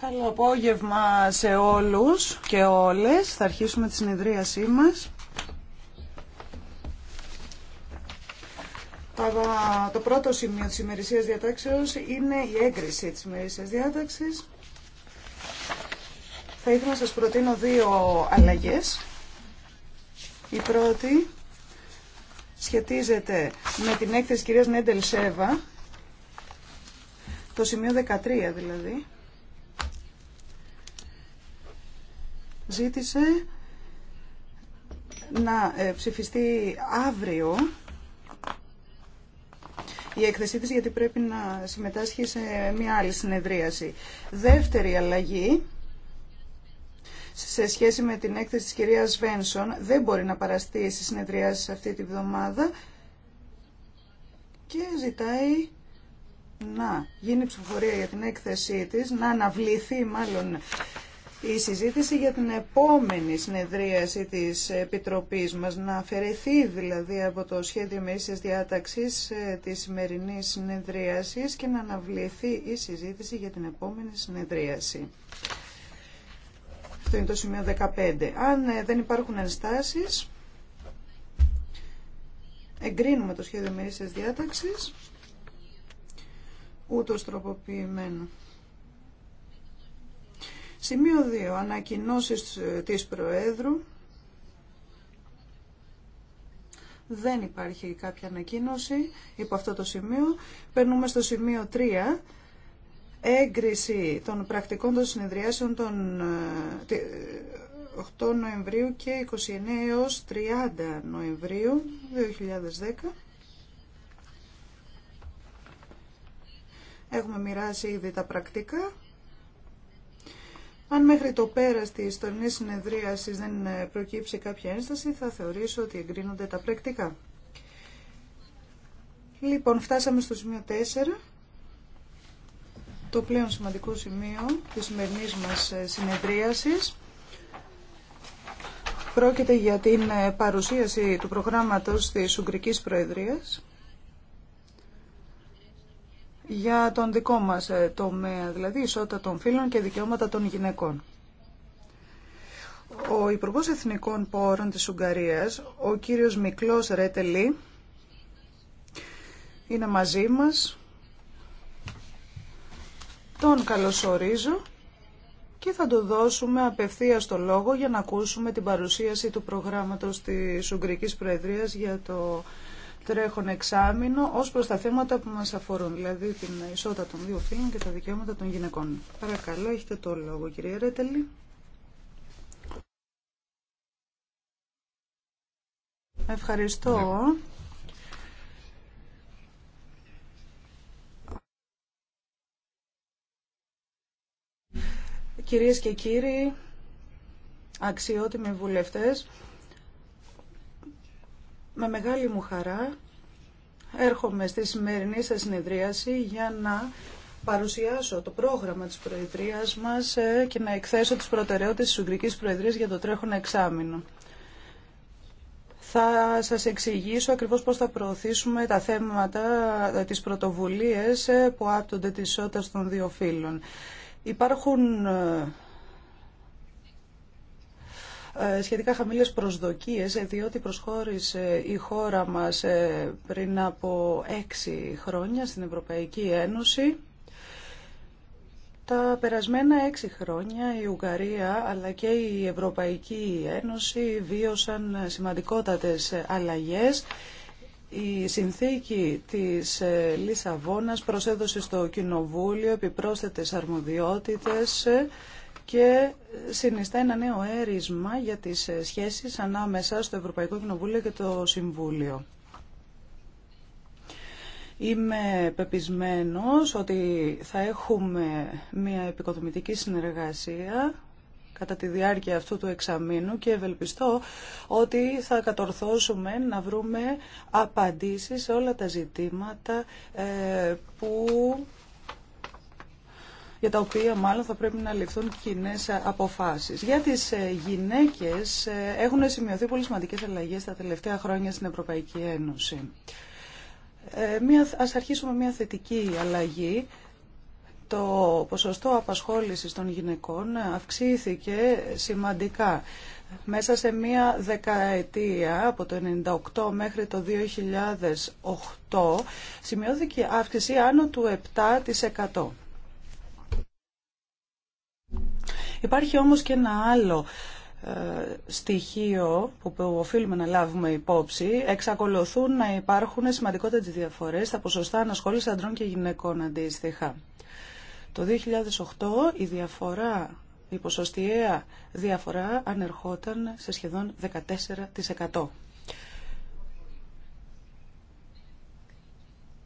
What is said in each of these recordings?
Καλό απόγευμα σε όλους και όλες. Θα αρχίσουμε τη συνεδρίασή μας. Το πρώτο σημείο της ημερησίας διατάξεως είναι η έγκριση της ημερησίας διάταξης. Θα ήθελα να σας προτείνω δύο αλλαγές. Η πρώτη σχετίζεται με την έκθεση κυρίας Νέντελ Σέβα το σημείο 13 δηλαδή, ζήτησε να ε, ψηφιστεί αύριο η έκθεσή της γιατί πρέπει να συμμετάσχει σε μια άλλη συνεδρίαση. Δεύτερη αλλαγή σε σχέση με την έκθεση της κυρίας Βένσον δεν μπορεί να παραστεί στη συνεδρίαση αυτή τη βδομάδα και ζητάει να γίνει ψηφοφορία για την έκθεσή της, να αναβληθεί μάλλον η συζήτηση για την επόμενη συνεδρίαση της Επιτροπής μας, να αφαιρεθεί δηλαδή από το σχέδιο μερίσιας διάταξης ε, της σημερινής συνεδρίασης και να αναβληθεί η συζήτηση για την επόμενη συνεδρίαση. Αυτό είναι το σημείο 15. Αν ε, δεν υπάρχουν ενστάσεις, εγκρίνουμε το σχέδιο μερίσιας διάταξης ούτως τροποποιημένο. Σημείο 2. Ανακοινώσεις ε, της Προέδρου. Δεν υπάρχει κάποια ανακοίνωση υπό αυτό το σημείο. Περνούμε στο σημείο 3 έγκριση των πρακτικών των συνεδριάσεων των 8 ε, Νοεμβρίου και 29 έως 30 Νοεμβρίου 2010. Έχουμε μοιράσει ήδη τα πρακτικά. Αν μέχρι το πέρας της τωρινής συνεδρίασης δεν προκύψει κάποια ένσταση, θα θεωρήσω ότι εγκρίνονται τα πρακτικά. Λοιπόν, φτάσαμε στο σημείο 4, το πλέον σημαντικό σημείο της σημερινής μας συνεδρίασης. Πρόκειται για την παρουσίαση του προγράμματος της Ουγγρικής Προεδρίας για τον δικό μας ε, τομέα, δηλαδή ισότητα των φίλων και δικαιώματα των γυναικών. Ο Υπουργό Εθνικών Πόρων της Ουγγαρίας, ο κύριος Μικλός Ρέτελη, είναι μαζί μας. Τον καλωσορίζω και θα του δώσουμε απευθείας το λόγο για να ακούσουμε την παρουσίαση του προγράμματος της Ουγγρικής Προεδρίας για το τρέχον εξάμεινο ως προς τα θέματα που μας αφορούν, δηλαδή την ισότητα των δύο φίλων και τα δικαιώματα των γυναικών. Παρακαλώ, έχετε το λόγο κυρία Ρέτελη. Ευχαριστώ. Κυρίες και κύριοι, αξιότιμοι βουλευτές, με μεγάλη μου χαρά έρχομαι στη σημερινή σας συνεδρίαση για να παρουσιάσω το πρόγραμμα της Προεδρίας μας ε, και να εκθέσω τις προτεραιότητες της Ουγγρικής Προεδρίας για το τρέχον εξάμεινο. Θα σας εξηγήσω ακριβώς πώς θα προωθήσουμε τα θέματα, ε, της πρωτοβουλίες ε, που άπτονται της ισότητας των δύο φύλων. Υπάρχουν ε, σχετικά χαμηλές προσδοκίες, διότι προσχώρησε η χώρα μας ε, πριν από έξι χρόνια στην Ευρωπαϊκή Ένωση. Τα περασμένα έξι χρόνια η Ουγγαρία αλλά και η Ευρωπαϊκή Ένωση βίωσαν σημαντικότατες αλλαγές. Η συνθήκη της ε, Λισαβόνας προσέδωσε στο Κοινοβούλιο επιπρόσθετες αρμοδιότητες και συνιστά ένα νέο έρισμα για τις σχέσεις ανάμεσα στο Ευρωπαϊκό Κοινοβούλιο και το Συμβούλιο. Είμαι πεπισμένος ότι θα έχουμε μια επικοδομητική συνεργασία κατά τη διάρκεια αυτού του εξαμήνου και ευελπιστώ ότι θα κατορθώσουμε να βρούμε απαντήσεις σε όλα τα ζητήματα ε, που για τα οποία μάλλον θα πρέπει να ληφθούν κοινέ αποφάσεις. Για τις ε, γυναίκες ε, έχουν σημειωθεί πολύ σημαντικέ αλλαγέ τα τελευταία χρόνια στην Ευρωπαϊκή Ένωση. Ε, μια, ας αρχίσουμε μια θετική αλλαγή. Το ποσοστό απασχόλησης των γυναικών αυξήθηκε σημαντικά. Μέσα σε μία δεκαετία, από το 1998 μέχρι το 2008, σημειώθηκε αύξηση άνω του 7%. Υπάρχει όμως και ένα άλλο ε, στοιχείο που οφείλουμε να λάβουμε υπόψη εξακολουθούν να υπάρχουν σημαντικότερε διαφορές στα ποσοστά ανασχόληση αντρών και γυναικών αντίστοιχα. Το 2008 η διαφορά, η ποσοστιαία διαφορά ανερχόταν σε σχεδόν 14%.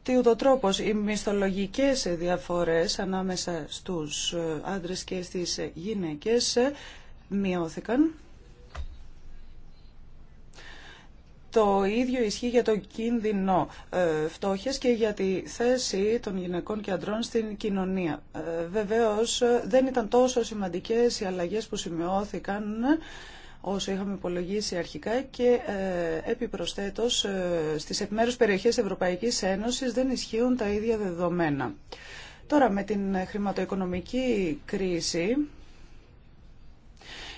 τι ούτω τρόπος οι μισθολογικές διαφορές ανάμεσα στους ε, άντρες και στις γυναίκες ε, μειώθηκαν. Το ίδιο ισχύει για το κίνδυνο ε, φτώχειας και για τη θέση των γυναικών και αντρών στην κοινωνία. Βεβαίως δεν ήταν τόσο σημαντικές οι αλλαγές που σημειώθηκαν όσο είχαμε υπολογίσει αρχικά και ε, επιπροσθέτως ε, στις επιμέρους περιοχές Ευρωπαϊκής Ένωσης δεν ισχύουν τα ίδια δεδομένα. Τώρα με την χρηματοοικονομική κρίση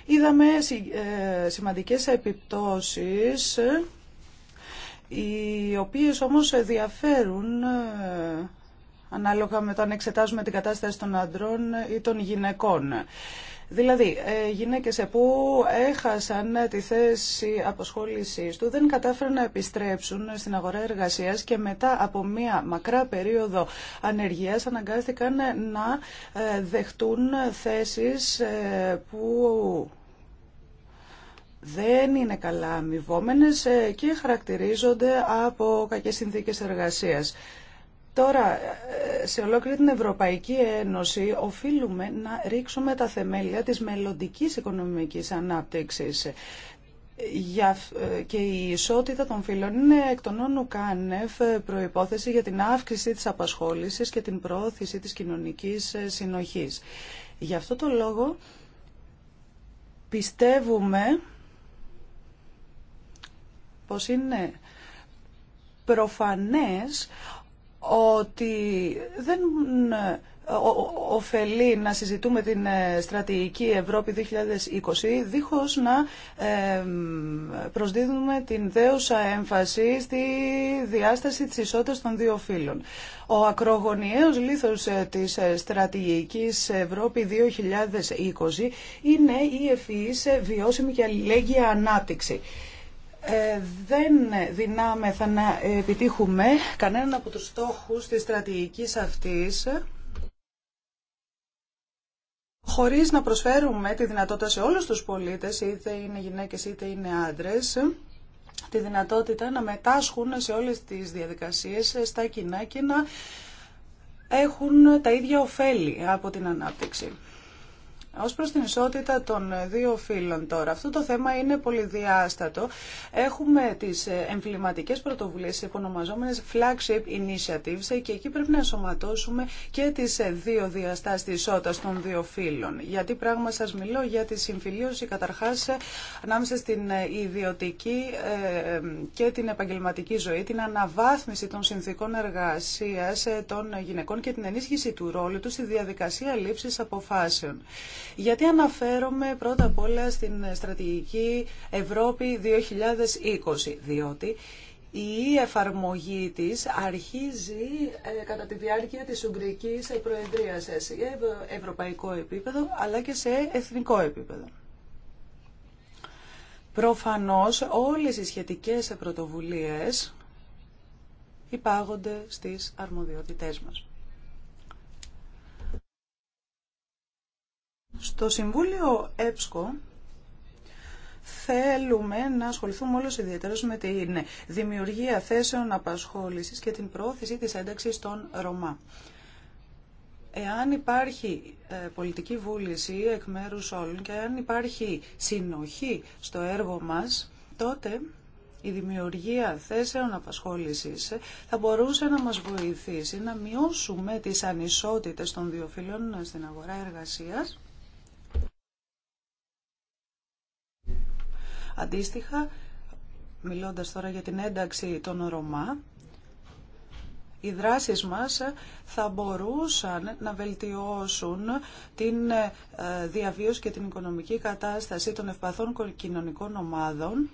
είδαμε ε, σημαντικές επιπτώσεις οι οποίες όμως διαφέρουν ε, ανάλογα με το αν εξετάζουμε την κατάσταση των αντρών ή των γυναικών. Δηλαδή, ε, γυναίκες που έχασαν τη θέση αποσχόλησης του δεν κατάφεραν να επιστρέψουν στην αγορά εργασίας και μετά από μία μακρά περίοδο ανεργίας αναγκάστηκαν να ε, δεχτούν θέσεις ε, που δεν είναι καλά αμοιβόμενε και χαρακτηρίζονται από κακές συνθήκες εργασίας. Τώρα, σε ολόκληρη την Ευρωπαϊκή Ένωση οφείλουμε να ρίξουμε τα θεμέλια της μελλοντική οικονομικής ανάπτυξης. Και η ισότητα των φύλων είναι εκ των όνου κάνευ προϋπόθεση για την αύξηση της απασχόλησης και την προώθηση της κοινωνικής συνοχής. Γι' αυτό το λόγο πιστεύουμε πως είναι προφανές ότι δεν ε, ωφελεί να συζητούμε την ε, στρατηγική Ευρώπη 2020 δίχως να ε, προσδίδουμε την δέουσα έμφαση στη διάσταση της ισότητας των δύο φύλων. Ο ακρογωνιαίος λίθος της στρατηγικής Ευρώπη 2020 είναι η ευφυής βιώσιμη και αλληλέγγυα ανάπτυξη. Ε, δεν δυνάμεθα να επιτύχουμε κανέναν από τους στόχους της στρατηγικής αυτής χωρίς να προσφέρουμε τη δυνατότητα σε όλους τους πολίτες, είτε είναι γυναίκες είτε είναι άντρες, τη δυνατότητα να μετάσχουν σε όλες τις διαδικασίες στα κοινά και να έχουν τα ίδια ωφέλη από την ανάπτυξη. Ω προ την ισότητα των δύο φύλων τώρα, αυτό το θέμα είναι πολυδιάστατο. Έχουμε τι εμβληματικέ πρωτοβουλίε πρωτοβουλίες, υπονομαζόμενες flagship initiatives και εκεί πρέπει να σωματώσουμε και τι δύο διαστάσει τη ισότητας των δύο φύλων. Γιατί πράγμα σα μιλώ για τη συμφιλίωση καταρχά ανάμεσα στην ιδιωτική ε, και την επαγγελματική ζωή, την αναβάθμιση των συνθήκων εργασία ε, των γυναικών και την ενίσχυση του ρόλου του στη διαδικασία λήψη αποφάσεων. Γιατί αναφέρομαι πρώτα απ' όλα στην στρατηγική Ευρώπη 2020, διότι η εφαρμογή της αρχίζει ε, κατά τη διάρκεια της Ουγγρικής Προεδρίας ε, σε ευρωπαϊκό επίπεδο αλλά και σε εθνικό επίπεδο. Προφανώς όλες οι σχετικές πρωτοβουλίες υπάγονται στις αρμοδιότητές μας. Στο Συμβούλιο ΕΠΣΚΟ θέλουμε να ασχοληθούμε όλος ιδιαίτερως με την δημιουργία θέσεων απασχόλησης και την πρόθεση της ένταξης των Ρωμά. Εάν υπάρχει ε, πολιτική βούληση εκ μέρους όλων και αν υπάρχει συνοχή στο έργο μας, τότε η δημιουργία θέσεων απασχόλησης θα μπορούσε να μας βοηθήσει να μειώσουμε τις ανισότητες των δύο στην αγορά εργασίας Αντίστοιχα, μιλώντας τώρα για την ένταξη των Ρωμά, οι δράσεις μας θα μπορούσαν να βελτιώσουν την ε, διαβίωση και την οικονομική κατάσταση των ευπαθών κοινωνικών ομάδων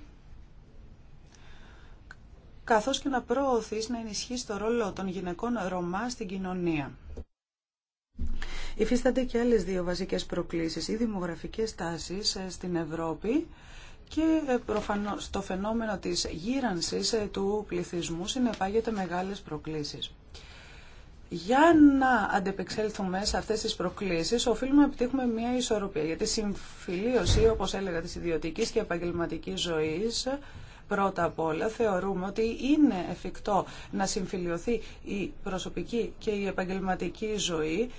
καθώς και να προωθήσει να ενισχύσει το ρόλο των γυναικών Ρωμά στην κοινωνία. Υφίστανται και άλλες δύο βασικές προκλήσεις, η δημογραφικές τάσεις ε, στην Ευρώπη και ε, προφανώς το φαινόμενο της γύρανσης ε, του πληθυσμού συνεπάγεται μεγάλες προκλήσεις. Για να αντεπεξέλθουμε σε αυτές τις προκλήσεις, οφείλουμε να επιτύχουμε μια ισορροπία. Γιατί συμφιλίωση, όπως έλεγα, της ιδιωτικής και επαγγελματικής ζωής, πρώτα απ' όλα θεωρούμε ότι είναι εφικτό να συμφιλειωθεί η προσωπική και η επαγγελματική ζωή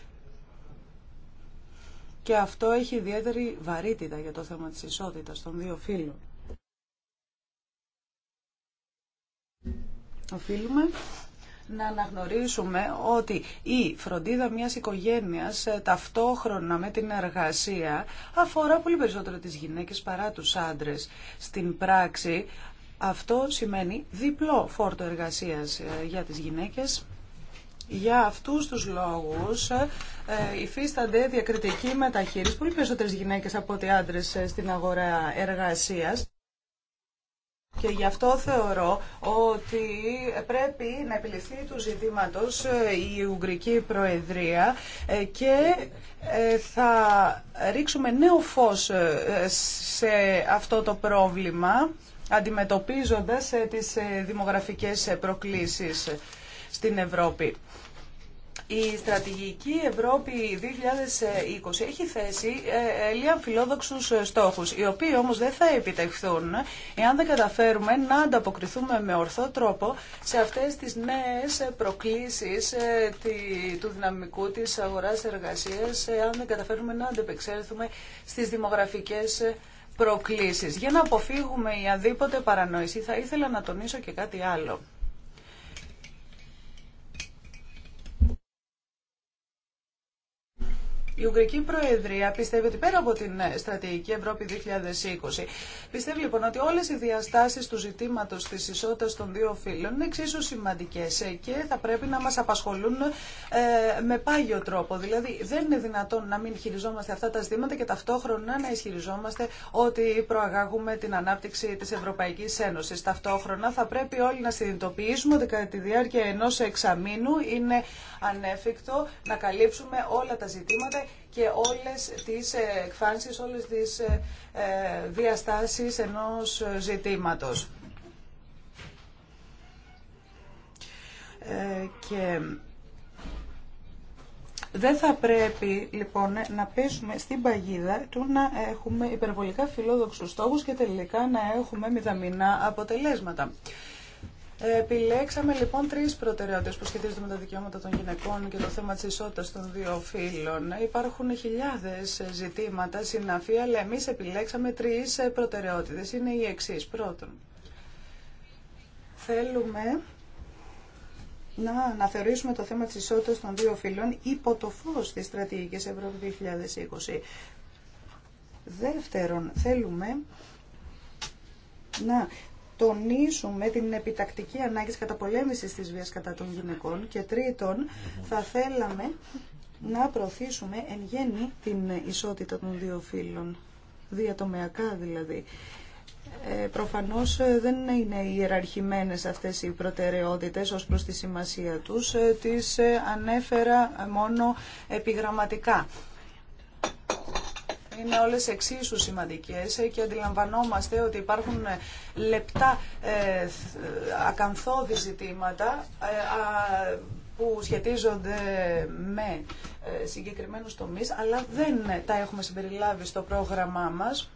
και αυτό έχει ιδιαίτερη βαρύτητα για το θέμα της ισότητας των δύο φύλων. Οφείλουμε να αναγνωρίσουμε ότι η φροντίδα μιας οικογένειας ε, ταυτόχρονα με την εργασία αφορά πολύ περισσότερο τις γυναίκες παρά τους άντρες. Στην πράξη αυτό σημαίνει διπλό φόρτο εργασίας ε, για τις γυναίκες για αυτούς τους λόγους ε, υφίστανται διακριτική μεταχείριση πολύ περισσότερες γυναίκες από ότι άντρες ε, στην αγορά εργασίας. Και γι' αυτό θεωρώ ότι πρέπει να επιληφθεί του ζητήματος ε, η Ουγγρική Προεδρία και θα ρίξουμε νέο φως σε αυτό το πρόβλημα αντιμετωπίζοντας τις δημογραφικές προκλήσεις στην Ευρώπη. Η στρατηγική Ευρώπη 2020 έχει θέσει ε, ε, λίγα φιλόδοξους ε, στόχους, οι οποίοι όμως δεν θα επιτευχθούν εάν δεν καταφέρουμε να ανταποκριθούμε με ορθό τρόπο σε αυτές τις νέες προκλήσεις του δυναμικού της αγοράς εργασίας, εάν δεν καταφέρουμε να αντεπεξέλθουμε στις δημογραφικές προκλήσεις. Για να αποφύγουμε η αδίποτε παρανόηση, θα ήθελα να τονίσω και κάτι άλλο. Η Ουγγρική Προεδρία πιστεύει ότι πέρα από την στρατηγική Ευρώπη 2020, πιστεύει λοιπόν ότι όλε οι διαστάσει του ζητήματο τη ισότητα των δύο φύλων είναι εξίσου σημαντικέ και θα πρέπει να μα απασχολούν ε, με πάγιο τρόπο. Δηλαδή, δεν είναι δυνατόν να μην χειριζόμαστε αυτά τα ζητήματα και ταυτόχρονα να ισχυριζόμαστε ότι προαγάγουμε την ανάπτυξη τη Ευρωπαϊκή Ένωση. Ταυτόχρονα θα πρέπει όλοι να συνειδητοποιήσουμε ότι κατά τη διάρκεια ενό εξαμήνου είναι ανέφικτο να καλύψουμε όλα τα ζητήματα και όλες τις ε, εκφάνσεις, όλες τις ε, ε, διαστάσεις ενός ζητήματος. Και δεν θα πρέπει λοιπόν να πέσουμε στην παγίδα του να έχουμε υπερβολικά φιλόδοξους στόχους και τελικά να έχουμε μηδαμινά αποτελέσματα. Επιλέξαμε λοιπόν τρεις προτεραιότητες που σχετίζονται με τα δικαιώματα των γυναικών και το θέμα της ισότητας των δύο φύλων. Υπάρχουν χιλιάδες ζητήματα συναφή, αλλά εμείς επιλέξαμε τρεις προτεραιότητες. Είναι οι εξής. Πρώτον, θέλουμε να αναθεωρήσουμε το θέμα της ισότητας των δύο φύλων υπό το φως της στρατηγικής Ευρώπη 2020. Δεύτερον, θέλουμε να τονίσουμε την επιτακτική ανάγκη της καταπολέμησης της βίας κατά των γυναικών και τρίτον θα θέλαμε να προωθήσουμε εν γέννη την ισότητα των δύο φύλων, διατομεακά δηλαδή. Ε, προφανώς ε, δεν είναι ιεραρχημένες αυτές οι προτεραιότητες ως προς τη σημασία τους, ε, τις ε, ανέφερα μόνο επιγραμματικά είναι όλες εξίσου σημαντικές και αντιλαμβανόμαστε ότι υπάρχουν ε, λεπτά ε, ακαθόδη ζητήματα ε, που σχετίζονται με συγκεκριμένους τομείς, αλλά δεν τα έχουμε συμπεριλάβει στο πρόγραμμά μας.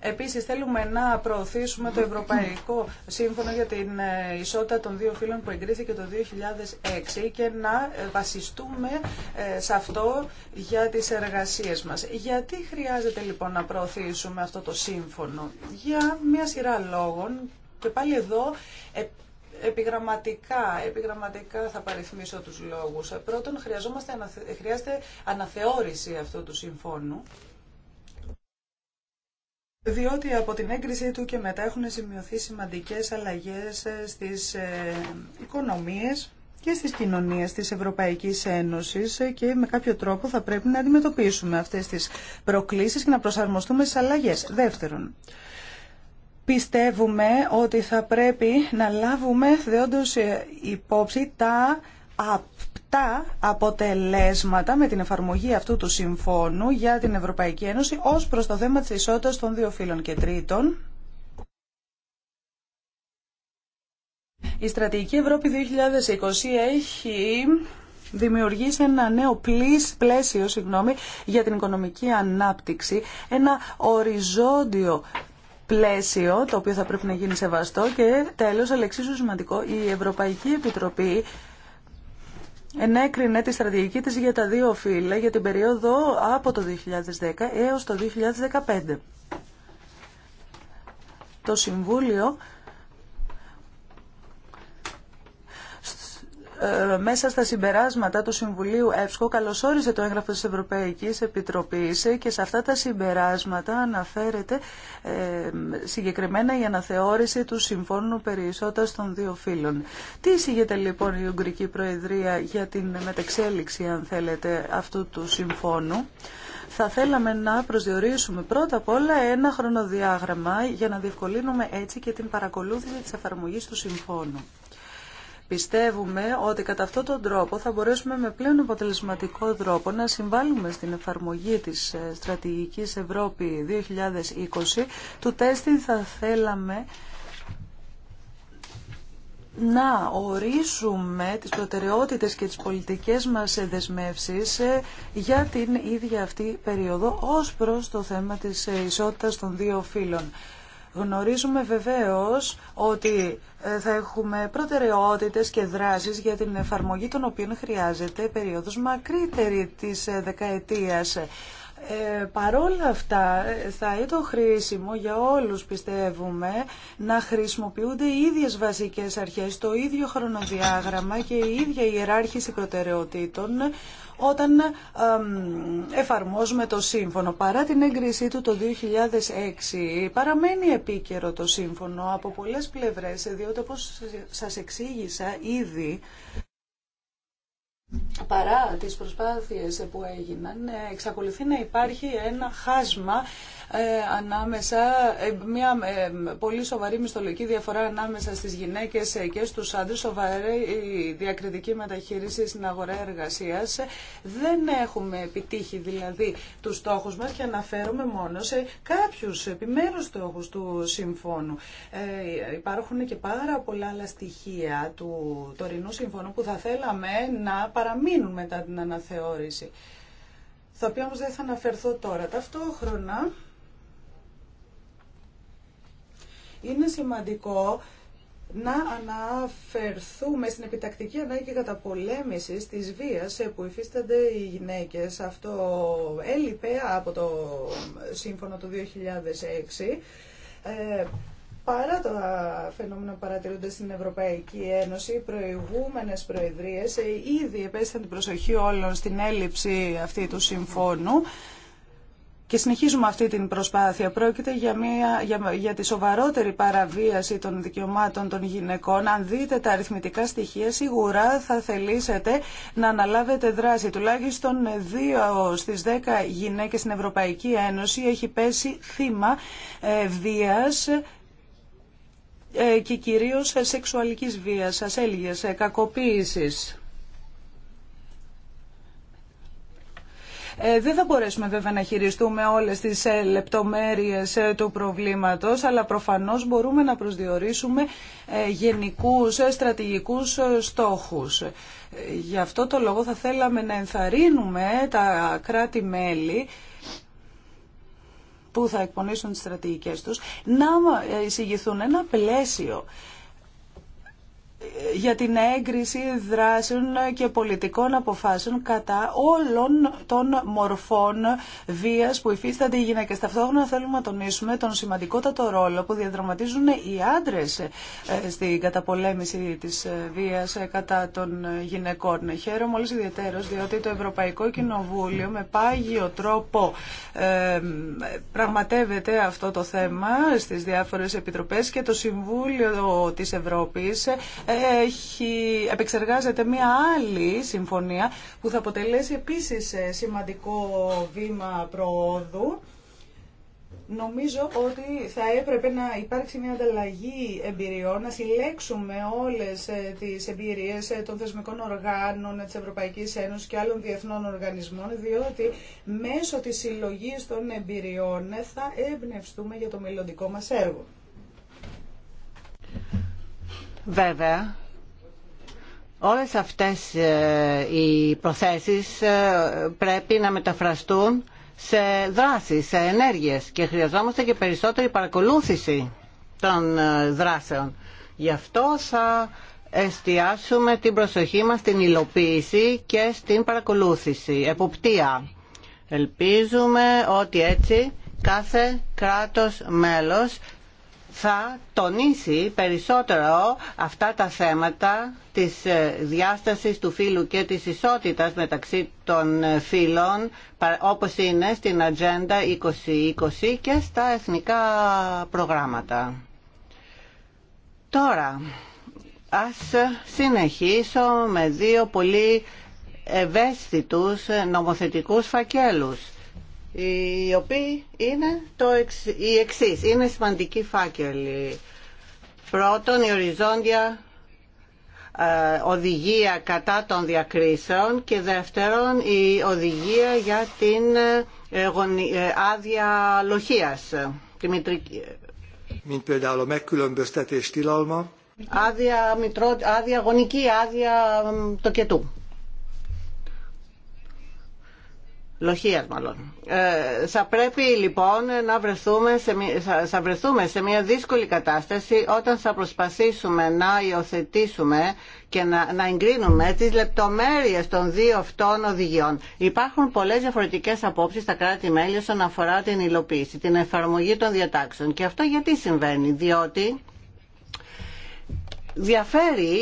Επίσης θέλουμε να προωθήσουμε το Ευρωπαϊκό Σύμφωνο για την ε, Ισότητα των Δύο Φύλων που εγκρίθηκε το 2006 και να ε, βασιστούμε ε, σε αυτό για τις εργασίες μας. Γιατί χρειάζεται λοιπόν να προωθήσουμε αυτό το σύμφωνο. Για μια σειρά λόγων και πάλι εδώ επιγραμματικά, επιγραμματικά θα παριθμίσω τους λόγους. Πρώτον, χρειαζόμαστε, χρειάζεται αναθεώρηση αυτού του συμφώνου διότι από την έγκρισή του και μετά έχουν σημειωθεί σημαντικές αλλαγές ε, στις ε, οικονομίες και στις κοινωνίες της Ευρωπαϊκής Ένωσης ε, και με κάποιο τρόπο θα πρέπει να αντιμετωπίσουμε αυτές τις προκλήσεις και να προσαρμοστούμε στις αλλαγές. Δεύτερον, πιστεύουμε ότι θα πρέπει να λάβουμε δεόντως υπόψη τα απ τα αποτελέσματα με την εφαρμογή αυτού του συμφώνου για την Ευρωπαϊκή Ένωση ως προς το θέμα της ισότητας των δύο φύλων και τρίτων. Η Στρατηγική Ευρώπη 2020 έχει δημιουργήσει ένα νέο πλαίσιο συγγνώμη, για την οικονομική ανάπτυξη, ένα οριζόντιο πλαίσιο το οποίο θα πρέπει να γίνει σεβαστό και τέλος εξίσου σημαντικό η Ευρωπαϊκή Επιτροπή ενέκρινε τη στρατηγική της για τα δύο φύλλα για την περίοδο από το 2010 έως το 2015. Το Συμβούλιο Ε, μέσα στα συμπεράσματα του Συμβουλίου ΕΠΣΚΟ καλωσόρισε το έγγραφο της Ευρωπαϊκής Επιτροπής και σε αυτά τα συμπεράσματα αναφέρεται ε, συγκεκριμένα η αναθεώρηση του Συμφώνου ισότητας των Δύο Φύλων. Τι εισηγείται λοιπόν η Ουγγρική Προεδρία για την μεταξέλιξη, αν θέλετε, αυτού του Συμφώνου. Θα θέλαμε να προσδιορίσουμε πρώτα απ' όλα ένα χρονοδιάγραμμα για να διευκολύνουμε έτσι και την παρακολούθηση της εφαρμογής του Συμφώνου. Πιστεύουμε ότι κατά αυτόν τον τρόπο θα μπορέσουμε με πλέον αποτελεσματικό τρόπο να συμβάλλουμε στην εφαρμογή της ε, Στρατηγικής Ευρώπη 2020. Του τέστη θα θέλαμε να ορίσουμε τις προτεραιότητες και τις πολιτικές μας ε, δεσμεύσεις ε, για την ίδια αυτή περίοδο ως προς το θέμα της ισότητας των δύο φύλων. Γνωρίζουμε βεβαίως ότι ε, θα έχουμε προτεραιότητες και δράσεις για την εφαρμογή των οποίων χρειάζεται περίοδος μακρύτερη της ε, δεκαετίας. Ε, παρόλα αυτά ε, θα ήταν χρήσιμο για όλους πιστεύουμε να χρησιμοποιούνται οι ίδιες βασικές αρχές, το ίδιο χρονοδιάγραμμα και η ίδια ιεράρχηση προτεραιοτήτων όταν εφαρμόζουμε το σύμφωνο. Παρά την έγκρισή του το 2006 παραμένει επίκαιρο το σύμφωνο από πολλές πλευρές διότι όπως σας εξήγησα ήδη παρά τις προσπάθειες που έγιναν εξακολουθεί να υπάρχει ένα χάσμα ε, ανάμεσα, ε, μια ε, πολύ σοβαρή μισθολογική διαφορά ανάμεσα στις γυναίκες και στους άντρες, σοβαρή διακριτική μεταχείριση στην αγορά εργασίας. Δεν έχουμε επιτύχει δηλαδή τους στόχους μας και αναφέρομαι μόνο σε κάποιους επιμέρους στόχους του συμφώνου. Ε, υπάρχουν και πάρα πολλά άλλα στοιχεία του τωρινού συμφώνου που θα θέλαμε να παραμείνουν μετά την αναθεώρηση, Θα οποία όμως δεν θα αναφερθώ τώρα. Ταυτόχρονα Είναι σημαντικό να αναφερθούμε στην επιτακτική ανάγκη καταπολέμησης της βίας που υφίστανται οι γυναίκες. Αυτό έλειπε από το σύμφωνο του 2006. Ε, παρά το φαινόμενα που παρατηρούνται στην Ευρωπαϊκή Ένωση, οι προηγούμενε προεδρίε ε, ήδη επέστησαν την προσοχή όλων στην έλλειψη αυτή του συμφώνου. Και συνεχίζουμε αυτή την προσπάθεια. Πρόκειται για, μια, για, για τη σοβαρότερη παραβίαση των δικαιωμάτων των γυναικών. Αν δείτε τα αριθμητικά στοιχεία, σίγουρα θα θελήσετε να αναλάβετε δράση. Τουλάχιστον δύο στις δέκα γυναίκες στην Ευρωπαϊκή Ένωση έχει πέσει θύμα ε, βίας ε, και κυρίως σεξουαλικής βίας, ασέλγειας, κακοποίηση. Ε, δεν θα μπορέσουμε βέβαια να χειριστούμε όλες τις ε, λεπτομέρειες ε, του προβλήματος, αλλά προφανώς μπορούμε να προσδιορίσουμε γενικούς στρατηγικούς στόχους. Γι' αυτό το λόγο θα θέλαμε να ενθαρρύνουμε τα κράτη-μέλη που θα εκπονήσουν τις στρατηγικές τους, να εισηγηθούν ένα πλαίσιο για την έγκριση δράσεων και πολιτικών αποφάσεων κατά όλων των μορφών βίας που υφίστανται οι γυναίκες. Ταυτόχρονα θέλουμε να τονίσουμε τον σημαντικότατο ρόλο που διαδραματίζουν οι άντρες ε, στην καταπολέμηση της ε, βίας ε, κατά των γυναικών. Χαίρομαι όλους ιδιαίτερος διότι το Ευρωπαϊκό Κοινοβούλιο με πάγιο τρόπο πραγματεύεται αυτό το θέμα στις διάφορες επιτροπές και το Συμβούλιο της Ευρώπης έχει, επεξεργάζεται μια άλλη συμφωνία που θα αποτελέσει επίσης ε, σημαντικό βήμα προόδου. Νομίζω ότι θα έπρεπε να υπάρξει μια ανταλλαγή εμπειριών, να συλλέξουμε όλες ε, τις εμπειρίες ε, των θεσμικών οργάνων της Ευρωπαϊκής Ένωσης και άλλων διεθνών οργανισμών, διότι μέσω της συλλογής των εμπειριών θα εμπνευστούμε για το μελλοντικό μας έργο. Βέβαια, όλες αυτές ε, οι προθέσεις ε, πρέπει να μεταφραστούν σε δράσεις, σε ενέργειες και χρειαζόμαστε και περισσότερη παρακολούθηση των ε, δράσεων. Γι' αυτό θα εστιάσουμε την προσοχή μας στην υλοποίηση και στην παρακολούθηση, εποπτεία. Ελπίζουμε ότι έτσι κάθε κράτος μέλος θα τονίσει περισσότερο αυτά τα θέματα της ε, διάστασης του φύλου και της ισότητας μεταξύ των ε, φύλων όπως είναι στην Ατζέντα 2020 και στα εθνικά προγράμματα. Τώρα, ας συνεχίσω με δύο πολύ ευαίσθητους νομοθετικούς φακέλους οι οποίοι είναι το οι εξής. Είναι σημαντικοί φάκελοι. Πρώτον, η οριζόντια ε, οδηγία κατά των διακρίσεων και δεύτερον, η οδηγία για την ε, ε, άδεια λοχίας. Άδεια, μητρό, άδεια γονική, άδεια τοκετού. Λοχίας μάλλον. Ε, θα πρέπει λοιπόν να βρεθούμε σε, σε μια δύσκολη κατάσταση όταν θα προσπαθήσουμε να υιοθετήσουμε και να, να εγκρίνουμε τις λεπτομέρειες των δύο αυτών οδηγιών. Υπάρχουν πολλές διαφορετικές απόψεις στα κράτη-μέλη όσον αφορά την υλοποίηση, την εφαρμογή των διατάξεων. Και αυτό γιατί συμβαίνει, διότι διαφέρει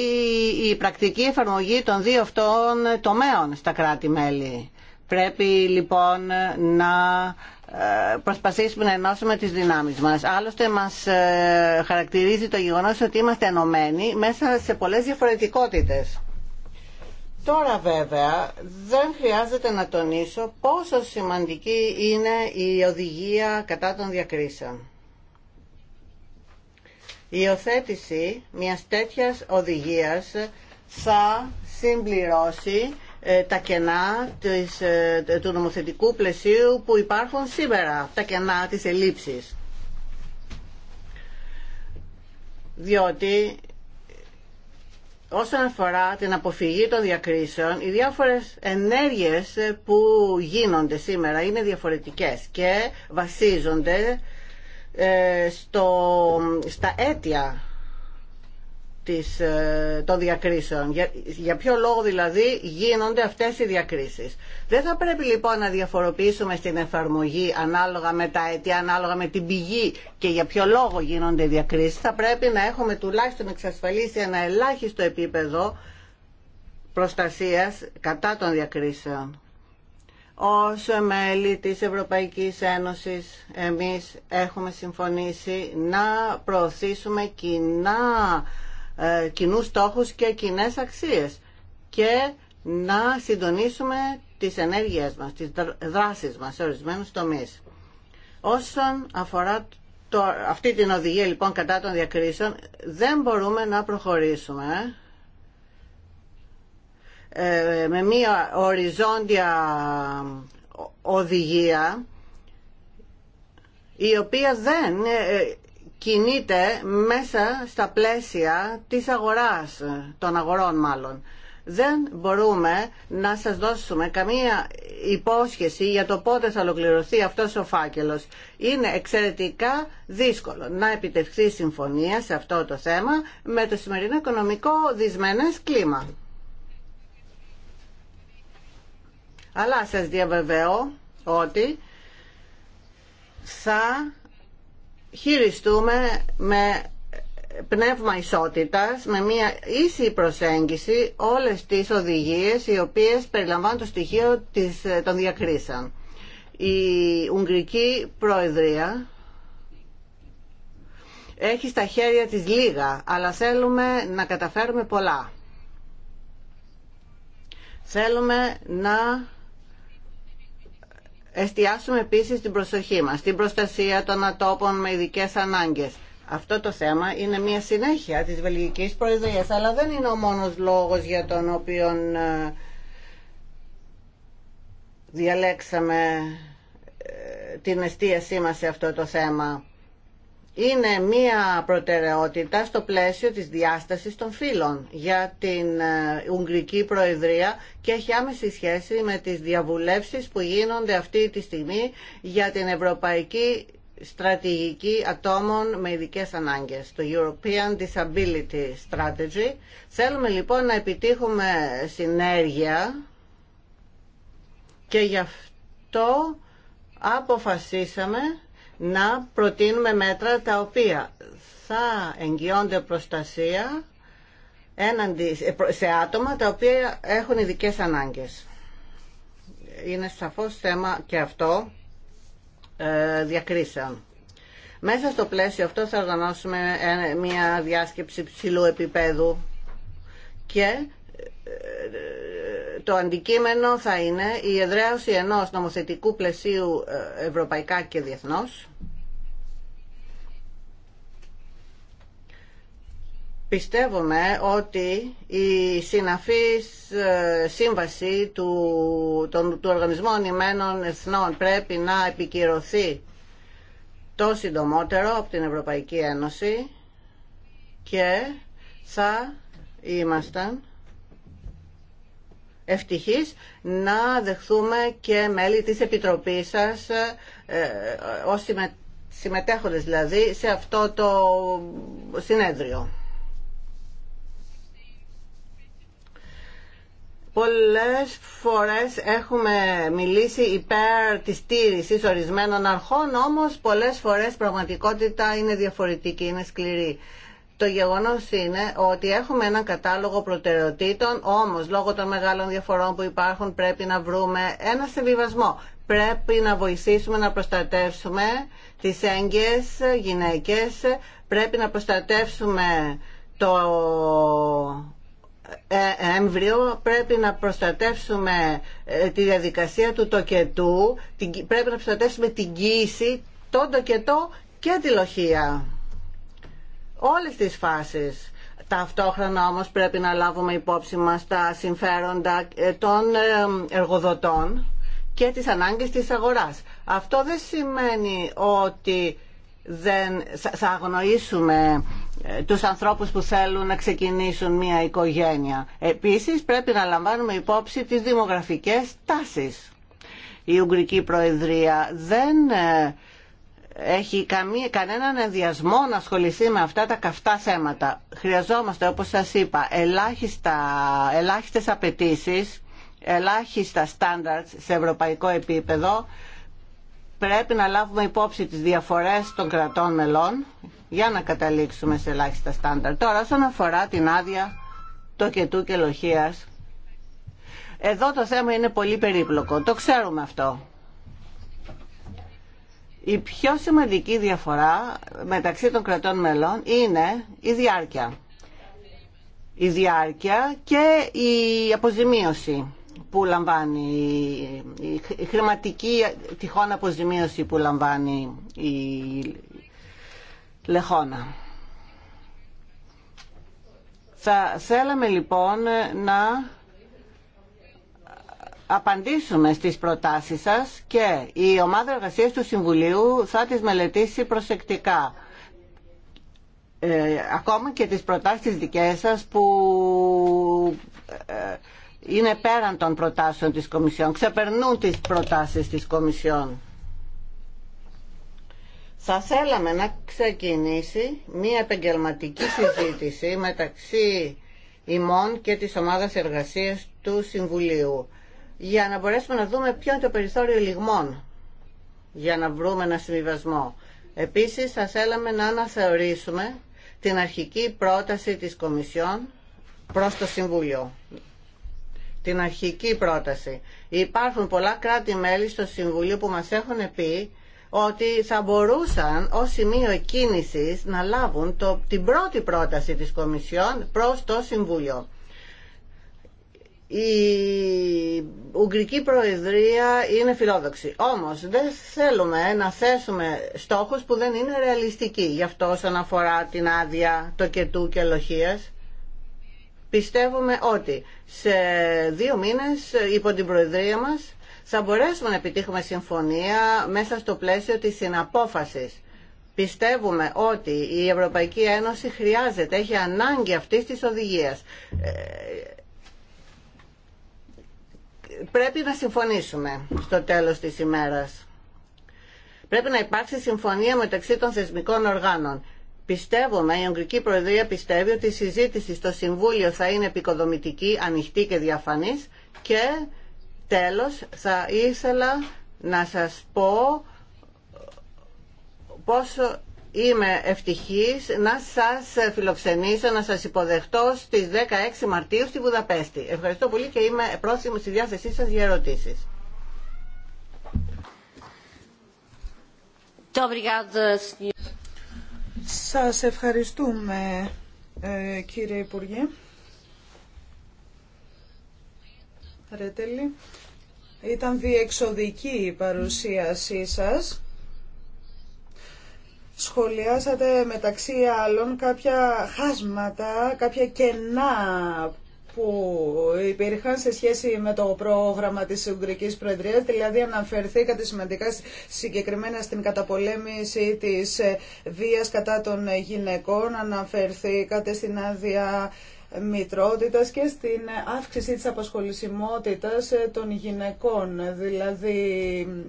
η πρακτική εφαρμογή των δύο αυτών τομέων στα κράτη-μέλη. Πρέπει λοιπόν να ε, προσπαθήσουμε να ενώσουμε τις δυνάμεις μας. Άλλωστε μας ε, χαρακτηρίζει το γεγονός ότι είμαστε ενωμένοι μέσα σε πολλές διαφορετικότητες. Τώρα βέβαια δεν χρειάζεται να τονίσω πόσο σημαντική είναι η οδηγία κατά των διακρίσεων. Η υιοθέτηση μιας τέτοιας οδηγίας θα συμπληρώσει ε, τα κενά ε, του νομοθετικού πλαισίου που υπάρχουν σήμερα, τα κενά της ελλείψης. Διότι όσον αφορά την αποφυγή των διακρίσεων, οι διάφορες ενέργειες που γίνονται σήμερα είναι διαφορετικές και βασίζονται ε, στο, στα αίτια της, ε, των διακρίσεων. Για, ποιο λόγο δηλαδή γίνονται αυτές οι διακρίσεις. Δεν θα πρέπει λοιπόν να διαφοροποιήσουμε στην εφαρμογή ανάλογα με τα αιτία, ανάλογα με την πηγή και για ποιο λόγο γίνονται οι διακρίσεις. Θα πρέπει να έχουμε τουλάχιστον εξασφαλίσει ένα ελάχιστο επίπεδο προστασίας κατά των διακρίσεων. Ως μέλη της Ευρωπαϊκής Ένωσης εμείς έχουμε συμφωνήσει να προωθήσουμε κοινά ε, κοινού στόχους και κοινέ αξίες και να συντονίσουμε τις ενέργειές μας, τις δράσεις μας σε ορισμένους τομείς. Όσον αφορά το, αυτή την οδηγία λοιπόν κατά των διακρίσεων, δεν μπορούμε να προχωρήσουμε ε, με μία οριζόντια οδηγία η οποία δεν ε, κινείται μέσα στα πλαίσια της αγοράς, των αγορών μάλλον. Δεν μπορούμε να σας δώσουμε καμία υπόσχεση για το πότε θα ολοκληρωθεί αυτός ο φάκελος. Είναι εξαιρετικά δύσκολο να επιτευχθεί συμφωνία σε αυτό το θέμα με το σημερινό οικονομικό δυσμενές κλίμα. Αλλά σας διαβεβαιώ ότι θα χειριστούμε με πνεύμα ισότητας, με μια ίση προσέγγιση όλες τις οδηγίες οι οποίες περιλαμβάνουν το στοιχείο της, των διακρίσεων. Η Ουγγρική Προεδρία έχει στα χέρια της λίγα, αλλά θέλουμε να καταφέρουμε πολλά. Θέλουμε να Εστιάσουμε επίσης την προσοχή μας στην προστασία των ατόπων με ειδικέ ανάγκες. Αυτό το θέμα είναι μια συνέχεια της Βελγικής Προεδρίας, αλλά δεν είναι ο μόνος λόγος για τον οποίο ε, διαλέξαμε ε, την εστίασή μας σε αυτό το θέμα είναι μία προτεραιότητα στο πλαίσιο της διάστασης των φύλων για την ε, Ουγγρική Προεδρία και έχει άμεση σχέση με τις διαβουλεύσεις που γίνονται αυτή τη στιγμή για την Ευρωπαϊκή Στρατηγική Ατόμων με ειδικέ Ανάγκες, το European Disability Strategy. Θέλουμε λοιπόν να επιτύχουμε συνέργεια και γι' αυτό αποφασίσαμε να προτείνουμε μέτρα τα οποία θα εγγυώνται προστασία ε, σε άτομα τα οποία έχουν ειδικέ ανάγκες. Είναι σαφώς θέμα και αυτό ε, διακρίσεων. Μέσα στο πλαίσιο αυτό θα οργανώσουμε ε, μια διάσκεψη ψηλού επίπεδου και το αντικείμενο θα είναι η εδραίωση ενός νομοθετικού πλαισίου ε, ευρωπαϊκά και διεθνώς. Πιστεύουμε ότι η συναφής ε, σύμβαση του, των, του Οργανισμού Ηνωμένων Εθνών πρέπει να επικυρωθεί το συντομότερο από την Ευρωπαϊκή Ένωση και θα ήμασταν ευτυχής να δεχθούμε και μέλη της Επιτροπής σας ε, ε, ως συμμετέχοντες δηλαδή σε αυτό το συνέδριο. Πολλές φορές έχουμε μιλήσει υπέρ της τήρησης ορισμένων αρχών, όμως πολλές φορές πραγματικότητα είναι διαφορετική, είναι σκληρή. Το γεγονός είναι ότι έχουμε έναν κατάλογο προτεραιοτήτων, όμως λόγω των μεγάλων διαφορών που υπάρχουν πρέπει να βρούμε ένα συμβιβασμό. Πρέπει να βοηθήσουμε να προστατεύσουμε τις έγκυες γυναίκες, πρέπει να προστατεύσουμε το ε, έμβριο, πρέπει να προστατεύσουμε ε, τη διαδικασία του τοκετού, πρέπει να προστατεύσουμε την κοίηση, τον τοκετό και τη λοχεία όλες τις φάσεις. Ταυτόχρονα όμως πρέπει να λάβουμε υπόψη μας τα συμφέροντα ε, των ε, εργοδοτών και τις ανάγκες της αγοράς. Αυτό δεν σημαίνει ότι δεν θα αγνοήσουμε ε, τους ανθρώπους που θέλουν να ξεκινήσουν μια οικογένεια. Επίσης πρέπει να λαμβάνουμε υπόψη τις δημογραφικές τάσεις. Η Ουγγρική Προεδρία δεν έχει καμία, κανέναν ενδιασμό να ασχοληθεί με αυτά τα καυτά θέματα. Χρειαζόμαστε, όπως σας είπα, ελάχιστα, ελάχιστες απαιτήσει, ελάχιστα standards σε ευρωπαϊκό επίπεδο. Πρέπει να λάβουμε υπόψη τις διαφορές των κρατών μελών για να καταλήξουμε σε ελάχιστα standards. Τώρα, όσον αφορά την άδεια τοκετού και λοχείας, εδώ το θέμα είναι πολύ περίπλοκο. Το ξέρουμε αυτό. Η πιο σημαντική διαφορά μεταξύ των κρατών μελών είναι η διάρκεια. Η διάρκεια και η αποζημίωση που λαμβάνει, η χρηματική τυχόν αποζημίωση που λαμβάνει η Λεχόνα. Θα θέλαμε λοιπόν να απαντήσουμε στις προτάσεις σας και η ομάδα εργασίας του Συμβουλίου θα τις μελετήσει προσεκτικά. Ε, ακόμα και τις προτάσεις δικές σας που ε, είναι πέραν των προτάσεων της Κομισιόν, ξεπερνούν τις προτάσεις της Κομισιόν. Θα θέλαμε να ξεκινήσει μία επεγγελματική συζήτηση μεταξύ ημών και της ομάδας εργασίας του Συμβουλίου για να μπορέσουμε να δούμε ποιο είναι το περιθώριο λιγμών για να βρούμε ένα συμβιβασμό. Επίσης θα θέλαμε να αναθεωρήσουμε την αρχική πρόταση της Κομισιόν προς το Συμβούλιο. Την αρχική πρόταση. Υπάρχουν πολλά κράτη-μέλη στο Συμβούλιο που μας έχουν πει ότι θα μπορούσαν ως σημείο κίνησης να λάβουν το, την πρώτη πρόταση της Κομισιόν προς το Συμβούλιο η Ουγγρική Προεδρία είναι φιλόδοξη. Όμως δεν θέλουμε να θέσουμε στόχους που δεν είναι ρεαλιστικοί. Γι' αυτό όσον αφορά την άδεια τοκετού και ελοχία. πιστεύουμε ότι σε δύο μήνες υπό την Προεδρία μας θα μπορέσουμε να επιτύχουμε συμφωνία μέσα στο πλαίσιο της συναπόφασης. Πιστεύουμε ότι η Ευρωπαϊκή Ένωση χρειάζεται, έχει ανάγκη αυτής της οδηγίας. Ε, πρέπει να συμφωνήσουμε στο τέλος της ημέρας. Πρέπει να υπάρξει συμφωνία μεταξύ των θεσμικών οργάνων. Πιστεύουμε, η Ουγγρική Προεδρία πιστεύει ότι η συζήτηση στο Συμβούλιο θα είναι επικοδομητική, ανοιχτή και διαφανής και τέλος θα ήθελα να σας πω πόσο Είμαι ευτυχής να σας φιλοξενήσω, να σας υποδεχτώ στις 16 Μαρτίου στη Βουδαπέστη. Ευχαριστώ πολύ και είμαι πρόθυμη στη διάθεσή σας για ερωτήσεις. Σας ευχαριστούμε ε, κύριε Υπουργέ. Ρετέλη. Ήταν διεξοδική η παρουσίασή σας σχολιάσατε μεταξύ άλλων κάποια χάσματα, κάποια κενά που υπήρχαν σε σχέση με το πρόγραμμα της Ουγγρικής Προεδρίας, δηλαδή αναφερθήκατε σημαντικά συγκεκριμένα στην καταπολέμηση της ε, βίας κατά των γυναικών, αναφερθήκατε στην άδεια μητρότητας και στην αύξηση της απασχολησιμότητας ε, των γυναικών. Δηλαδή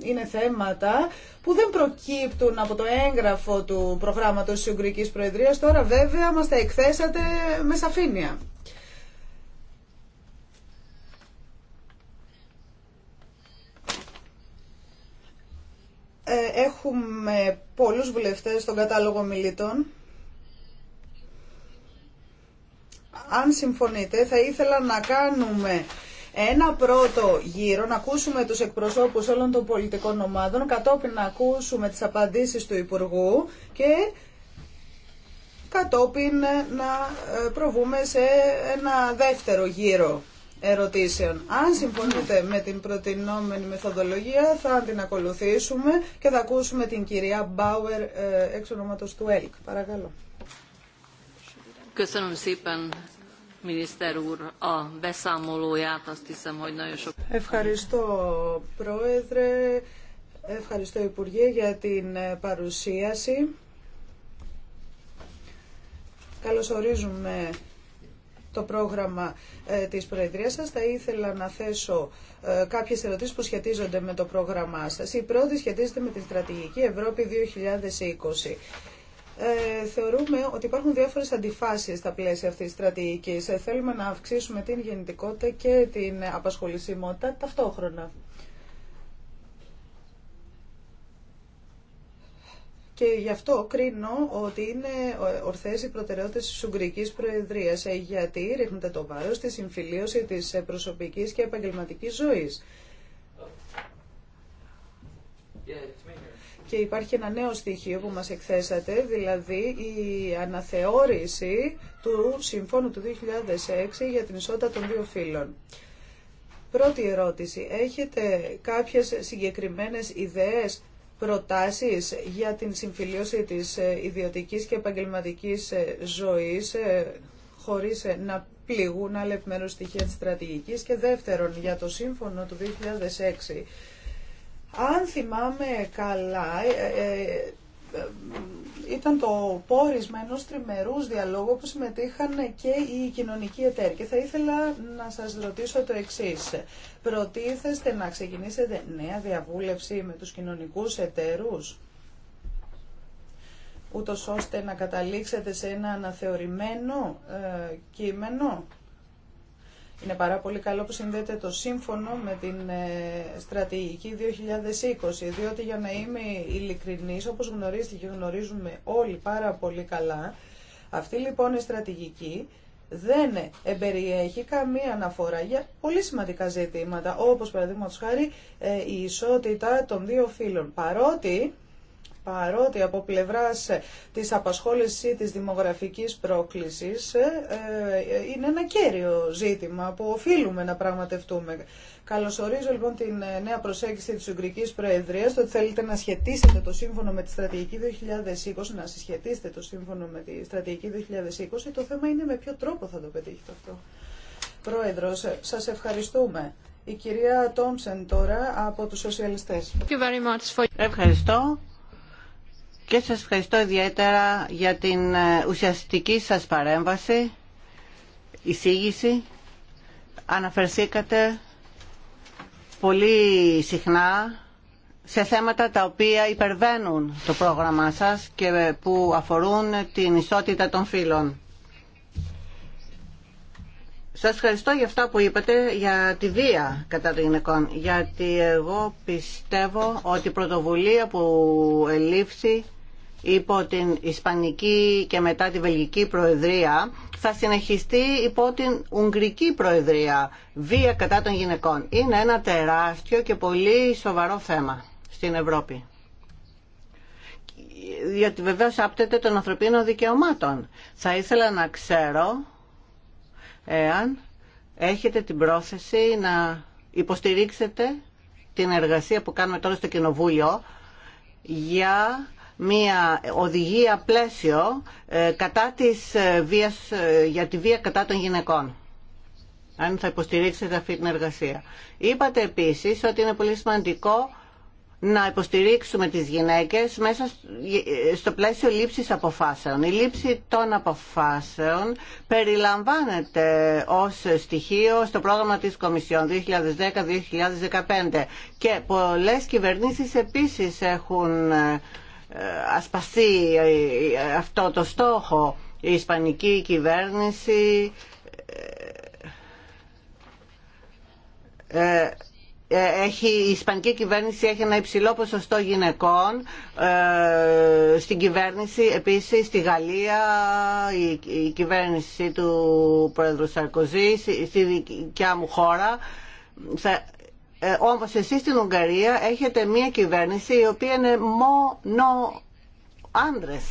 είναι θέματα που δεν προκύπτουν από το έγγραφο του προγράμματος της Ουγγρικής Προεδρίας. Τώρα βέβαια μας τα εκθέσατε με σαφήνεια. Ε, έχουμε πολλούς βουλευτές στον κατάλογο μιλήτων. Αν συμφωνείτε, θα ήθελα να κάνουμε ένα πρώτο γύρο, να ακούσουμε τους εκπροσώπους όλων των πολιτικών ομάδων, κατόπιν να ακούσουμε τις απαντήσεις του Υπουργού και κατόπιν να ε, προβούμε σε ένα δεύτερο γύρο ερωτήσεων. Αν συμφωνείτε με την προτινόμενη μεθοδολογία θα την ακολουθήσουμε και θα ακούσουμε την κυρία Μπάουερ ε, εξ του ΕΛΚ. Παρακαλώ. Ευχαριστώ, Πρόεδρε. Ευχαριστώ, Υπουργέ, για την ε, παρουσίαση. Καλωσορίζουμε το πρόγραμμα ε, της Προεδρίας σας. Θα ήθελα να θέσω ε, κάποιες ερωτήσεις που σχετίζονται με το πρόγραμμά σας. Η πρώτη σχετίζεται με τη Στρατηγική Ευρώπη 2020. Ε, θεωρούμε ότι υπάρχουν διάφορες αντιφάσεις στα πλαίσια αυτής της στρατηγικής. Ε, θέλουμε να αυξήσουμε την γεννητικότητα και την απασχολησιμότητα ταυτόχρονα. Και γι' αυτό κρίνω ότι είναι ε, ορθέ οι προτεραιότητε τη Ουγγρική Προεδρία, γιατί ρίχνεται το βάρο στη συμφιλίωση τη προσωπική και επαγγελματική ζωή και υπάρχει ένα νέο στοιχείο που μας εκθέσατε, δηλαδή η αναθεώρηση του Συμφώνου του 2006 για την ισότητα των δύο φύλων. Πρώτη ερώτηση. Έχετε κάποιες συγκεκριμένες ιδέες, προτάσεις για την συμφιλίωση της ε, ιδιωτικής και επαγγελματικής ε, ζωής ε, χωρίς να πληγούν άλλα επιμέρους στοιχεία στρατηγικής και δεύτερον για το σύμφωνο του 2006 αν θυμάμαι καλά, ε, ε, ε, ήταν το πόρισμα ενός τριμερούς διαλόγου που συμμετείχαν και οι κοινωνικοί εταίροι. Και θα ήθελα να σας ρωτήσω το εξής. Προτίθεστε να ξεκινήσετε νέα διαβούλευση με τους κοινωνικούς εταίρους, ούτω ώστε να καταλήξετε σε ένα αναθεωρημένο κείμενο. Είναι πάρα πολύ καλό που συνδέεται το σύμφωνο με την ε, στρατηγική 2020, διότι για να είμαι ειλικρινής, όπως γνωρίζετε και γνωρίζουμε όλοι πάρα πολύ καλά, αυτή λοιπόν η στρατηγική δεν εμπεριέχει καμία αναφορά για πολύ σημαντικά ζητήματα, όπως παραδείγματος χάρη ε, η ισότητα των δύο φύλων. Παρότι παρότι από πλευρά ε, της απασχόλησης ή της δημογραφικής πρόκλησης ε, ε, είναι ένα κέριο ζήτημα που οφείλουμε να πραγματευτούμε. Καλωσορίζω λοιπόν την νέα προσέγγιση της Ουγγρικής Προεδρίας, το ότι θέλετε να σχετίσετε το σύμφωνο με τη στρατηγική 2020, να συσχετίσετε το σύμφωνο με τη στρατηγική 2020. Το θέμα είναι με ποιο τρόπο θα το πετύχετε αυτό. Πρόεδρος, σας ευχαριστούμε. Η κυρία Τόμψεν τώρα από τους σοσιαλιστές. Ευχαριστώ και σας ευχαριστώ ιδιαίτερα για την ε, ουσιαστική σας παρέμβαση, εισήγηση. Αναφερθήκατε πολύ συχνά σε θέματα τα οποία υπερβαίνουν το πρόγραμμά σας και που αφορούν την ισότητα των φύλων. Σας ευχαριστώ για αυτά που είπατε για τη βία κατά των γυναικών, γιατί εγώ πιστεύω ότι η πρωτοβουλία που ελήφθη υπό την Ισπανική και μετά τη Βελγική Προεδρία θα συνεχιστεί υπό την Ουγγρική Προεδρία βία κατά των γυναικών. Είναι ένα τεράστιο και πολύ σοβαρό θέμα στην Ευρώπη. Γιατί βεβαίως άπτεται των ανθρωπίνων δικαιωμάτων. Θα ήθελα να ξέρω εάν έχετε την πρόθεση να υποστηρίξετε την εργασία που κάνουμε τώρα στο Κοινοβούλιο για μία οδηγία πλαίσιο ε, κατά της ε, βίας, ε, για τη βία κατά των γυναικών αν θα υποστηρίξετε αυτή την εργασία. Είπατε επίσης ότι είναι πολύ σημαντικό να υποστηρίξουμε τις γυναίκες μέσα στο πλαίσιο λήψης αποφάσεων. Η λήψη των αποφάσεων περιλαμβάνεται ως στοιχείο στο πρόγραμμα της Κομισιόν 2010-2015 και πολλές κυβερνήσεις επίσης έχουν ασπαστεί αυτό το στόχο η Ισπανική κυβέρνηση ε, ε, έχει, η Ισπανική κυβέρνηση έχει ένα υψηλό ποσοστό γυναικών ε, στην κυβέρνηση επίσης στη Γαλλία η, η κυβέρνηση του πρόεδρου Σαρκοζή στη δικιά μου χώρα ε, όμως εσείς στην Ουγγαρία έχετε μια κυβέρνηση η οποία είναι μόνο άνδρες.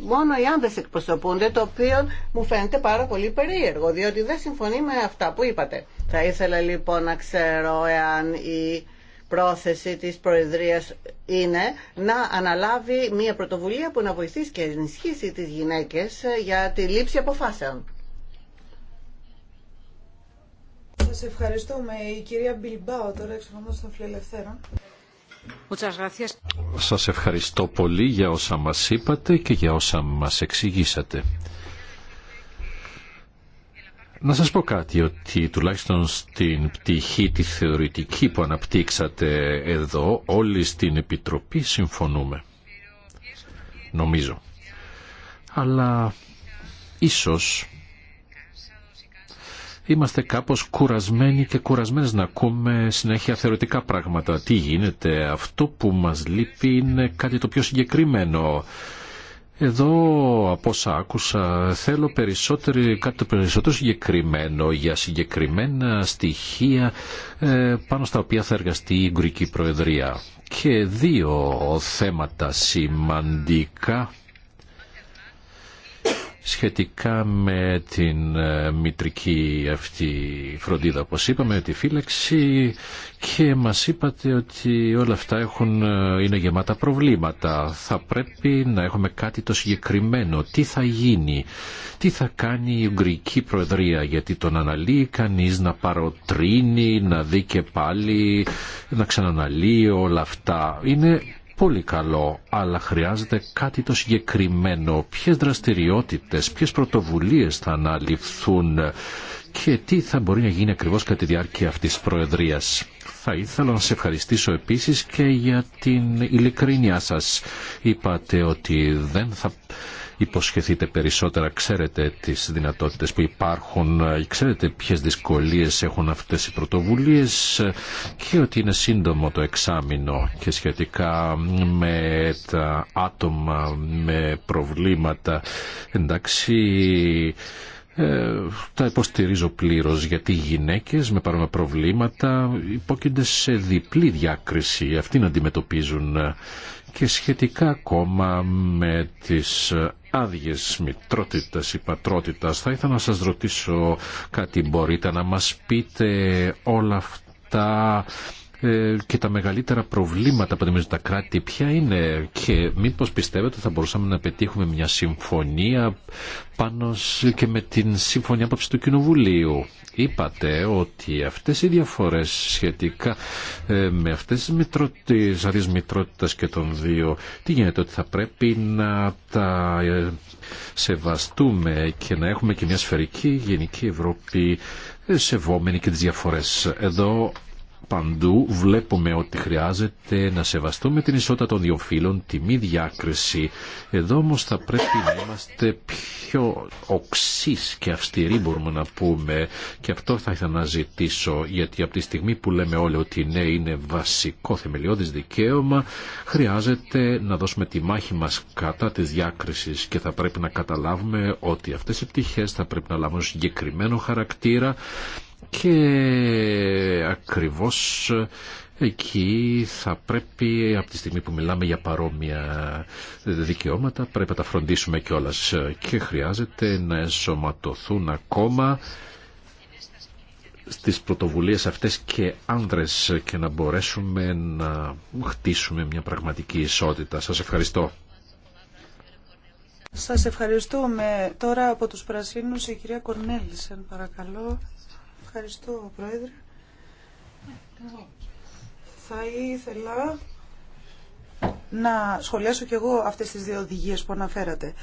μόνο οι άντρε εκπροσωπούνται, το οποίο μου φαίνεται πάρα πολύ περίεργο, διότι δεν συμφωνεί με αυτά που είπατε. Θα ήθελα λοιπόν να ξέρω εάν η πρόθεση της Προεδρίας είναι να αναλάβει μια πρωτοβουλία που να βοηθήσει και ενισχύσει τις γυναίκες για τη λήψη αποφάσεων. Σας Η κυρία τώρα Σας ευχαριστώ πολύ για όσα μας είπατε και για όσα μας εξηγήσατε. Να σας πω κάτι, ότι τουλάχιστον στην πτυχή τη θεωρητική που αναπτύξατε εδώ, όλοι στην Επιτροπή συμφωνούμε. Νομίζω. Αλλά ίσως είμαστε κάπως κουρασμένοι και κουρασμένες να ακούμε συνέχεια θεωρητικά πράγματα. Τι γίνεται, αυτό που μας λείπει είναι κάτι το πιο συγκεκριμένο. Εδώ από όσα άκουσα θέλω περισσότερο, κάτι περισσότερο συγκεκριμένο για συγκεκριμένα στοιχεία ε, πάνω στα οποία θα εργαστεί η Ουγγρική Προεδρία. Και δύο θέματα σημαντικά σχετικά με την ε, μητρική αυτή φροντίδα, όπως είπαμε, τη φύλαξη και μας είπατε ότι όλα αυτά έχουν, ε, είναι γεμάτα προβλήματα. Θα πρέπει να έχουμε κάτι το συγκεκριμένο. Τι θα γίνει, τι θα κάνει η Ουγγρική Προεδρία, γιατί τον αναλύει κανείς να παροτρύνει, να δει και πάλι, να ξαναναλύει όλα αυτά. Είναι πολύ καλό, αλλά χρειάζεται κάτι το συγκεκριμένο. Ποιες δραστηριότητες, ποιες πρωτοβουλίες θα αναλυφθούν και τι θα μπορεί να γίνει ακριβώς κατά τη διάρκεια αυτής της Προεδρίας. Θα ήθελα να σε ευχαριστήσω επίσης και για την ειλικρίνειά σας. Είπατε ότι δεν θα υποσχεθείτε περισσότερα, ξέρετε τις δυνατότητες που υπάρχουν, ξέρετε ποιες δυσκολίες έχουν αυτές οι πρωτοβουλίες και ότι είναι σύντομο το εξάμεινο και σχετικά με τα άτομα με προβλήματα. Εντάξει, ε, τα υποστηρίζω πλήρω γιατί οι γυναίκε με παρόμοια προβλήματα υπόκεινται σε διπλή διάκριση. Αυτοί να αντιμετωπίζουν και σχετικά ακόμα με τις άδειε μητρότητα ή πατρότητα. Θα ήθελα να σας ρωτήσω κάτι. Μπορείτε να μας πείτε όλα αυτά ε, και τα μεγαλύτερα προβλήματα που αντιμετωπίζουν τα κράτη ποια είναι και μήπως πιστεύετε ότι θα μπορούσαμε να πετύχουμε μια συμφωνία πάνω και με την σύμφωνη άποψη του Κοινοβουλίου. Είπατε ότι αυτές οι διαφορές σχετικά ε, με αυτές τις μητρότητες, μητρότητα μητρότητας και των δύο, τι γίνεται ότι θα πρέπει να τα ε, σεβαστούμε και να έχουμε και μια σφαιρική γενική Ευρώπη σεβόμενη και τις διαφορές. Εδώ παντού βλέπουμε ότι χρειάζεται να σεβαστούμε την ισότητα των δύο φύλων, τη μη διάκριση. Εδώ όμω θα πρέπει να είμαστε πιο οξείς και αυστηροί μπορούμε να πούμε και αυτό θα ήθελα να ζητήσω γιατί από τη στιγμή που λέμε όλοι ότι ναι είναι βασικό θεμελιώδης δικαίωμα χρειάζεται να δώσουμε τη μάχη μας κατά της διάκριση και θα πρέπει να καταλάβουμε ότι αυτές οι πτυχές θα πρέπει να λάβουν συγκεκριμένο χαρακτήρα και ακριβώς εκεί θα πρέπει από τη στιγμή που μιλάμε για παρόμοια δικαιώματα πρέπει να τα φροντίσουμε κιόλας και χρειάζεται να ενσωματωθούν ακόμα στις πρωτοβουλίες αυτές και άνδρες και να μπορέσουμε να χτίσουμε μια πραγματική ισότητα. Σας ευχαριστώ. Σας ευχαριστούμε. Τώρα από τους Πρασίνους η κυρία Κορνέλησεν παρακαλώ. Ευχαριστώ, Πρόεδρε. Θα ήθελα να σχολιάσω κι εγώ αυτές τις δύο οδηγίες που αναφέρατε.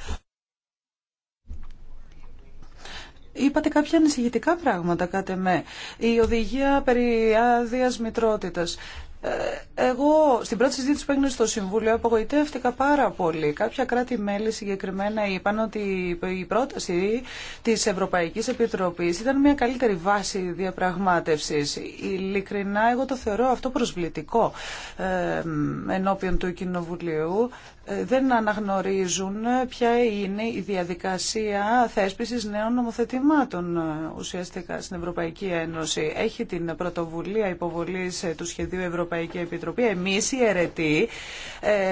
Είπατε κάποια ανησυχητικά πράγματα, κάτε με. Η οδηγία περί άδειας μητρότητας. Ε, εγώ στην πρώτη συζήτηση που έγινε στο Συμβούλιο απογοητεύτηκα πάρα πολύ. Κάποια κράτη-μέλη συγκεκριμένα είπαν ότι η πρόταση τη Ευρωπαϊκής Επιτροπής ήταν μια καλύτερη βάση διαπραγμάτευση. Ειλικρινά εγώ το θεωρώ αυτό προσβλητικό ε, ενώπιον του Κοινοβουλίου. Ε, δεν αναγνωρίζουν ποια είναι η διαδικασία θέσπισης νέων νομοθετημάτων ε, ουσιαστικά στην Ευρωπαϊκή Ένωση. Έχει την πρωτοβουλία υποβολής ε, του σχεδίου Ευρωπαϊκή Επιτροπή. Εμείς οι αιρετοί, ε,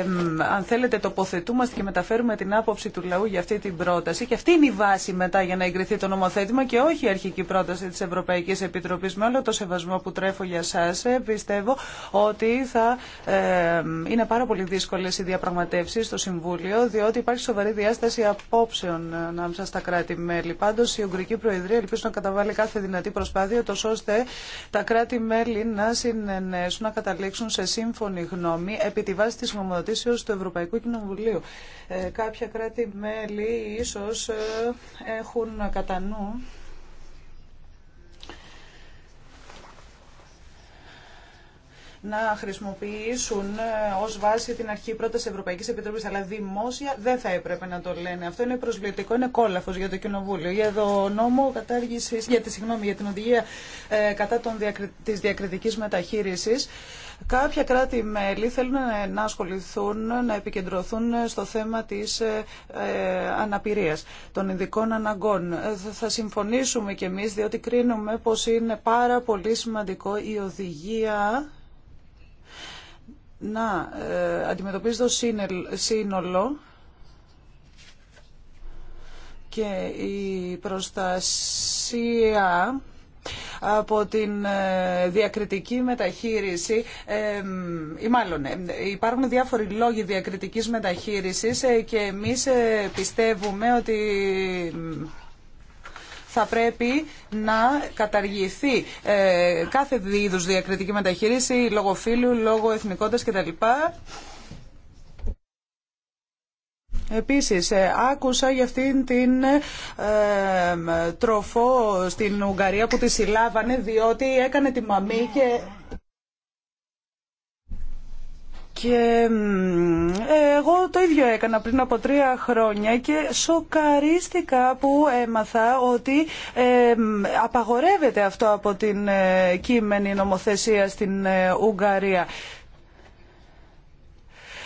αν θέλετε, τοποθετούμαστε και μεταφέρουμε την άποψη του λαού για αυτή την πρόταση. Και αυτή είναι η βάση μετά για να εγκριθεί το νομοθέτημα και όχι η αρχική πρόταση της Ευρωπαϊκής Επιτροπής. Με όλο το σεβασμό που τρέφω για σας, πιστεύω ότι θα ε, είναι πάρα πολύ δύσκολε οι διαπραγματεύσεις διαβούλευση στο Συμβούλιο, διότι υπάρχει σοβαρή διάσταση απόψεων ανάμεσα στα κράτη-μέλη. Πάντω, η Ουγγρική Προεδρία ελπίζει να καταβάλει κάθε δυνατή προσπάθεια, τόσο ώστε τα κράτη-μέλη να συνενέσουν, να καταλήξουν σε σύμφωνη γνώμη επί τη βάση τη γνωμοδοτήσεω του Ευρωπαϊκού Κοινοβουλίου. Ε, κάποια κράτη-μέλη ίσω ε, έχουν κατά νου να χρησιμοποιήσουν ε, ω βάση την αρχή πρώτα Ευρωπαϊκή Επιτροπή, αλλά δημόσια δεν θα έπρεπε να το λένε. Αυτό είναι προσβλητικό, είναι κόλαφο για το Κοινοβούλιο. Για το νόμο κατάργηση, για, τη, την οδηγία ε, κατά διακρι, της μεταχειρισης μεταχείρισης, Κάποια κράτη-μέλη θέλουν να ασχοληθούν, να επικεντρωθούν στο θέμα της ε, ε αναπηρίας, των ειδικών αναγκών. Θα συμφωνήσουμε κι εμείς, διότι κρίνουμε πως είναι πάρα πολύ σημαντικό η οδηγία να ε, αντιμετωπίζει το σύνολο και η προστασία από την ε, διακριτική μεταχείριση ή μάλλον ε, υπάρχουν διάφοροι λόγοι διακριτικής μεταχείρισης και εμείς πιστεύουμε ότι θα πρέπει να καταργηθεί ε, κάθε είδου διακριτική μεταχείριση λόγω φίλου, λόγω εθνικότητα κτλ. Επίσης, ε, άκουσα για αυτήν την ε, τροφό στην Ουγγαρία που τη συλλάβανε διότι έκανε τη μαμή και και εγώ το ίδιο έκανα πριν από τρία χρόνια και σοκαρίστηκα που έμαθα ότι ε, απαγορεύεται αυτό από την ε, κείμενη νομοθεσία στην ε, Ουγγαρία.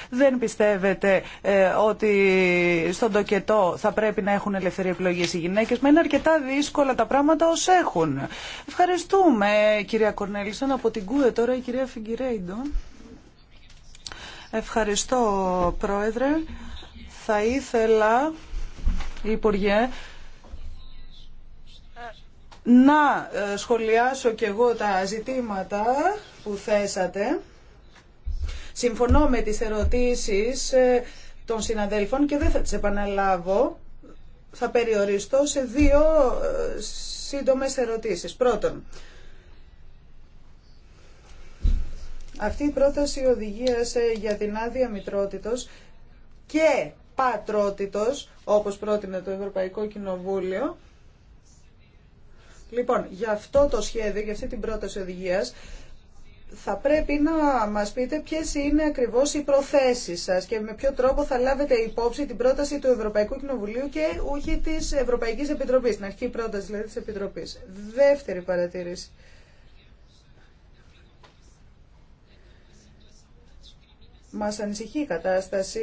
Δεν πιστεύετε ότι στον τοκετό θα πρέπει να έχουν ελευθερία επιλογή οι γυναίκε. Μα είναι αρκετά δύσκολα τα πράγματα ω έχουν. Ευχαριστούμε κυρία Κορνέλισον. Από την Κούε τώρα η κυρία Φιγκυρέιντο. Ευχαριστώ, Πρόεδρε. Θα ήθελα, Υπουργέ, να ε, σχολιάσω και εγώ τα ζητήματα που θέσατε. Συμφωνώ με τις ερωτήσεις ε, των συναδέλφων και δεν θα τις επαναλάβω. Θα περιοριστώ σε δύο ε, σύντομες ερωτήσεις. Πρώτον, Αυτή η πρόταση οδηγίας ε, για την άδεια μητρότητος και πατρότητος, όπως πρότεινε το Ευρωπαϊκό Κοινοβούλιο. Λοιπόν, για αυτό το σχέδιο, για αυτή την πρόταση οδηγίας, θα πρέπει να μας πείτε ποιες είναι ακριβώς οι προθέσεις σας και με ποιο τρόπο θα λάβετε υπόψη την πρόταση του Ευρωπαϊκού Κοινοβουλίου και όχι της Ευρωπαϊκής Επιτροπής, την αρχή πρόταση δηλαδή της Επιτροπής. Δεύτερη παρατήρηση. Μας ανησυχεί η κατάσταση,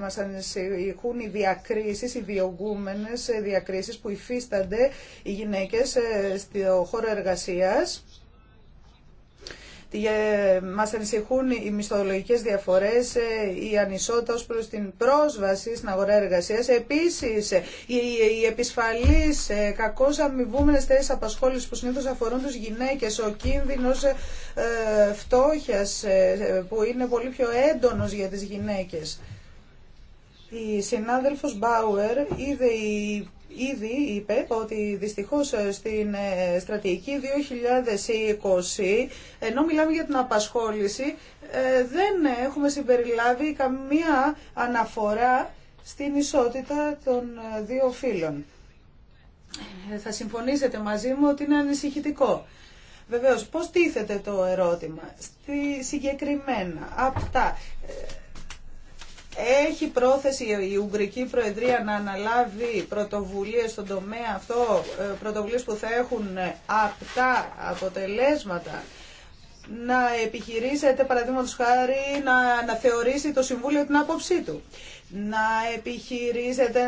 μας ανησυχούν οι διακρίσεις, οι διωγούμενες διακρίσεις που υφίστανται οι γυναίκες ε, στο χώρο εργασίας ε, μας ανησυχούν οι μισθολογικές διαφορές, ε, η ανισότητα ως προς την πρόσβαση στην αγορά εργασίας. Επίσης, ε, οι επισφαλείς, κακώς αμοιβούμενες θέσεις απασχόλησης που συνήθως αφορούν τους γυναίκες, ο κίνδυνος φτώχειας που είναι πολύ πιο έντονος για τις γυναίκες. Η συνάδελφος Μπάουερ είδε η ήδη είπε ότι δυστυχώς ε, στην ε, στρατηγική 2020, ενώ μιλάμε για την απασχόληση, ε, δεν έχουμε συμπεριλάβει καμία αναφορά στην ισότητα των δύο φύλων. Θα συμφωνήσετε μαζί μου ότι είναι ανησυχητικό. Βεβαίως, πώς τίθεται το ερώτημα. Στη συγκεκριμένα, αυτά έχει πρόθεση η Ουγγρική Προεδρία να αναλάβει πρωτοβουλίες στον τομέα αυτό, ε, πρωτοβουλίες που θα έχουν ε, απτά αποτελέσματα να επιχειρήσετε παραδείγματος χάρη να, να θεωρήσει το Συμβούλιο την άποψή του. Να επιχειρήσετε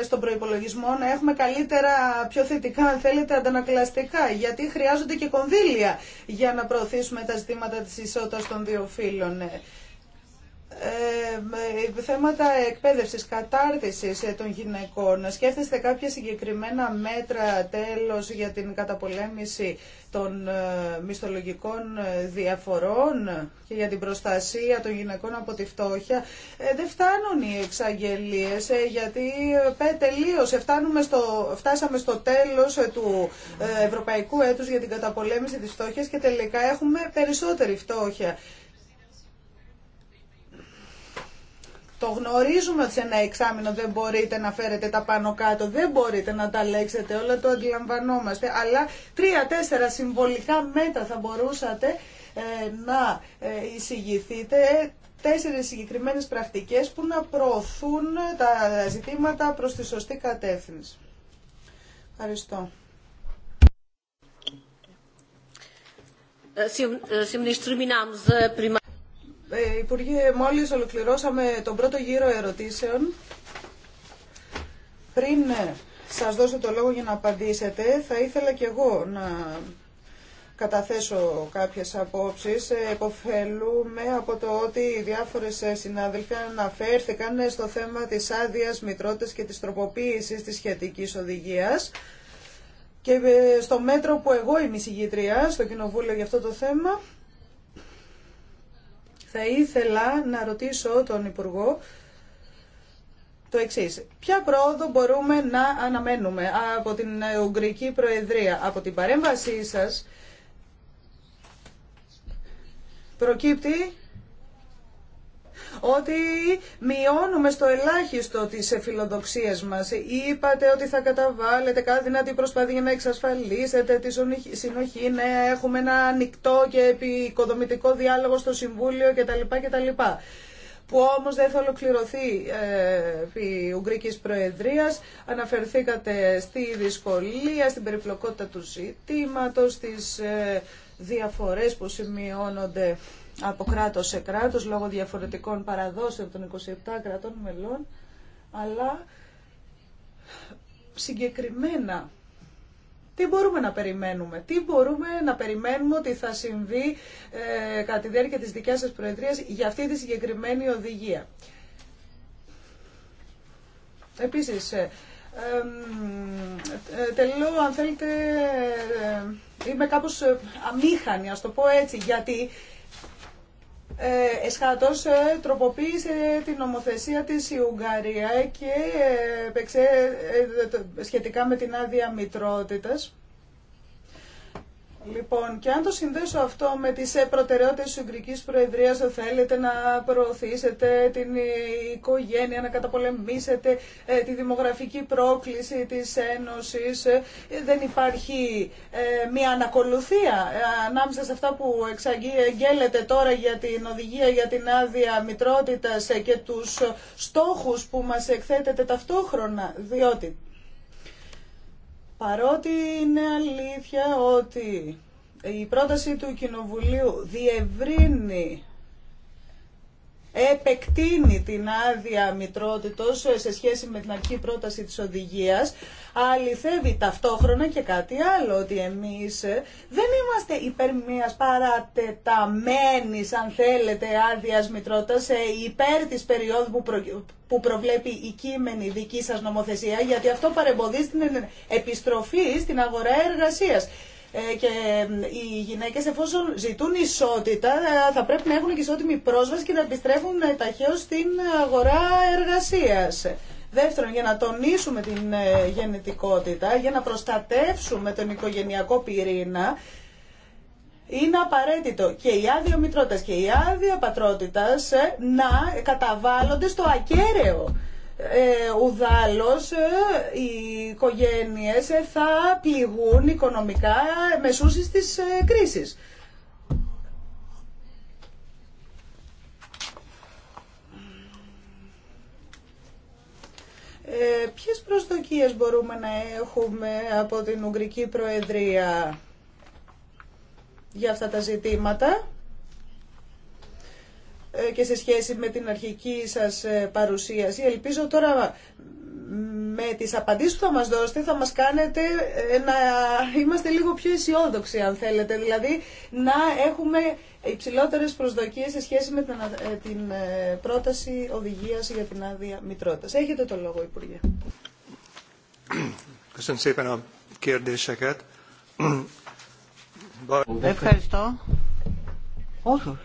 ε, στον προϋπολογισμό να έχουμε καλύτερα, πιο θετικά αν θέλετε αντανακλαστικά γιατί χρειάζονται και κονδύλια για να προωθήσουμε τα ζητήματα της ισότητας των δύο φύλων ε, θέματα εκπαίδευσης, κατάρτισης ε, των γυναικών. Σκέφτεστε κάποια συγκεκριμένα μέτρα τέλος για την καταπολέμηση των ε, μισθολογικών ε, διαφορών και για την προστασία των γυναικών από τη φτώχεια. δεν φτάνουν οι εξαγγελίες γιατί τελείω στο, φτάσαμε στο τέλος του ευρωπαϊκού έτους για την καταπολέμηση της φτώχειας και τελικά έχουμε περισσότερη φτώχεια. Το γνωρίζουμε ότι σε ένα εξάμεινο δεν μπορείτε να φέρετε τα πάνω κάτω, δεν μπορείτε να τα λέξετε όλα, το αντιλαμβανόμαστε. Αλλά τρία-τέσσερα συμβολικά μέτρα θα μπορούσατε ε, να ε, εισηγηθείτε ε, τέσσερις συγκεκριμένες πρακτικές που να προωθούν τα ζητήματα προς τη σωστή κατεύθυνση. Ευχαριστώ. Ε, Υπουργέ, μόλις ολοκληρώσαμε τον πρώτο γύρο ερωτήσεων. Πριν ε, σας δώσω το λόγο για να απαντήσετε, θα ήθελα κι εγώ να καταθέσω κάποιες απόψεις. Ε, εποφελούμε από το ότι οι διάφορες συνάδελφοι αναφέρθηκαν στο θέμα της άδειας μητρότητας και της τροποποίησης της σχετικής οδηγίας. Και στο μέτρο που εγώ είμαι η στο Κοινοβούλιο για αυτό το θέμα, θα ήθελα να ρωτήσω τον Υπουργό το εξή. Ποια πρόοδο μπορούμε να αναμένουμε από την Ουγγρική Προεδρία, από την παρέμβασή σας, προκύπτει ότι μειώνουμε στο ελάχιστο τις φιλοδοξίες μας. Είπατε ότι θα καταβάλλετε κάθε δυνατή προσπάθεια για να εξασφαλίσετε τη συνοχή, να έχουμε ένα ανοιχτό και επικοδομητικό διάλογο στο Συμβούλιο κτλ. κτλ που όμως δεν θα ολοκληρωθεί ε, η Ουγγρικής Προεδρίας. Αναφερθήκατε στη δυσκολία, στην περιπλοκότητα του ζητήματος, στις ε, διαφορές που σημειώνονται από κράτο σε κράτο λόγω διαφορετικών παραδόσεων των 27 κρατών μελών, αλλά συγκεκριμένα τι μπορούμε να περιμένουμε, τι μπορούμε να περιμένουμε ότι θα συμβεί ε, κατά τη διάρκεια της δικιάς σας Προεδρίας για αυτή τη συγκεκριμένη οδηγία. Επίσης, ε, ε αν θέλετε, ε, είμαι κάπως ε, αμήχανη, ας το πω έτσι, γιατί ε, Εσχάτος ε, τροποποίησε την νομοθεσία της η Ουγγαρία και ε, σχετικά με την άδεια μητρότητας Λοιπόν, και αν το συνδέσω αυτό με τις ε, προτεραιότητες της Ουγγρικής Προεδρίας, θέλετε να προωθήσετε την ε, οικογένεια, να καταπολεμήσετε ε, τη δημογραφική πρόκληση της Ένωσης, δεν υπάρχει μια ανακολουθία ανάμεσα σε αυτά που εξαγγέλλεται τώρα για την οδηγία για την άδεια μητρότητας και τους στόχους που μας εκθέτεται ταυτόχρονα, διότι Παρότι είναι αλήθεια ότι η πρόταση του Κοινοβουλίου διευρύνει επεκτείνει την άδεια μητρότητος σε σχέση με την αρχή πρόταση της οδηγίας αληθεύει ταυτόχρονα και κάτι άλλο, ότι εμείς ε, δεν είμαστε υπέρ μιας παρατεταμένης, αν θέλετε, άδεια μητρότητας, ε, υπέρ της περίοδου που, που προβλέπει η κείμενη δική σας νομοθεσία, γιατί αυτό παρεμποδίζει την επιστροφή στην αγορά εργασίας ε, και οι γυναίκες εφόσον ζητούν ισότητα θα πρέπει να έχουν και ισότιμη πρόσβαση και να επιστρέφουν ταχαίως στην αγορά εργασίας. Δεύτερον, για να τονίσουμε την ε, γενετικότητα, για να προστατεύσουμε τον οικογενειακό πυρήνα, είναι απαραίτητο και οι αδειο μητρότητας και οι άδεια πατρότητας ε, να καταβάλλονται στο ακέραιο. Ε, ε οι οικογένειες θα πληγούν οικονομικά μεσούσεις της κρίσης. Ε, ποιες προσδοκίες μπορούμε να έχουμε από την Ουγγρική Προεδρία για αυτά τα ζητήματα ε, και σε σχέση με την αρχική σας ε, παρουσίαση. Ελπίζω τώρα με τις απαντήσεις που θα μας δώσετε θα μας κάνετε ε, να είμαστε λίγο πιο αισιόδοξοι αν θέλετε, δηλαδή να έχουμε υψηλότερες προσδοκίες σε σχέση με την, ε, ε, πρόταση οδηγίας για την άδεια μητρότητας. Έχετε το λόγο, Υπουργέ. Ευχαριστώ. Όχι.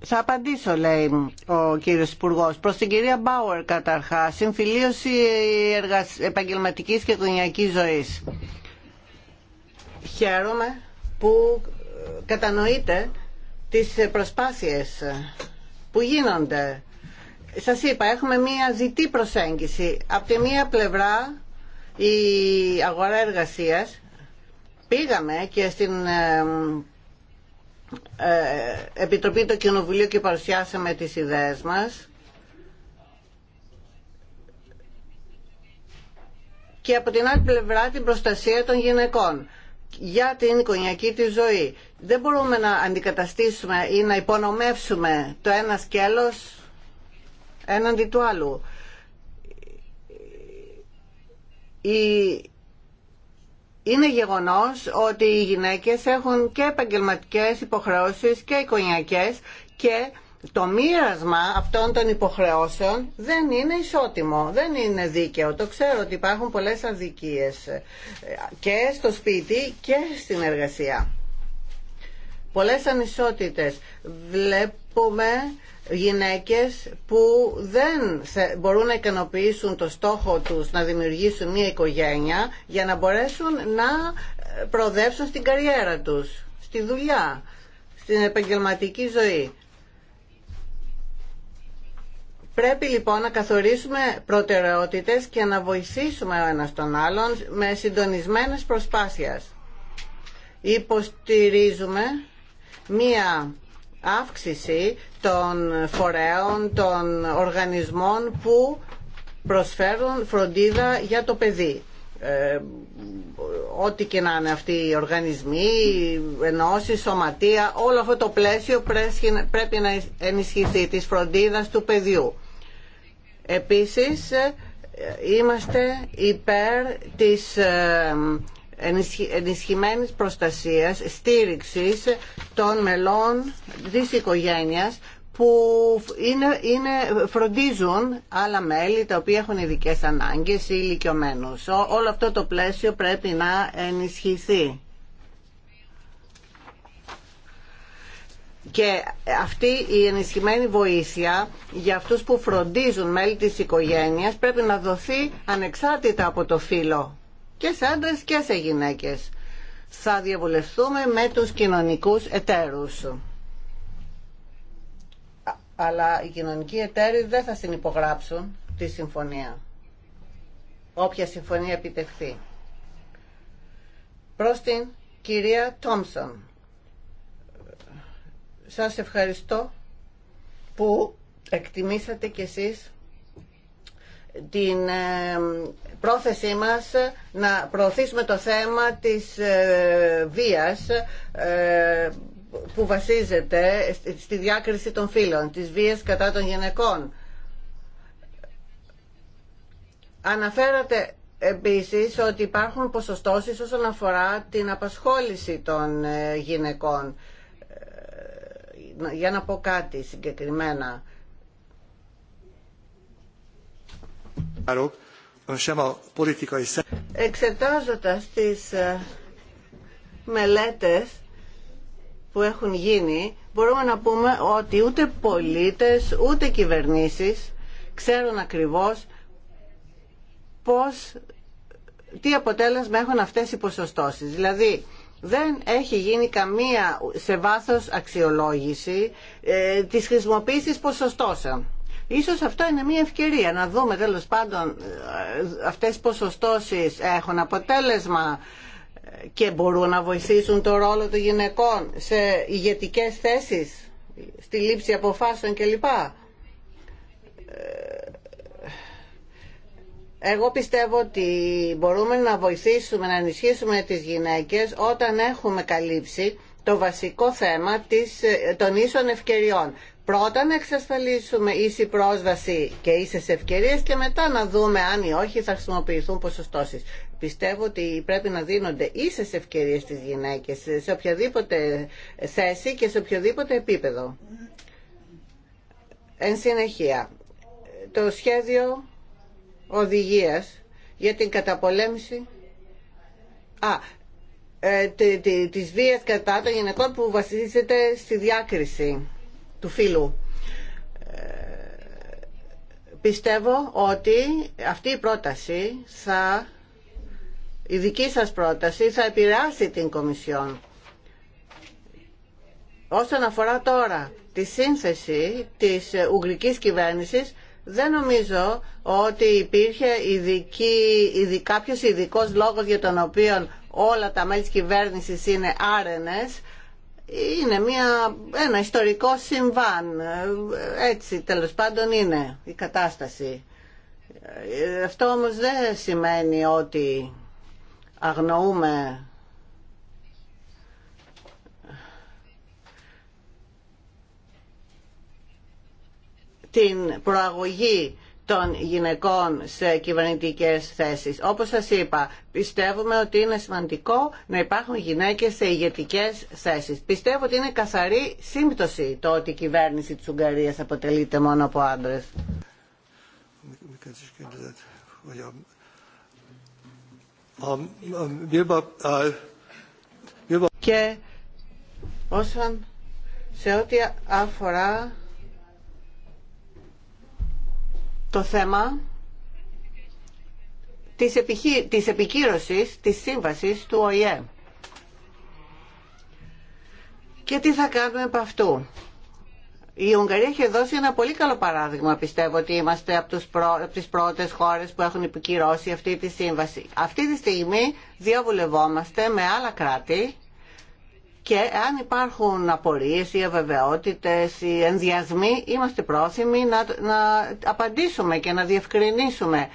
Θα, απαντήσω, λέει ο κύριος Υπουργό. Προς την κυρία Μπάουερ, καταρχάς, συμφιλίωση εργασ... επαγγελματικής και κοινωνικής ζωής. Χαίρομαι που κατανοείτε τις προσπάθειες που γίνονται. Σας είπα, έχουμε μία ζητή προσέγγιση. Από τη μία πλευρά η αγορά εργασίας πήγαμε και στην ε, Επιτροπή του Κοινοβουλίου και παρουσιάσαμε τις ιδέες μας και από την άλλη πλευρά την προστασία των γυναικών για την οικογενειακή τη ζωή δεν μπορούμε να αντικαταστήσουμε ή να υπονομεύσουμε το ένα σκέλος έναντι του άλλου. Είναι γεγονός ότι οι γυναίκες έχουν και επαγγελματικές υποχρεώσεις και εικονιακές και το μοίρασμα αυτών των υποχρεώσεων δεν είναι ισότιμο, δεν είναι δίκαιο. Το ξέρω ότι υπάρχουν πολλές αδικίες ε, και στο σπίτι και στην εργασία πολλές ανισότητες. Βλέπουμε γυναίκες που δεν μπορούν να ικανοποιήσουν το στόχο τους να δημιουργήσουν μια οικογένεια για να μπορέσουν να προοδεύσουν στην καριέρα τους, στη δουλειά, στην επαγγελματική ζωή. Πρέπει λοιπόν να καθορίσουμε προτεραιότητες και να βοηθήσουμε ο ένας τον άλλον με συντονισμένες προσπάθειες. Υποστηρίζουμε μία αύξηση των φορέων, των οργανισμών που προσφέρουν φροντίδα για το παιδί. Ε, ό,τι και να είναι αυτοί οι οργανισμοί, οι ενώσεις, σωματεία, όλο αυτό το πλαίσιο πρέπει να ενισχυθεί της φροντίδας του παιδιού. Επίσης, ε, είμαστε υπέρ της ε, ενισχυμένης προστασίας, στήριξης των μελών της οικογένειας που είναι, είναι, φροντίζουν άλλα μέλη τα οποία έχουν ειδικέ ανάγκες ή ηλικιωμένους. Ό, όλο αυτό το πλαίσιο πρέπει να ενισχυθεί. Και αυτή η ενισχυμένη βοήθεια για της οικογένειας πρέπει να δοθεί ανεξάρτητα από το φύλλο και σε άντρες και σε γυναίκες. Θα διαβουλευτούμε με τους κοινωνικούς εταίρους. Αλλά οι κοινωνικοί εταίροι δεν θα συνυπογράψουν τη συμφωνία. Όποια συμφωνία επιτευχθεί. Προ την κυρία Τόμσον. Σας ευχαριστώ που εκτιμήσατε κι εσείς την ε, πρόθεσή μας να προωθήσουμε το θέμα της ε, βίας ε, που βασίζεται στη διάκριση των φύλων, της βίας κατά των γυναικών. Αναφέρατε επίσης ότι υπάρχουν ποσοστώσεις όσον αφορά την απασχόληση των γυναικών. Για να πω κάτι συγκεκριμένα Εξετάζοντας τις μελέτες που έχουν γίνει, μπορούμε να πούμε ότι ούτε πολίτες, ούτε κυβερνήσεις ξέρουν ακριβώς πώς, τι αποτέλεσμα έχουν αυτές οι ποσοστώσεις. Δηλαδή, δεν έχει γίνει καμία σε βάθος αξιολόγηση ε, της χρησιμοποίησης ποσοστώσεων. Ίσως αυτό είναι μια ευκαιρία να δούμε τέλος πάντων ε, αυτές οι ποσοστώσεις έχουν αποτέλεσμα και μπορούν να βοηθήσουν το ρόλο των γυναικών σε ηγετικές θέσεις, στη λήψη αποφάσεων κλπ. Ε, εγώ πιστεύω ότι μπορούμε να βοηθήσουμε, να ενισχύσουμε τις γυναίκες όταν έχουμε καλύψει το βασικό θέμα της, ε, των ίσων ευκαιριών πρώτα να εξασφαλίσουμε ίση πρόσβαση και ίσες ευκαιρίε και μετά να δούμε αν ή όχι θα χρησιμοποιηθούν ποσοστώσει. Πιστεύω ότι πρέπει να δίνονται ίσες ευκαιρίε στις γυναίκες σε οποιαδήποτε θέση και σε οποιοδήποτε επίπεδο. Εν συνεχεία, το σχέδιο οδηγίας για την καταπολέμηση... Α, ε, τη, της κατά των γυναικών που βασίζεται στη διάκριση του φίλου. Ε, πιστεύω ότι αυτή η πρόταση θα, η δική σας πρόταση θα επηρεάσει την Κομισιόν. Όσον αφορά τώρα τη σύνθεση της ουγγρικής κυβέρνησης, δεν νομίζω ότι υπήρχε ειδική, ειδικό κάποιος ειδικός λόγος για τον οποίο όλα τα μέλη της κυβέρνησης είναι άρενες είναι μια, ένα ιστορικό συμβάν. Έτσι τέλος πάντων είναι η κατάσταση. Αυτό όμως δεν σημαίνει ότι αγνοούμε την προαγωγή των γυναικών σε κυβερνητικές θέσεις. Όπως σας είπα, πιστεύουμε ότι είναι σημαντικό να υπάρχουν γυναίκες σε ηγετικές θέσεις. Πιστεύω ότι είναι καθαρή σύμπτωση το ότι η κυβέρνηση της Ουγγαρίας αποτελείται μόνο από άντρες. Και όσον σε ό,τι αφορά το θέμα της, επιχει... της επικύρωσης της σύμβασης του ΟΗΕ. Και τι θα κάνουμε από αυτού. Η Ουγγαρία έχει δώσει ένα πολύ καλό παράδειγμα. Πιστεύω ότι είμαστε από, τους προ... από τις πρώτες χώρες που έχουν επικυρώσει αυτή τη σύμβαση. Αυτή τη στιγμή διαβουλευόμαστε με άλλα κράτη και αν υπάρχουν απορίες ή αβεβαιότητες ή ενδιασμοί είμαστε πρόθυμοι να, να απαντήσουμε και να διευκρινίσουμε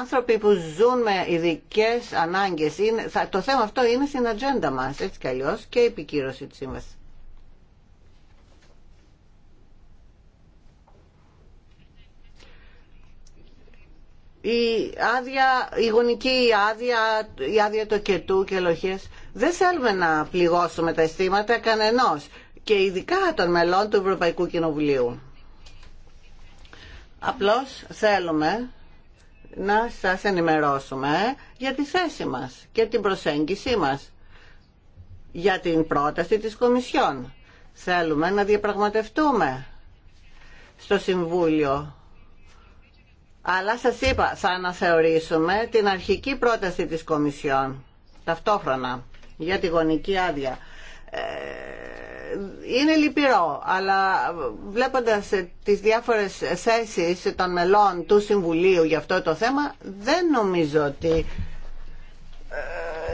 άνθρωποι που ζουν με ειδικέ ανάγκες το θέμα αυτό είναι στην ατζέντα μας έτσι κι αλλιώ, και η επικύρωση τη σύμβαση. η άδεια, η γονική άδεια, η άδεια τοκετού και ελοχές δεν θέλουμε να πληγώσουμε τα αισθήματα κανενός και ειδικά των μελών του Ευρωπαϊκού Κοινοβουλίου. Απλώς θέλουμε να σας ενημερώσουμε για τη θέση μας και την προσέγγιση μας για την πρόταση της Κομισιόν. Θέλουμε να διαπραγματευτούμε στο Συμβούλιο. Αλλά σας είπα, θα αναθεωρήσουμε την αρχική πρόταση της Κομισιόν ταυτόχρονα για τη γονική άδεια. Ε, είναι λυπηρό, αλλά βλέποντας τις διάφορες θέσεις των μελών του Συμβουλίου για αυτό το θέμα, δεν νομίζω ότι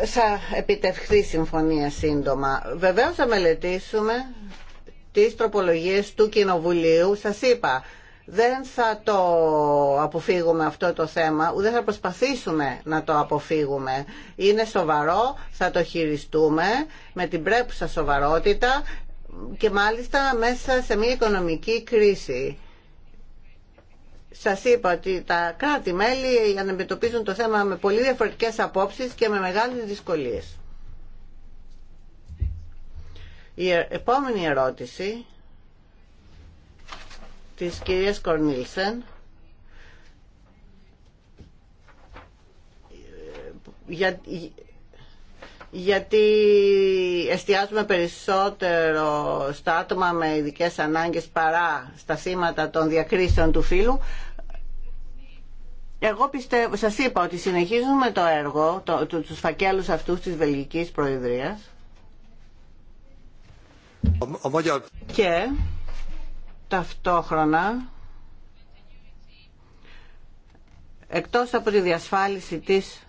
ε, θα επιτευχθεί συμφωνία σύντομα. Βεβαίως θα μελετήσουμε τις τροπολογίες του Κοινοβουλίου. Σας είπα, δεν θα το αποφύγουμε αυτό το θέμα, ούτε θα προσπαθήσουμε να το αποφύγουμε. Είναι σοβαρό, θα το χειριστούμε με την πρέπουσα σοβαρότητα και μάλιστα μέσα σε μια οικονομική κρίση. Σας είπα ότι τα κράτη-μέλη αντιμετωπίζουν το θέμα με πολύ διαφορετικές απόψεις και με μεγάλες δυσκολίες. Η επόμενη ερώτηση της κυρίας Κορνίλσεν γιατί εστιάζουμε περισσότερο στα άτομα με ειδικέ ανάγκες παρά στα σήματα των διακρίσεων του φύλου. Εγώ πιστεύω, σας είπα ότι συνεχίζουμε το έργο, το, το, τους φακέλους αυτούς της Βελγικής Προεδρίας. και ταυτόχρονα εκτός από τη διασφάλιση της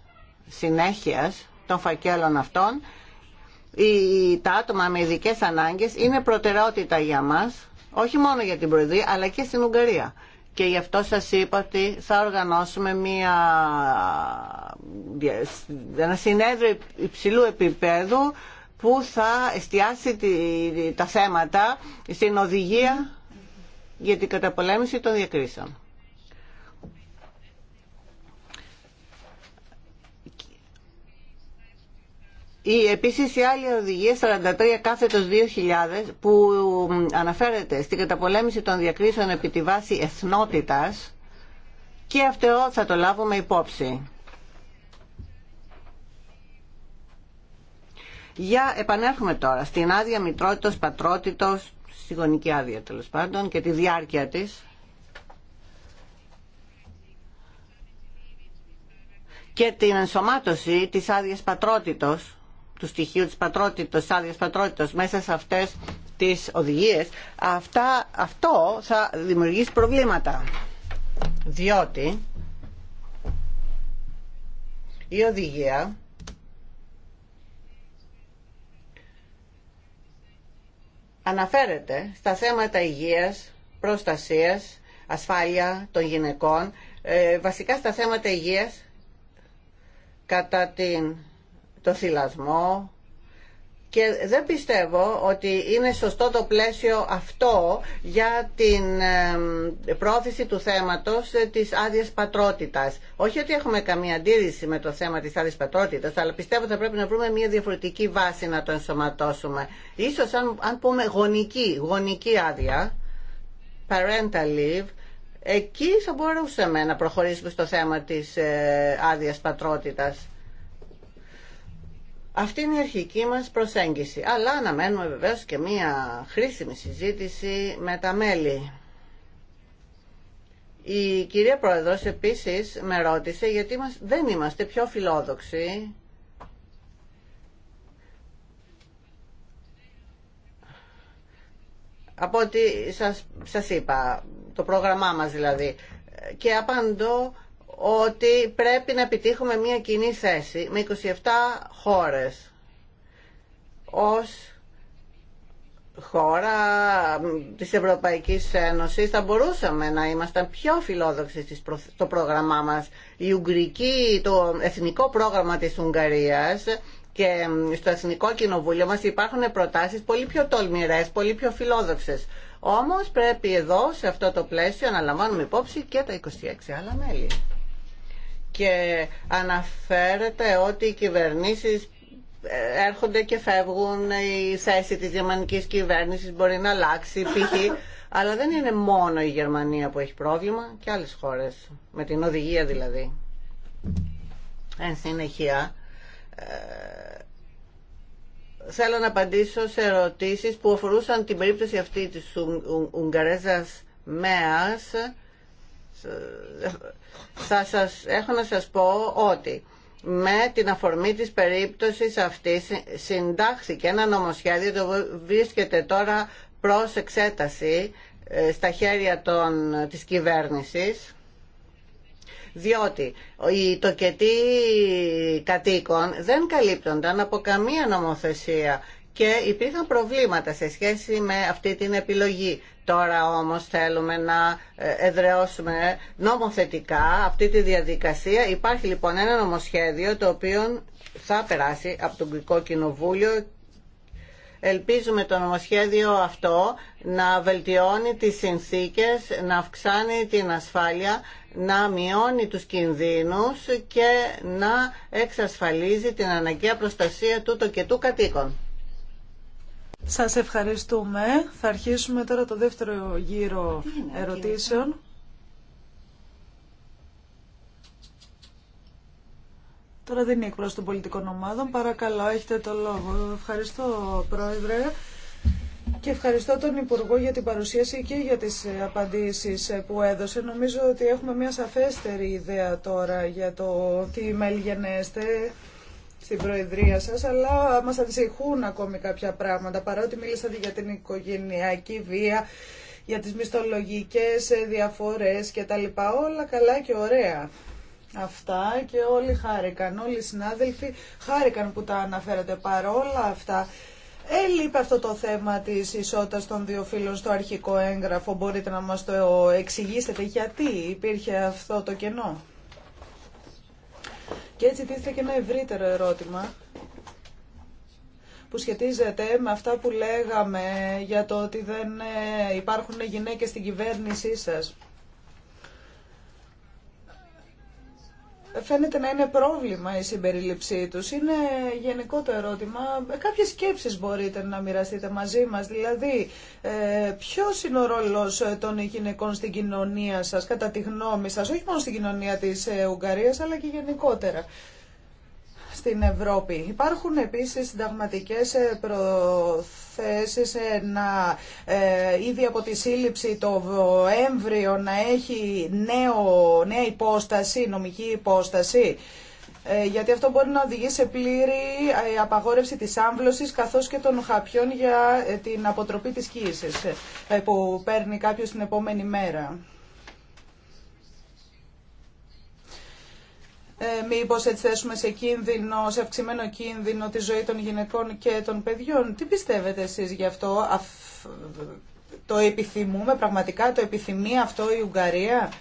συνέχειας των φακέλων αυτών τα άτομα με ειδικέ ανάγκες είναι προτεραιότητα για μας όχι μόνο για την Προεδρία αλλά και στην Ουγγαρία και γι' αυτό σας είπα ότι θα οργανώσουμε μια, ένα συνέδριο υψηλού επίπεδου που θα εστιάσει τα θέματα στην οδηγία για την καταπολέμηση των διακρίσεων. Η, επίσης η άλλη οδηγία 43 κάθετος 2000 που αναφέρεται στην καταπολέμηση των διακρίσεων επί τη βάση εθνότητας και αυτό θα το λάβουμε υπόψη. Για επανέρχομαι τώρα στην άδεια μητρότητος, πατρότητος τη γονική άδεια τέλο πάντων και τη διάρκεια της και την ενσωμάτωση της άδεια πατρότητος του στοιχείου της πατρότητος, της άδειας πατρότητος μέσα σε αυτές τις οδηγίες αυτό θα δημιουργήσει προβλήματα διότι η οδηγία αναφέρεται στα θέματα υγείας, προστασίας, ασφάλεια των γυναικών, ε, βασικά στα θέματα υγείας κατά την, το θυλασμό, και δεν πιστεύω ότι είναι σωστό το πλαίσιο αυτό για την πρόθεση του θέματος ε, της άδεια πατρότητας. Όχι ότι έχουμε καμία αντίρρηση με το θέμα της άδεια πατρότητας, αλλά πιστεύω ότι θα πρέπει να βρούμε μια διαφορετική βάση να το ενσωματώσουμε. Ίσως αν, αν πούμε γονική, γονική άδεια, parental leave, εκεί θα μπορούσαμε να προχωρήσουμε στο θέμα της ε, άδεια πατρότητας. Αυτή είναι η αρχική μας προσέγγιση. Αλλά αναμένουμε βεβαίως και μία χρήσιμη συζήτηση με τα μέλη. Η κυρία Πρόεδρος επίσης με ρώτησε γιατί δεν είμαστε πιο φιλόδοξοι από ό,τι σας, σας είπα, το πρόγραμμά μας δηλαδή. Και απαντώ ότι πρέπει να επιτύχουμε μια κοινή θέση με 27 χώρες ως χώρα της Ευρωπαϊκής Ένωσης θα μπορούσαμε να ήμασταν πιο φιλόδοξοι στο πρόγραμμά μας. Η Ουγγρική, το εθνικό πρόγραμμα της Ουγγαρίας και στο Εθνικό Κοινοβούλιο μας υπάρχουν προτάσεις πολύ πιο τολμηρές, πολύ πιο φιλόδοξες. Όμως πρέπει εδώ, σε αυτό το πλαίσιο, να λαμβάνουμε υπόψη και τα 26 άλλα μέλη και αναφέρεται ότι οι κυβερνήσεις ε, έρχονται και φεύγουν, η θέση της γερμανικής κυβέρνησης μπορεί να αλλάξει π.χ. Αλλά δεν είναι μόνο η Γερμανία που έχει πρόβλημα και άλλες χώρες, με την οδηγία δηλαδή. Εν συνεχεία, ε, θέλω να απαντήσω σε ερωτήσεις που αφορούσαν την περίπτωση αυτή της Ουγγαρέζας ΜΕΑΣ θα σας, έχω να σας πω ότι με την αφορμή της περίπτωσης αυτής συντάχθηκε ένα νομοσχέδιο το βρίσκεται τώρα προς εξέταση ε, στα χέρια των, της κυβέρνησης διότι οι τοκετοί κατοίκων δεν καλύπτονταν από καμία νομοθεσία και υπήρχαν προβλήματα σε σχέση με αυτή την επιλογή. Τώρα όμως θέλουμε να ε, εδραιώσουμε νομοθετικά αυτή τη διαδικασία. Υπάρχει λοιπόν ένα νομοσχέδιο το οποίο θα περάσει από το Γκρικό Κοινοβούλιο Ελπίζουμε το νομοσχέδιο αυτό να βελτιώνει τις συνθήκες, να αυξάνει την ασφάλεια, να μειώνει τους κινδύνους και να εξασφαλίζει την αναγκαία προστασία τούτο και του κατοίκων. Σας ευχαριστούμε. Θα αρχίσουμε τώρα το δεύτερο γύρο ερωτήσεων. Τώρα δεν είναι εκπρόσωπο των πολιτικών ομάδων. Παρακαλώ, έχετε το λόγο. Ευχαριστώ, Πρόεδρε. Και ευχαριστώ τον Υπουργό για την παρουσίαση και για τις απαντήσεις που έδωσε. Νομίζω ότι έχουμε μια σαφέστερη ιδέα τώρα για το τι μελγενέστε στην Προεδρία σας, αλλά μας ανησυχούν ακόμη κάποια πράγματα, παρότι μίλησατε για την οικογενειακή βία, για τις μισθολογικέ ε, διαφορές και Όλα καλά και ωραία. Αυτά και όλοι χάρηκαν, όλοι οι συνάδελφοι χάρηκαν που τα αναφέρατε παρόλα αυτά. Έλειπε αυτό το θέμα της ισότητας των δύο φίλων στο αρχικό έγγραφο. Μπορείτε να μας το εξηγήσετε γιατί υπήρχε αυτό το κενό. Και έτσι τίθεται και ένα ευρύτερο ερώτημα που σχετίζεται με αυτά που λέγαμε για το ότι δεν ε, υπάρχουν γυναίκες στην κυβέρνησή σας. φαίνεται να είναι πρόβλημα η συμπερίληψή τους. Είναι γενικό το ερώτημα. Κάποιες σκέψεις μπορείτε να μοιραστείτε μαζί μας. Δηλαδή, ε, ποιος είναι ο ρόλος των γυναικών στην κοινωνία σας, κατά τη γνώμη σας, όχι μόνο στην κοινωνία της ε, Ουγγαρίας, αλλά και γενικότερα στην Ευρώπη. Υπάρχουν επίσης συνταγματικές ε, προθέσεις θέσεις ε, να ε, ήδη από τη σύλληψη το έμβριο να έχει νέο, νέα υπόσταση, νομική υπόσταση ε, γιατί αυτό μπορεί να οδηγεί σε πλήρη απαγόρευση της άμβλωσης καθώς και των χαπιών για την αποτροπή της κοίησης που παίρνει κάποιος την επόμενη μέρα. ε, μήπως έτσι θέσουμε σε κίνδυνο, σε αυξημένο κίνδυνο τη ζωή των γυναικών και των παιδιών. Τι πιστεύετε εσείς γι' αυτό, το επιθυμούμε πραγματικά, το επιθυμεί αυτό η Ουγγαρία.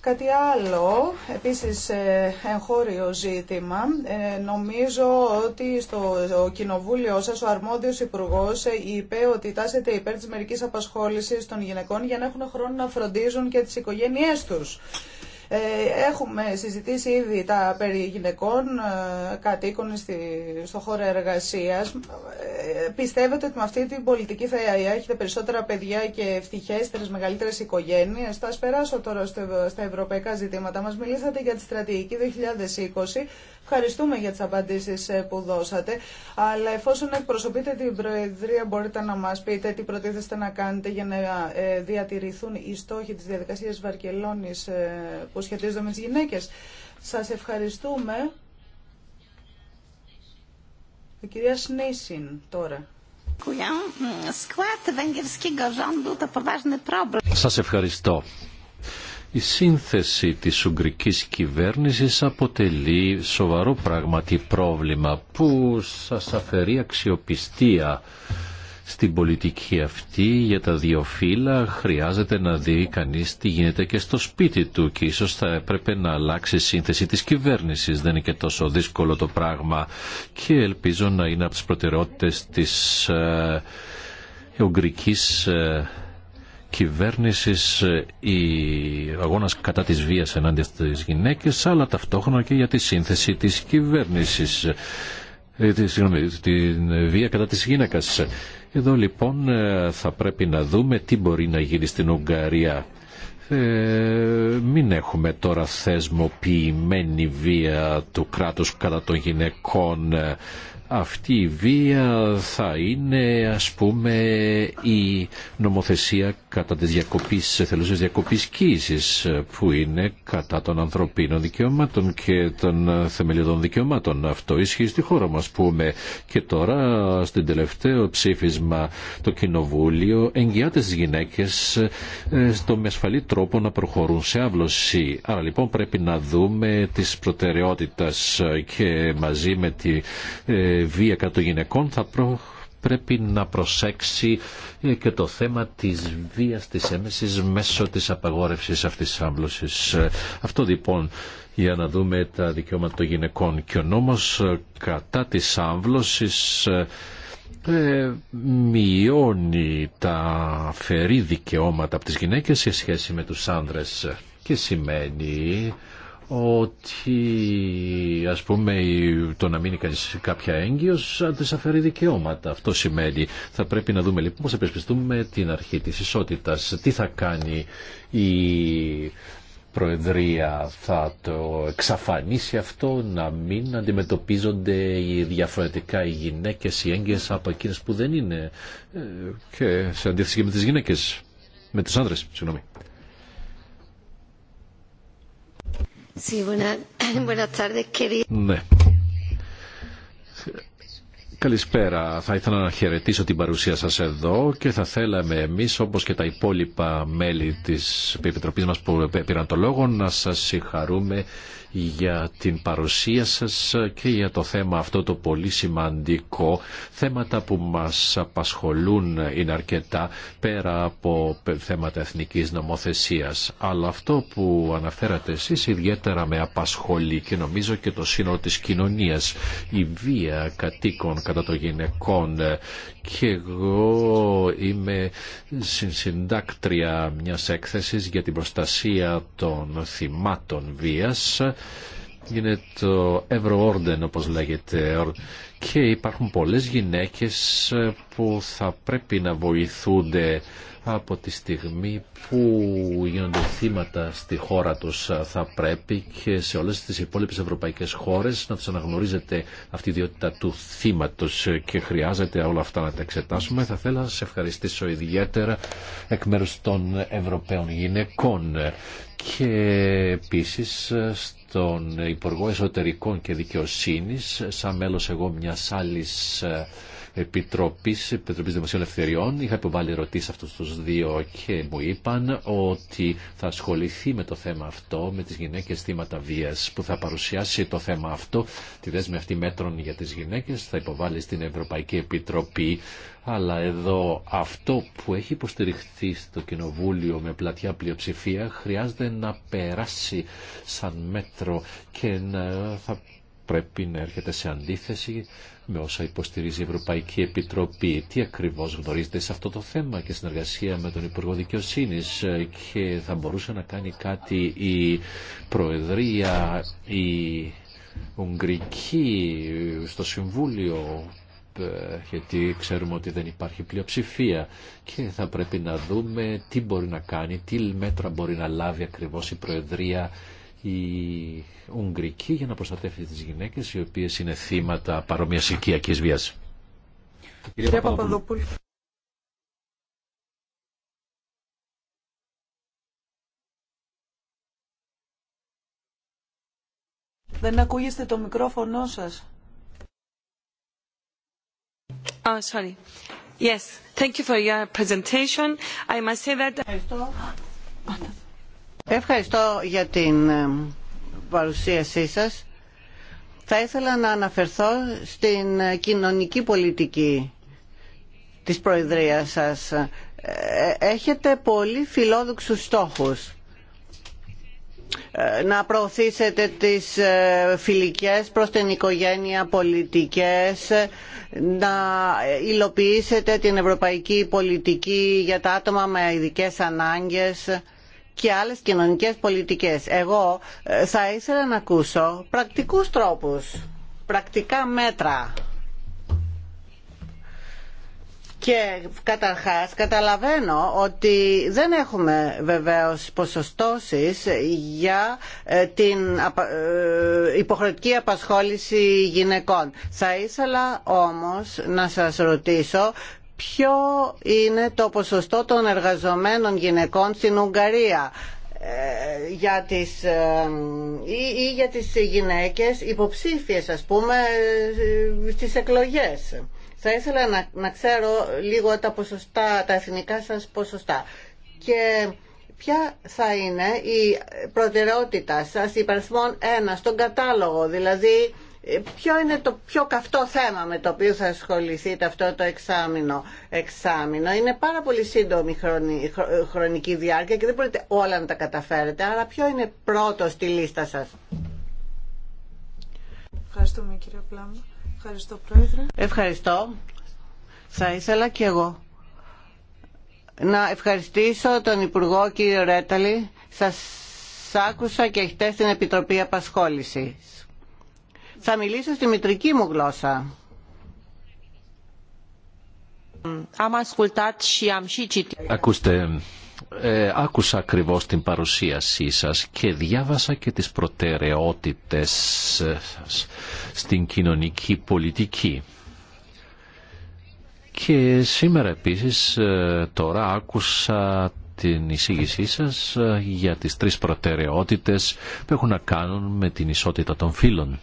Κάτι άλλο, επίσης ε, εγχώριο ζήτημα, ε, νομίζω ότι στο κοινοβούλιο σας ο αρμόδιος υπουργός είπε ότι τάσεται υπέρ της μερικής απασχόλησης των γυναικών για να έχουν χρόνο να φροντίζουν και τις οικογένειές τους. Ε, έχουμε συζητήσει ήδη τα περί γυναικών ε, κατοίκων στο χώρο εργασίας. Ε, πιστεύετε ότι με αυτή την πολιτική θα έχετε περισσότερα παιδιά και ευτυχέστερες μεγαλύτερες οικογένειε. Θα περάσω τώρα στα ευρωπαϊκά ζητήματα. Μας μιλήσατε για τη στρατηγική 2020 Ευχαριστούμε για τις απαντήσεις ε, που δώσατε, αλλά εφόσον εκπροσωπείτε την Προεδρία μπορείτε να μας πείτε τι προτίθεστε να κάνετε για να ε, διατηρηθούν οι στόχοι της διαδικασίας Βαρκελόνης ε, που σχετίζονται με τις γυναίκες. Σας ευχαριστούμε. Η κυρία Σνίσιν τώρα. Σας ευχαριστώ. Η σύνθεση της Ουγγρικής κυβέρνησης αποτελεί σοβαρό πράγματι πρόβλημα που σας αφαιρεί αξιοπιστία στην πολιτική αυτή για τα δύο φύλλα χρειάζεται να δει κανείς τι γίνεται και στο σπίτι του και ίσως θα έπρεπε να αλλάξει η σύνθεση της κυβέρνησης. Δεν είναι και τόσο δύσκολο το πράγμα και ελπίζω να είναι από τις προτεραιότητες της ε, Ουγγρικής ε, Κυβέρνηση, ε, η αγώνας κατά της βία ενάντια στις γυναίκες αλλά ταυτόχρονα και για τη σύνθεση της κυβέρνησης ε, συγγνώμη, την βία κατά της γυναίκας. Εδώ λοιπόν ε, θα πρέπει να δούμε τι μπορεί να γίνει στην Ουγγαρία. μην έχουμε τώρα θεσμοποιημένη βία του κράτους κατά των γυναικών αυτή η βία θα είναι ας πούμε η νομοθεσία κατά τις διακοπής, εθελούσες διακοπής που είναι κατά των ανθρωπίνων δικαιωμάτων και των θεμελιωδών δικαιωμάτων. Αυτό ισχύει στη χώρα μας πούμε και τώρα στην τελευταίο ψήφισμα το Κοινοβούλιο εγγυάται στις γυναίκες ε, στο με ασφαλή τρόπο να προχωρούν σε άβλωση. Άρα λοιπόν πρέπει να δούμε τις προτεραιότητες και μαζί με τη ε, βία κατά των γυναικών θα πρέπει να προσέξει ε, και το θέμα της βίας της έμεσης μέσω της απαγόρευσης αυτής της άμβλωσης. Ε, αυτό λοιπόν για να δούμε τα δικαιώματα των γυναικών και ο νόμος ε, κατά της άμβλωσης μειώνει τα φερή δικαιώματα από τις γυναίκες σε σχέση με τους άνδρες και σημαίνει ότι ας πούμε το να μείνει κανείς κάποια έγκυος της αφαιρεί δικαιώματα. Αυτό σημαίνει. Θα πρέπει να δούμε λοιπόν πώς θα την αρχή της ισότητας. Τι θα κάνει η Προεδρία θα το εξαφανίσει αυτό να μην αντιμετωπίζονται οι διαφορετικά οι γυναίκες, οι έγκυες από εκείνες που δεν είναι ε, και σε αντίθεση και με τις γυναίκες, με τους άντρες, συγγνώμη. Ναι. Καλησπέρα. Θα ήθελα να χαιρετήσω την παρουσία σας εδώ και θα θέλαμε εμείς όπως και τα υπόλοιπα μέλη της Επιτροπής μας που πήραν το λόγο να σας συγχαρούμε για την παρουσία σας και για το θέμα αυτό το πολύ σημαντικό. Θέματα που μας απασχολούν είναι αρκετά πέρα από θέματα εθνικής νομοθεσίας. Αλλά αυτό που αναφέρατε εσείς ιδιαίτερα με απασχολεί και νομίζω και το σύνολο της κοινωνίας. Η βία κατοίκων κατά των γυναικών, και εγώ είμαι συνσυντάκτρια μιας έκθεσης για την προστασία των θυμάτων βίας. Είναι το Ευρωόρντεν όπως λέγεται και υπάρχουν πολλές γυναίκες που θα πρέπει να βοηθούνται από τη στιγμή που γίνονται θύματα στη χώρα τους θα πρέπει και σε όλες τις υπόλοιπες ευρωπαϊκές χώρες να τους αναγνωρίζεται αυτή η ιδιότητα του θύματος και χρειάζεται όλα αυτά να τα εξετάσουμε. Θα θέλω να σας ευχαριστήσω ιδιαίτερα εκ μέρους των Ευρωπαίων γυναικών και επίσης στον Υπουργό Εσωτερικών και Δικαιοσύνης σαν μέλος εγώ μιας άλλης Επιτροπής, Επιτροπής Δημοσίων Ελευθεριών. Είχα υποβάλει ερωτήσεις αυτούς τους δύο και μου είπαν ότι θα ασχοληθεί με το θέμα αυτό, με τις γυναίκε θύματα βίας, που θα παρουσιάσει το θέμα αυτό, τη δέσμη αυτή μέτρων για τις γυναίκες, θα υποβάλει στην Ευρωπαϊκή Επιτροπή. Αλλά εδώ αυτό που έχει υποστηριχθεί στο Κοινοβούλιο με πλατιά πλειοψηφία χρειάζεται να περάσει σαν μέτρο και να θα πρέπει να έρχεται σε αντίθεση με όσα υποστηρίζει η Ευρωπαϊκή Επιτροπή. Τι ακριβώ γνωρίζετε σε αυτό το θέμα και συνεργασία με τον Υπουργό Δικαιοσύνη και θα μπορούσε να κάνει κάτι η Προεδρία, η Ουγγρική στο Συμβούλιο ε, γιατί ξέρουμε ότι δεν υπάρχει πλειοψηφία και θα πρέπει να δούμε τι μπορεί να κάνει, τι μέτρα μπορεί να λάβει ακριβώς η Προεδρία η Ουγγρική για να προστατεύσει τις γυναίκες οι οποίες είναι θύματα παρομοιας οικιακής βίας. Κύριε Δεν ακούγεστε το μικρόφωνο σας. Oh, sorry. Yes, thank you for your presentation. I must say that... Ευχαριστώ. Ευχαριστώ για την ε, παρουσίασή σας. Θα ήθελα να αναφερθώ στην ε, κοινωνική πολιτική της Προεδρίας σας. Ε, έχετε πολύ φιλόδοξους στόχους να προωθήσετε τις φιλικές προς την οικογένεια πολιτικές, να υλοποιήσετε την ευρωπαϊκή πολιτική για τα άτομα με ειδικές ανάγκες και άλλες κοινωνικές πολιτικές. Εγώ ε, θα ήθελα να ακούσω πρακτικούς τρόπους, πρακτικά μέτρα. Και καταρχάς καταλαβαίνω ότι δεν έχουμε βεβαίως ποσοστώσεις για ε, την ε, υποχρεωτική απασχόληση γυναικών. Θα ήθελα όμως να σας ρωτήσω ποιο είναι το ποσοστό των εργαζομένων γυναικών στην Ουγγαρία ε, για τις, ε, ή, για τις γυναίκες υποψήφιες ας πούμε ε, στις εκλογές. Θα ήθελα να, ξέρω λίγο τα ποσοστά, τα εθνικά σας ποσοστά. Και ποια θα είναι η προτεραιότητα σας υπαριθμών ένα στον κατάλογο, δηλαδή Ποιο είναι το πιο καυτό θέμα με το οποίο θα ασχοληθείτε αυτό το εξάμεινο. εξάμεινο. Είναι πάρα πολύ σύντομη χρονική διάρκεια και δεν μπορείτε όλα να τα καταφέρετε. Άρα ποιο είναι πρώτο στη λίστα σας. Ευχαριστούμε κύριε Πλάμα. Ευχαριστώ πρόεδρε. Ευχαριστώ. Θα ήθελα και εγώ να ευχαριστήσω τον Υπουργό κύριο Ρέταλη. Σας άκουσα και χτες στην Επιτροπή Απασχόλησης θα μιλήσω στη μητρική μου γλώσσα. Ακούστε, ε, άκουσα ακριβώς την παρουσίασή σας και διάβασα και τις προτεραιότητες ε, σας στην κοινωνική πολιτική. Και σήμερα επίσης ε, τώρα άκουσα την εισήγησή σας για τις τρεις προτεραιότητες που έχουν να κάνουν με την ισότητα των φύλων.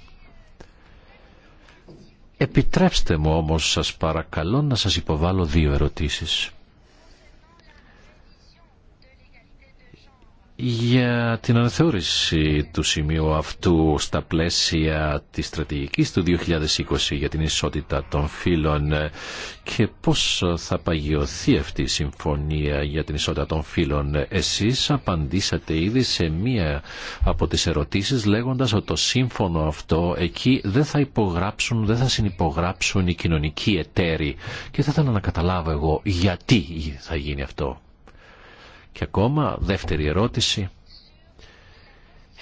Επιτρέψτε μου όμως σας παρακαλώ να σας υποβάλω δύο ερωτήσεις. για την αναθεώρηση του σημείου αυτού στα πλαίσια της στρατηγικής του 2020 για την ισότητα των φύλων και πώς θα παγιωθεί αυτή η συμφωνία για την ισότητα των φύλων. Εσείς απαντήσατε ήδη σε μία από τις ερωτήσεις λέγοντας ότι το σύμφωνο αυτό εκεί δεν θα υπογράψουν, δεν θα συνυπογράψουν οι κοινωνικοί εταίροι και θα ήθελα να καταλάβω εγώ γιατί θα γίνει αυτό. Και ακόμα δεύτερη ερώτηση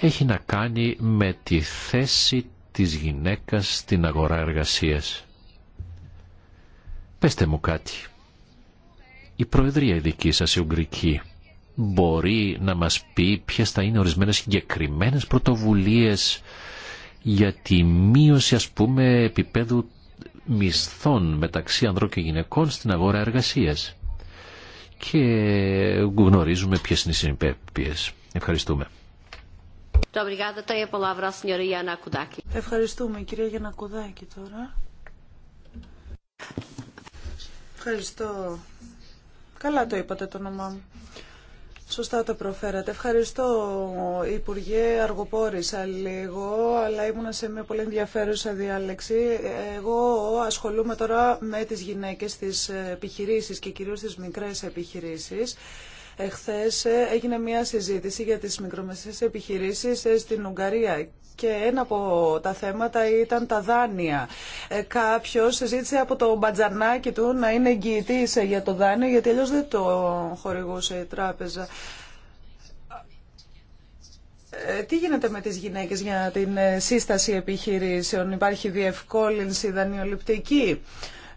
έχει να κάνει με τη θέση της γυναίκας στην αγορά εργασίας. Πεςτε μου κάτι. Η Προεδρία η δική σας η Ουγγρική μπορεί να μας πει ποιες θα είναι ορισμένες συγκεκριμένε πρωτοβουλίες για τη μείωση ας πούμε επίπεδου μισθών μεταξύ ανδρών και γυναικών στην αγορά εργασίας και γνωρίζουμε ποιε είναι οι συνεπέπειες. Ευχαριστούμε. Ευχαριστούμε κυρία Γιανακουδάκη τώρα. Ευχαριστώ. Καλά το είπατε το όνομά μου. Σωστά το προφέρατε. Ευχαριστώ, Υπουργέ. Αργοπόρησα λίγο, αλλά ήμουνα σε μια πολύ ενδιαφέρουσα διάλεξη. Εγώ ασχολούμαι τώρα με τις γυναίκες στις επιχειρήσεις και κυρίως στις μικρές επιχειρήσεις. Εχθε έγινε μια συζήτηση για τις μικρομεσαίες επιχειρήσεις ε, στην Ουγγαρία και ένα από τα θέματα ήταν τα δάνεια. Ε, Κάποιο ζήτησε από το μπατζανάκι του να είναι εγγυητή ε, για το δάνειο γιατί αλλιώ δεν το χορηγούσε η τράπεζα. Τι γίνεται με τις γυναίκες για την σύσταση επιχειρήσεων, υπάρχει διευκόλυνση δανειοληπτική.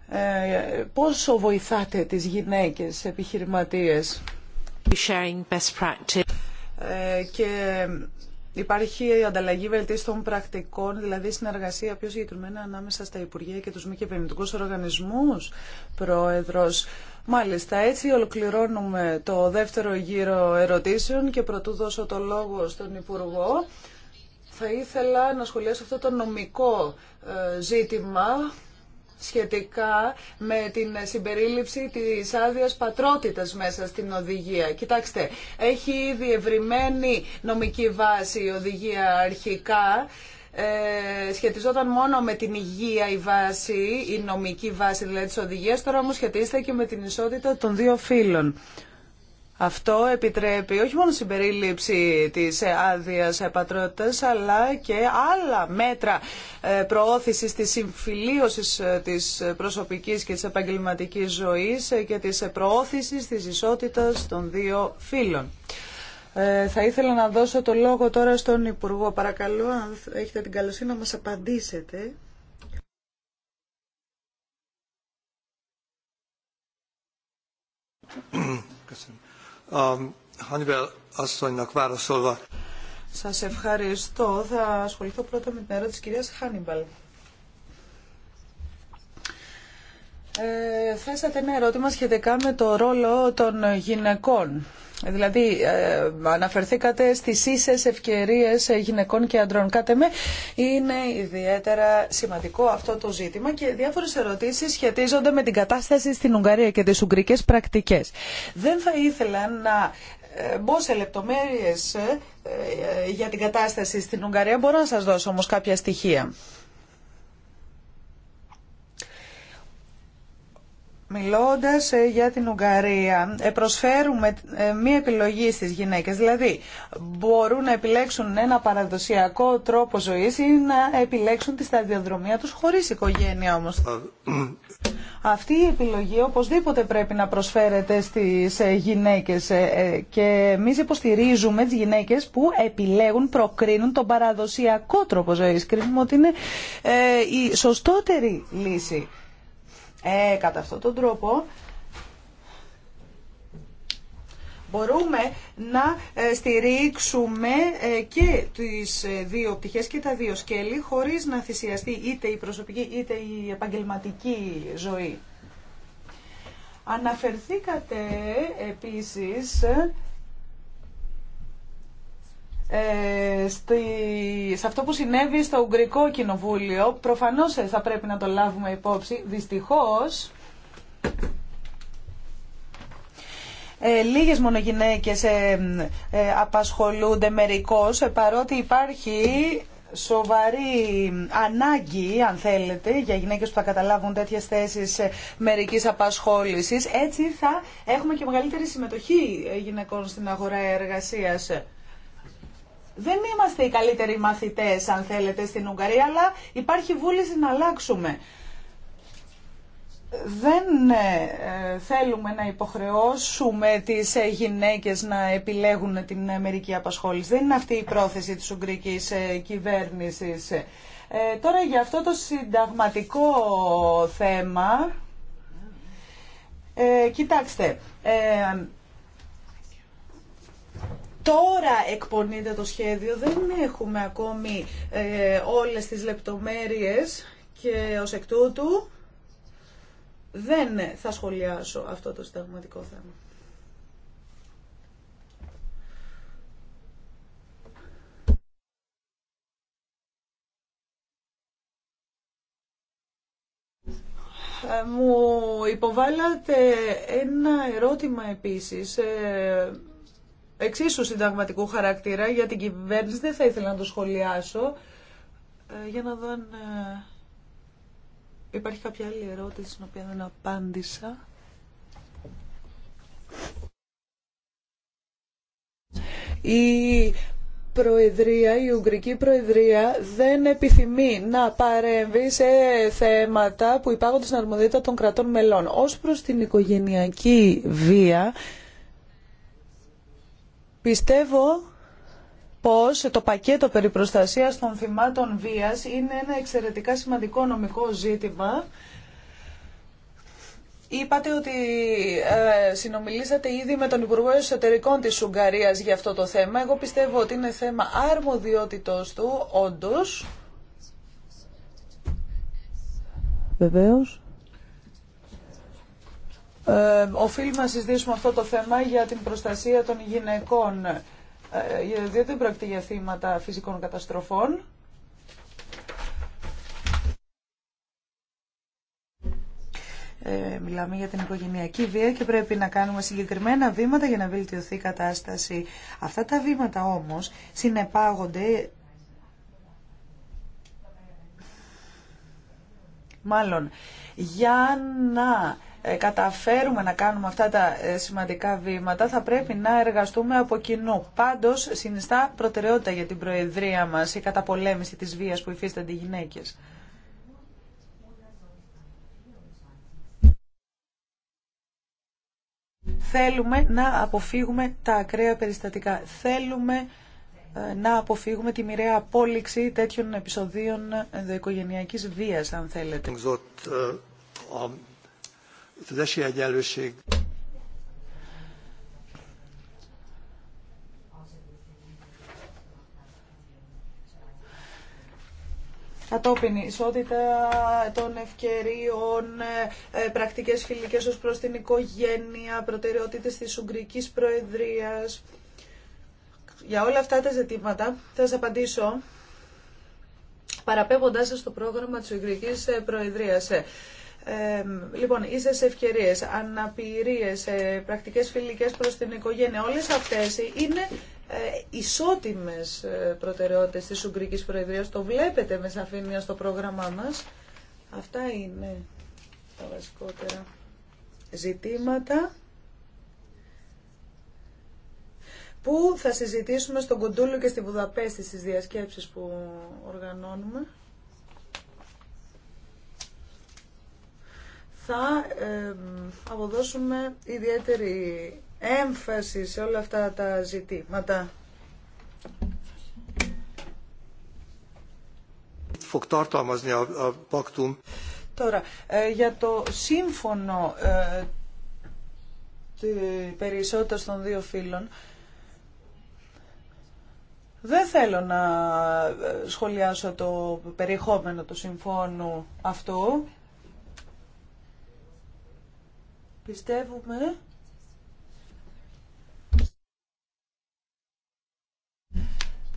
Ε, πόσο βοηθάτε τις γυναίκες επιχειρηματίες. Ε, και υπάρχει η ανταλλαγή βελτίστων πρακτικών, δηλαδή συνεργασία πιο συγκεκριμένα ανάμεσα στα Υπουργεία και τους μη κυβερνητικού οργανισμούς, Πρόεδρος. Μάλιστα, έτσι ολοκληρώνουμε το δεύτερο γύρο ερωτήσεων και πρωτού δώσω το λόγο στον Υπουργό. Θα ήθελα να σχολιάσω αυτό το νομικό ε, ζήτημα σχετικά με την συμπερίληψη της άδεια πατρότητας μέσα στην οδηγία. Κοιτάξτε, έχει ήδη ευρυμένη νομική βάση η οδηγία αρχικά. Ε, σχετιζόταν μόνο με την υγεία η βάση, η νομική βάση δηλαδή της οδηγίας, τώρα όμως σχετίζεται και με την ισότητα των δύο φύλων. Αυτό επιτρέπει όχι μόνο συμπερίληψη της άδεια πατρότητας αλλά και άλλα μέτρα ε, προώθησης της συμφιλίωσης ε, της προσωπικής και της επαγγελματικής ζωής ε, και της προώθησης της ισότητας των δύο φύλων. θα ήθελα να δώσω το λόγο τώρα στον Υπουργό. Παρακαλώ, αν έχετε την καλοσύνη να μας απαντήσετε. Um, Σα Σας ευχαριστώ. Θα ασχοληθώ πρώτα με την ερώτηση τη κυρίας Χάνιμπαλ. Ε, θέσατε ένα ερώτημα σχετικά με το ρόλο των γυναικών Δηλαδή, ε, αναφερθήκατε στις ίσες ευκαιρίες ε, γυναικών και αντρών. Κάτε με, είναι ιδιαίτερα σημαντικό αυτό το ζήτημα και διάφορες ερωτήσεις σχετίζονται με την κατάσταση στην Ουγγαρία και τις ουγγρικές πρακτικές. Δεν θα ήθελα να ε, μπω σε λεπτομέρειες για την κατάσταση στην Ουγγαρία, μπορώ να σας δώσω όμω κάποια στοιχεία. Μιλώντας ε, για την Ουγγαρία, ε, προσφέρουμε ε, μία επιλογή στις γυναίκες. Δηλαδή, μπορούν να επιλέξουν ένα παραδοσιακό τρόπο ζωής ή να επιλέξουν τη σταδιοδρομία τους χωρίς οικογένεια όμως. Αυτή η επιλογή οπωσδήποτε πρέπει να προσφέρεται στις γυναίκες και εμεί υποστηρίζουμε τις γυναίκες που επιλέγουν, προκρίνουν τον παραδοσιακό τρόπο ζωής. Κρίνουμε ότι είναι η σωστότερη λύση. Ε, κατά αυτόν τον τρόπο μπορούμε να ε, στηρίξουμε ε, και τις ε, δύο πτυχές και τα δύο σκέλη χωρίς να θυσιαστεί είτε η προσωπική είτε η επαγγελματική ζωή. Αναφερθήκατε επίσης ε, στη, σε αυτό που συνέβη στο Ουγγρικό Κοινοβούλιο. Προφανώς ε, θα πρέπει να το λάβουμε υπόψη. Δυστυχώς, ε, λίγες μόνο γυναίκες ε, ε, απασχολούνται μερικώς, ε, παρότι υπάρχει σοβαρή ανάγκη, αν θέλετε, για γυναίκες που θα καταλάβουν τέτοιες θέσεις μερικής απασχόλησης. Έτσι θα έχουμε και μεγαλύτερη συμμετοχή γυναικών στην αγορά εργασίας δεν είμαστε οι καλύτεροι μαθητές, αν θέλετε, στην Ουγγαρία, αλλά υπάρχει βούληση να αλλάξουμε. Δεν ε, θέλουμε να υποχρεώσουμε τις ε, γυναίκες να επιλέγουν την μερική απασχόληση. Δεν είναι αυτή η πρόθεση της Ουγγρικής ε, κυβέρνησης. Τώρα για αυτό το συνταγματικό θέμα, κοιτάξτε τώρα εκπονείται το σχέδιο, δεν έχουμε ακόμη ε, όλες τις λεπτομέρειες και ως εκ τούτου δεν θα σχολιάσω αυτό το συνταγματικό θέμα. Ε, μου υποβάλλατε ένα ερώτημα επίσης ε, εξίσου συνταγματικού χαρακτήρα για την κυβέρνηση. Δεν θα ήθελα να το σχολιάσω. Ε, για να δω αν ε, υπάρχει κάποια άλλη ερώτηση στην οποία δεν απάντησα. Η Προεδρία, η Ουγγρική Προεδρία δεν επιθυμεί να παρέμβει σε θέματα που υπάρχουν στην αρμοδιότητα των κρατών μελών. Ως προς την οικογενειακή βία, Πιστεύω πως το πακέτο περί προστασίας των θυμάτων βίας είναι ένα εξαιρετικά σημαντικό νομικό ζήτημα. Είπατε ότι ε, συνομιλήσατε ήδη με τον Υπουργό Εσωτερικών της Ουγγαρίας για αυτό το θέμα. Εγώ πιστεύω ότι είναι θέμα αρμοδιότητος του, όντως. Βεβαίως. Ε, οφείλουμε να συζητήσουμε αυτό το θέμα για την προστασία των γυναικών, ε, διότι δεν πρόκειται για θύματα φυσικών καταστροφών. Ε, μιλάμε για την οικογενειακή βία και πρέπει να κάνουμε συγκεκριμένα βήματα για να βελτιωθεί η κατάσταση. Αυτά τα βήματα όμως συνεπάγονται μάλλον για να ε, καταφέρουμε να κάνουμε αυτά τα ε, σημαντικά βήματα θα πρέπει να εργαστούμε από κοινού. Πάντω συνιστά προτεραιότητα για την Προεδρία μας η καταπολέμηση της βίας που υφίστανται οι γυναίκες. Θέλουμε να αποφύγουμε τα ακραία περιστατικά. Θέλουμε ε, να αποφύγουμε τη μοιραία απόλυξη τέτοιων επεισοδίων ενδοοικογενειακής βίας, αν θέλετε itt az esélyegyenlőség κατόπιν ισότητα των ευκαιρίων, ε, ε, πρακτικές φιλικές ω προς την οικογένεια, προτεραιότητες της Ουγγρικής Προεδρία. Για όλα αυτά τα ζητήματα θα σας απαντήσω παραπέμποντάς στο πρόγραμμα της Ουγγρικής ε, Προεδρίας λοιπόν, ίσες ευκαιρίες, αναπηρίες, πρακτικές φιλικές προς την οικογένεια, όλες αυτές είναι ε, ισότιμες ε, προτεραιότητες τη Ουγγρική Προεδρία. Το βλέπετε με σαφήνεια στο πρόγραμμά μας. Αυτά είναι τα βασικότερα ζητήματα που θα συζητήσουμε στον Κοντούλο και στη Βουδαπέστη στις διασκέψεις που οργανώνουμε. θα αποδώσουμε ιδιαίτερη έμφαση σε όλα αυτά τα ζητήματα. Τώρα, ε, για το σύμφωνο ε, περισσότερο των δύο φίλων, δεν θέλω να ε, σχολιάσω το περιεχόμενο του συμφώνου αυτού. Πιστεύουμε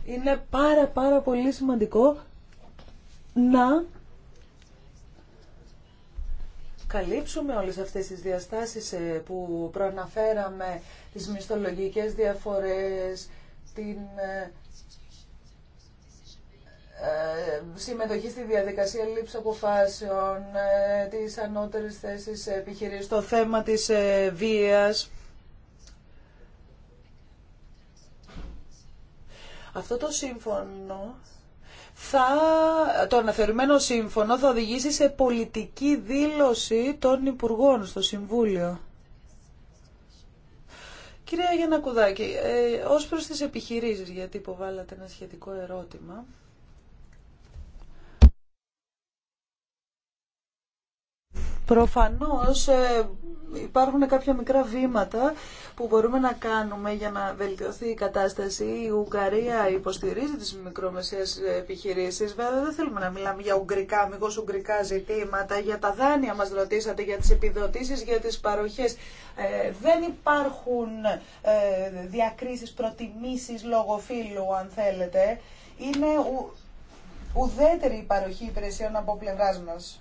είναι πάρα πάρα πολύ σημαντικό να καλύψουμε όλες αυτές τις διαστάσεις ε, που προαναφέραμε, τις μισθολογικές διαφορές, την ε, ε, συμμετοχή στη διαδικασία λήψη αποφάσεων, ε, τι ανώτερε θέσει επιχειρήσεων, το θέμα της ε, βίας. Αυτό το σύμφωνο θα, το αναθεωρημένο σύμφωνο θα οδηγήσει σε πολιτική δήλωση των Υπουργών στο Συμβούλιο. Κυρία Γιανακουδάκη, ε, ως προς τις επιχειρήσεις, γιατί υποβάλλατε ένα σχετικό ερώτημα, Προφανώς ε, υπάρχουν κάποια μικρά βήματα που μπορούμε να κάνουμε για να βελτιωθεί η κατάσταση. Η Ουγγαρία υποστηρίζει τις μικρομεσαίες επιχειρήσεις. Βέβαια δεν θέλουμε να μιλάμε για ουγγρικά, μήπως ουγγρικά ζητήματα. Για τα δάνεια μας ρωτήσατε, για τις επιδοτήσεις, για τις παροχές. Ε, δεν υπάρχουν ε, διακρίσεις, προτιμήσεις λόγω αν θέλετε. Είναι ουδέτερη η παροχή υπηρεσιών από πλευράς μας.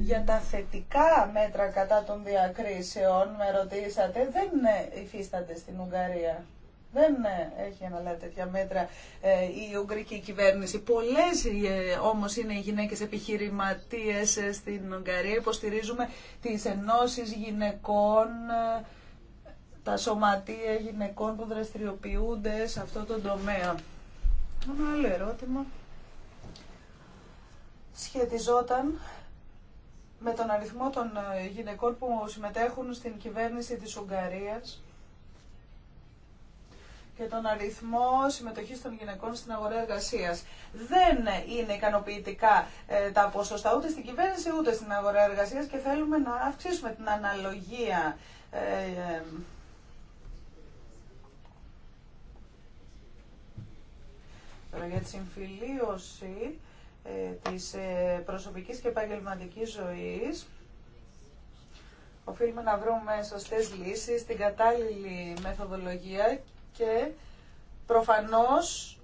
Για τα θετικά μέτρα κατά των διακρίσεων, με ρωτήσατε, δεν ε, υφίστανται στην Ουγγαρία. Δεν ε, έχει αναλάβει τέτοια μέτρα ε, η Ουγγρική κυβέρνηση. Πολλές όμως είναι οι γυναίκες επιχειρηματίες στην Ουγγαρία. Υποστηρίζουμε τις ενώσει γυναικών, τα σωματεία γυναικών που δραστηριοποιούνται σε αυτό το τομέα. Ένα άλλο ερώτημα σχετιζόταν με τον αριθμό των ε, γυναικών που συμμετέχουν στην κυβέρνηση της Ουγγαρίας και τον αριθμό συμμετοχής των γυναικών στην αγορά εργασίας. Δεν είναι ικανοποιητικά ε, τα ποσοστά ούτε στην κυβέρνηση ούτε στην αγορά εργασίας και θέλουμε να αυξήσουμε την αναλογία ε, Τώρα για τη συμφιλίωση ε, της ε, προσωπικής και επαγγελματική ζωής. Οφείλουμε να βρούμε σωστές λύσεις, την κατάλληλη μεθοδολογία και προφανώς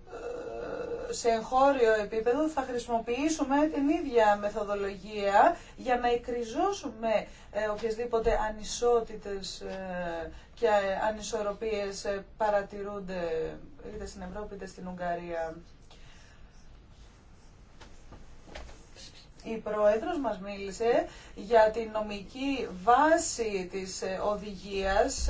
ε, σε εγχώριο επίπεδο θα χρησιμοποιήσουμε την ίδια μεθοδολογία για να εκριζώσουμε οποιασδήποτε ανισότητες και ανισορροπίες παρατηρούνται είτε στην Ευρώπη είτε στην Ουγγαρία. Η Πρόεδρος μας μίλησε για τη νομική βάση της ε, οδηγίας.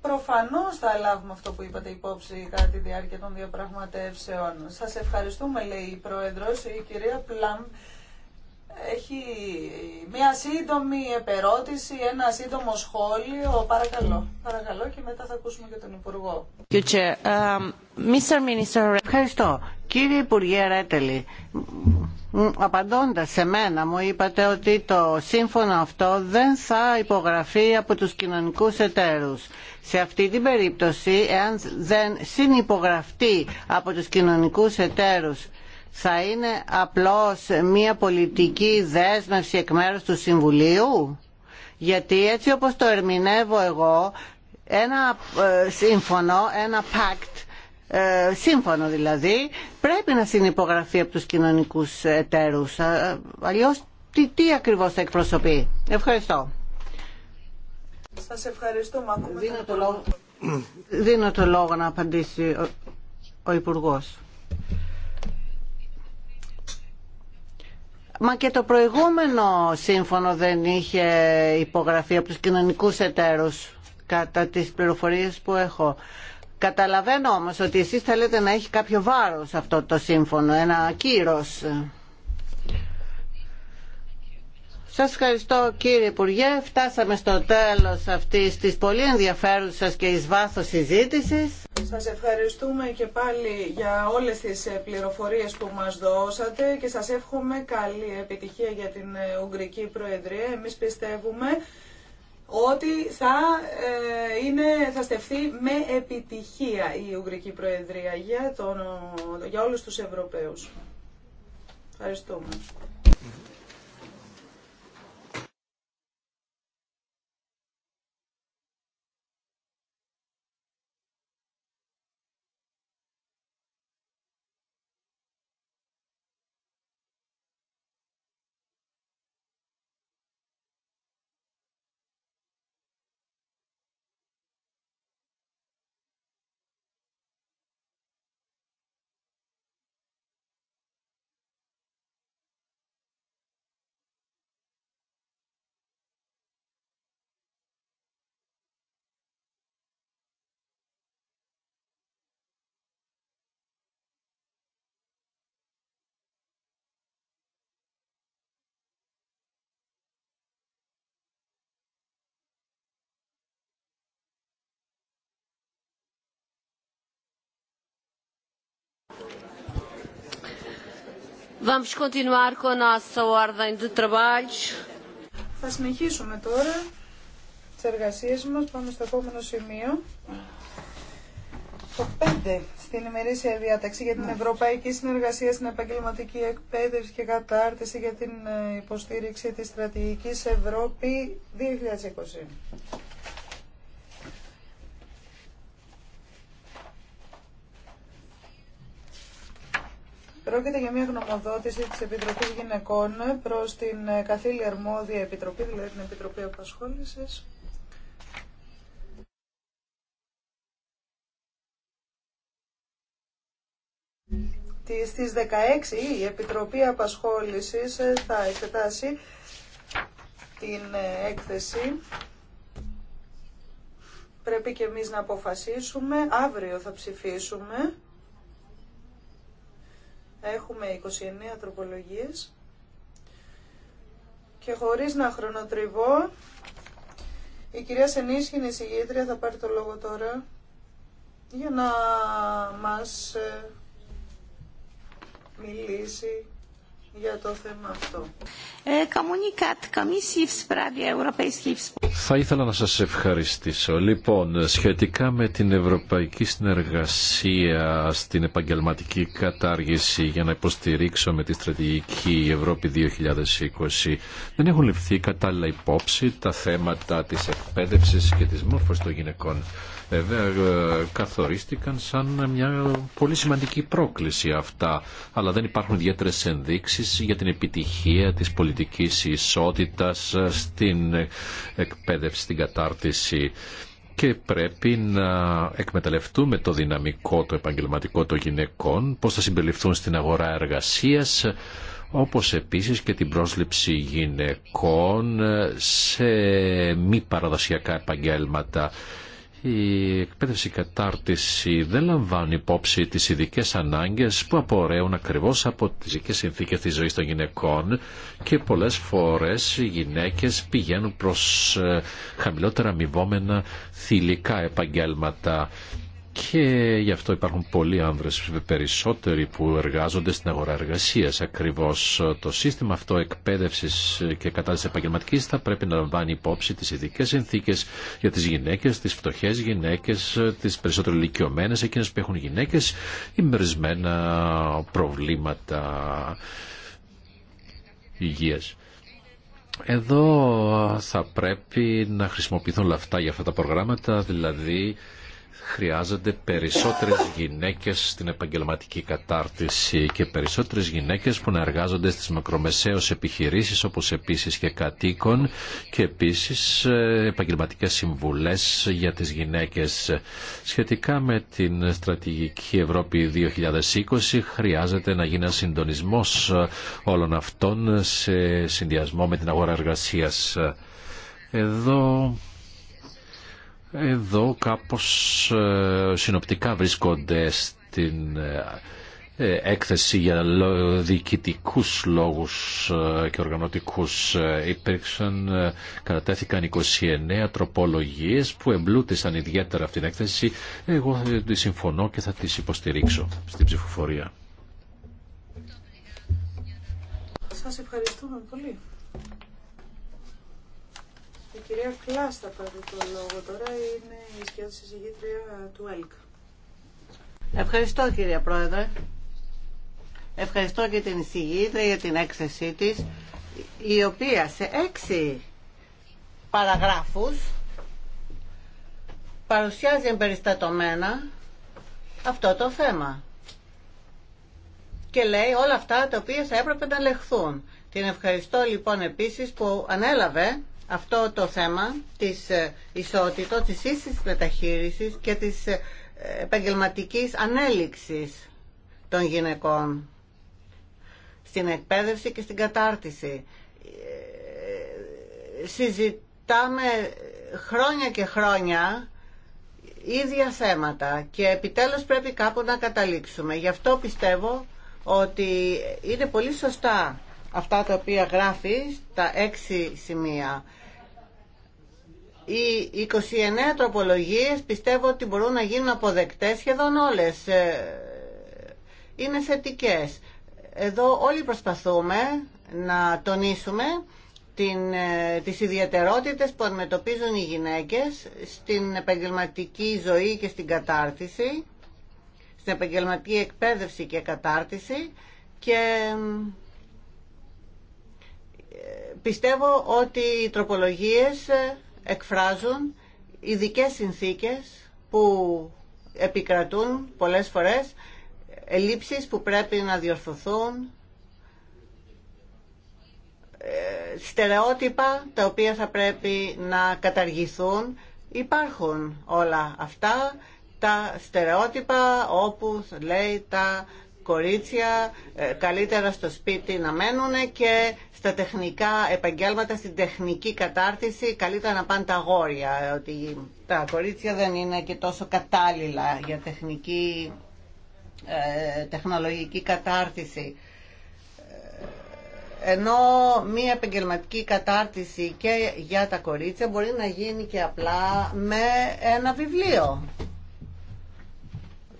Προφανώς θα λάβουμε αυτό που είπατε υπόψη κατά τη διάρκεια των διαπραγματεύσεων. Σας ευχαριστούμε, λέει η Πρόεδρος, η κυρία Πλάμ έχει μία σύντομη επερώτηση, ένα σύντομο σχόλιο. Παρακαλώ, παρακαλώ και μετά θα ακούσουμε και τον Υπουργό. Um, Ευχαριστώ. Κύριε Υπουργέ Ρέτελη, απαντώντας σε μένα μου είπατε ότι το σύμφωνο αυτό δεν θα υπογραφεί από τους κοινωνικούς εταίρους. Σε αυτή την περίπτωση, εάν δεν συνυπογραφτεί από τους κοινωνικούς εταίρους θα είναι απλώς μια πολιτική δέσμευση εκ μέρους του Συμβουλίου γιατί έτσι όπως το ερμηνεύω εγώ ένα ε, σύμφωνο, ένα pact ε, σύμφωνο δηλαδή πρέπει να συνυπογραφεί από τους κοινωνικούς εταίρους ε, αλλιώς τι, τι ακριβώς θα εκπροσωπεί Ευχαριστώ Σας ευχαριστώ Δίνω το λόγο, Δίνω το λόγο να απαντήσει ο, ο Υπουργός Μα και το προηγούμενο σύμφωνο δεν είχε υπογραφεί από τους κοινωνικούς εταίρους κατά τις πληροφορίες που έχω. Καταλαβαίνω όμως ότι εσείς θέλετε να έχει κάποιο βάρος αυτό το σύμφωνο, ένα κύρος. Σας ευχαριστώ κύριε Υπουργέ. Φτάσαμε στο τέλος αυτής της πολύ ενδιαφέρουσας και εις βάθος συζήτησης. Σας ευχαριστούμε και πάλι για όλες τις ε, πληροφορίες που μας δώσατε και σας εύχομαι καλή επιτυχία για την ε, Ουγγρική Προεδρία. Εμείς πιστεύουμε ότι θα, ε, είναι, θα στεφθεί με επιτυχία η Ουγγρική Προεδρία για, τον, για όλους τους Ευρωπαίους. Ευχαριστούμε. Vamos continuar com a nossa ordem de trabalhos. Θα συνεχίσουμε τώρα τις εργασίες μας. Πάμε στο επόμενο σημείο. Το 5 στην ημερήσια διάταξη για την ναι. Ευρωπαϊκή Συνεργασία στην Επαγγελματική Εκπαίδευση και Κατάρτιση για την ε, υποστήριξη της Στρατηγικής Ευρώπη 2020. Πρόκειται για μια γνωμοδότηση της Επιτροπής Γυναικών προς την καθήλια αρμόδια Επιτροπή, δηλαδή την Επιτροπή Απασχόλησης. Στις 16 η Επιτροπή Απασχόλησης θα εξετάσει την ε, έκθεση. Πρέπει και εμείς να αποφασίσουμε. Αύριο θα ψηφίσουμε. Έχουμε 29 τροπολογίες και χωρίς να χρονοτριβώ, η κυρία σενισχυνη είναι θα πάρει το λόγο τώρα για να μας ε, μιλήσει για το θέμα αυτό. Ε, θα ήθελα να σας ευχαριστήσω. Λοιπόν, σχετικά με την ευρωπαϊκή συνεργασία στην επαγγελματική κατάργηση για να υποστηρίξω με τη στρατηγική Ευρώπη 2020, δεν έχουν ληφθεί κατάλληλα υπόψη τα θέματα της εκπαίδευσης και της μόρφωσης των γυναικών. Βέβαια, ε, καθορίστηκαν σαν μια πολύ σημαντική πρόκληση αυτά, αλλά δεν υπάρχουν ιδιαίτερε ενδείξεις για την επιτυχία της πολιτικής ισότητας στην εκπαίδευση εκπαίδευση, την κατάρτιση και πρέπει να εκμεταλλευτούμε το δυναμικό, το επαγγελματικό των γυναικών, πώς θα συμπεριληφθούν στην αγορά εργασίας, όπως επίσης και την πρόσληψη γυναικών σε μη παραδοσιακά επαγγέλματα η εκπαίδευση κατάρτιση δεν λαμβάνει υπόψη τις ειδικέ ανάγκες που απορρέουν ακριβώς από τις ειδικές συνθήκες της ζωής των γυναικών και πολλές φορές οι γυναίκες πηγαίνουν προς ε, χαμηλότερα αμοιβόμενα θηλυκά επαγγέλματα και γι' αυτό υπάρχουν πολλοί άνδρες περισσότεροι που εργάζονται στην αγορά εργασία ακριβώς. Το σύστημα αυτό εκπαίδευσης και κατάστασης επαγγελματικής θα πρέπει να λαμβάνει υπόψη τις ειδικέ συνθήκες για τις γυναίκες, τις φτωχές γυναίκες, τις περισσότερο ηλικιωμένε, εκείνες που έχουν γυναίκες ή προβλήματα υγείας. Εδώ θα πρέπει να χρησιμοποιηθούν όλα για αυτά τα προγράμματα, δηλαδή χρειάζονται περισσότερες γυναίκες στην επαγγελματική κατάρτιση και περισσότερες γυναίκες που να εργάζονται στις μακρομεσαίες επιχειρήσεις όπως επίσης και κατοίκων και επίσης ε, επαγγελματικές συμβουλές για τις γυναίκες. Σχετικά με την στρατηγική Ευρώπη 2020 χρειάζεται να γίνει ένα ε, όλων αυτών σε συνδυασμό με την αγορά εργασίας. Εδώ εδώ κάπως ε, συνοπτικά βρίσκονται στην ε, ε, έκθεση για διοικητικού λόγους και οργανωτικούς υπήρξαν, κατατέθηκαν 29 τροπολογίες που εμπλούτησαν ιδιαίτερα αυτήν την έκθεση. Εγώ τη συμφωνώ και θα τις υποστηρίξω στην ψηφοφορία. Σας ευχαριστούμε πολύ κυρία Κλάστα πάρει το λόγο τώρα, είναι η σχεδόν συζητήτρια του ΕΛΚ. Ευχαριστώ κυρία Πρόεδρε. Ευχαριστώ και την εισηγήτρια για την έκθεσή της, η οποία σε έξι παραγράφους παρουσιάζει εμπεριστατωμένα αυτό το θέμα. Και λέει όλα αυτά τα οποία θα έπρεπε να λεχθούν. Την ευχαριστώ λοιπόν επίσης που ανέλαβε αυτό το θέμα της ε, ισότητας, της ίσης μεταχείρισης και της ε, επαγγελματικής ανέλυξης των γυναικών στην εκπαίδευση και στην κατάρτιση. Ε, συζητάμε χρόνια και χρόνια ίδια θέματα και επιτέλους πρέπει κάπου να καταλήξουμε. Γι' αυτό πιστεύω ότι είναι πολύ σωστά αυτά τα οποία γράφει τα έξι σημεία. Οι 29 τροπολογίες πιστεύω ότι μπορούν να γίνουν αποδεκτές σχεδόν όλες. Ε, είναι θετικέ. Εδώ όλοι προσπαθούμε να τονίσουμε την, ε, τις ιδιαιτερότητες που αντιμετωπίζουν οι γυναίκες στην επαγγελματική ζωή και στην κατάρτιση, στην επαγγελματική εκπαίδευση και κατάρτιση και ε, πιστεύω ότι οι τροπολογίες εκφράζουν ειδικέ συνθήκες που επικρατούν πολλές φορές, ελλείψεις που πρέπει να διορθωθούν, ε, στερεότυπα τα οποία θα πρέπει να καταργηθούν. Υπάρχουν όλα αυτά τα στερεότυπα όπου λέει τα κορίτσια ε, καλύτερα στο σπίτι να μένουν και στα τεχνικά επαγγέλματα, στην τεχνική κατάρτιση καλύτερα να πάνε τα αγόρια, ε, ότι τα κορίτσια δεν είναι και τόσο κατάλληλα για τεχνική, ε, τεχνολογική κατάρτιση ενώ μία επαγγελματική κατάρτιση και για τα κορίτσια μπορεί να γίνει και απλά με ένα βιβλίο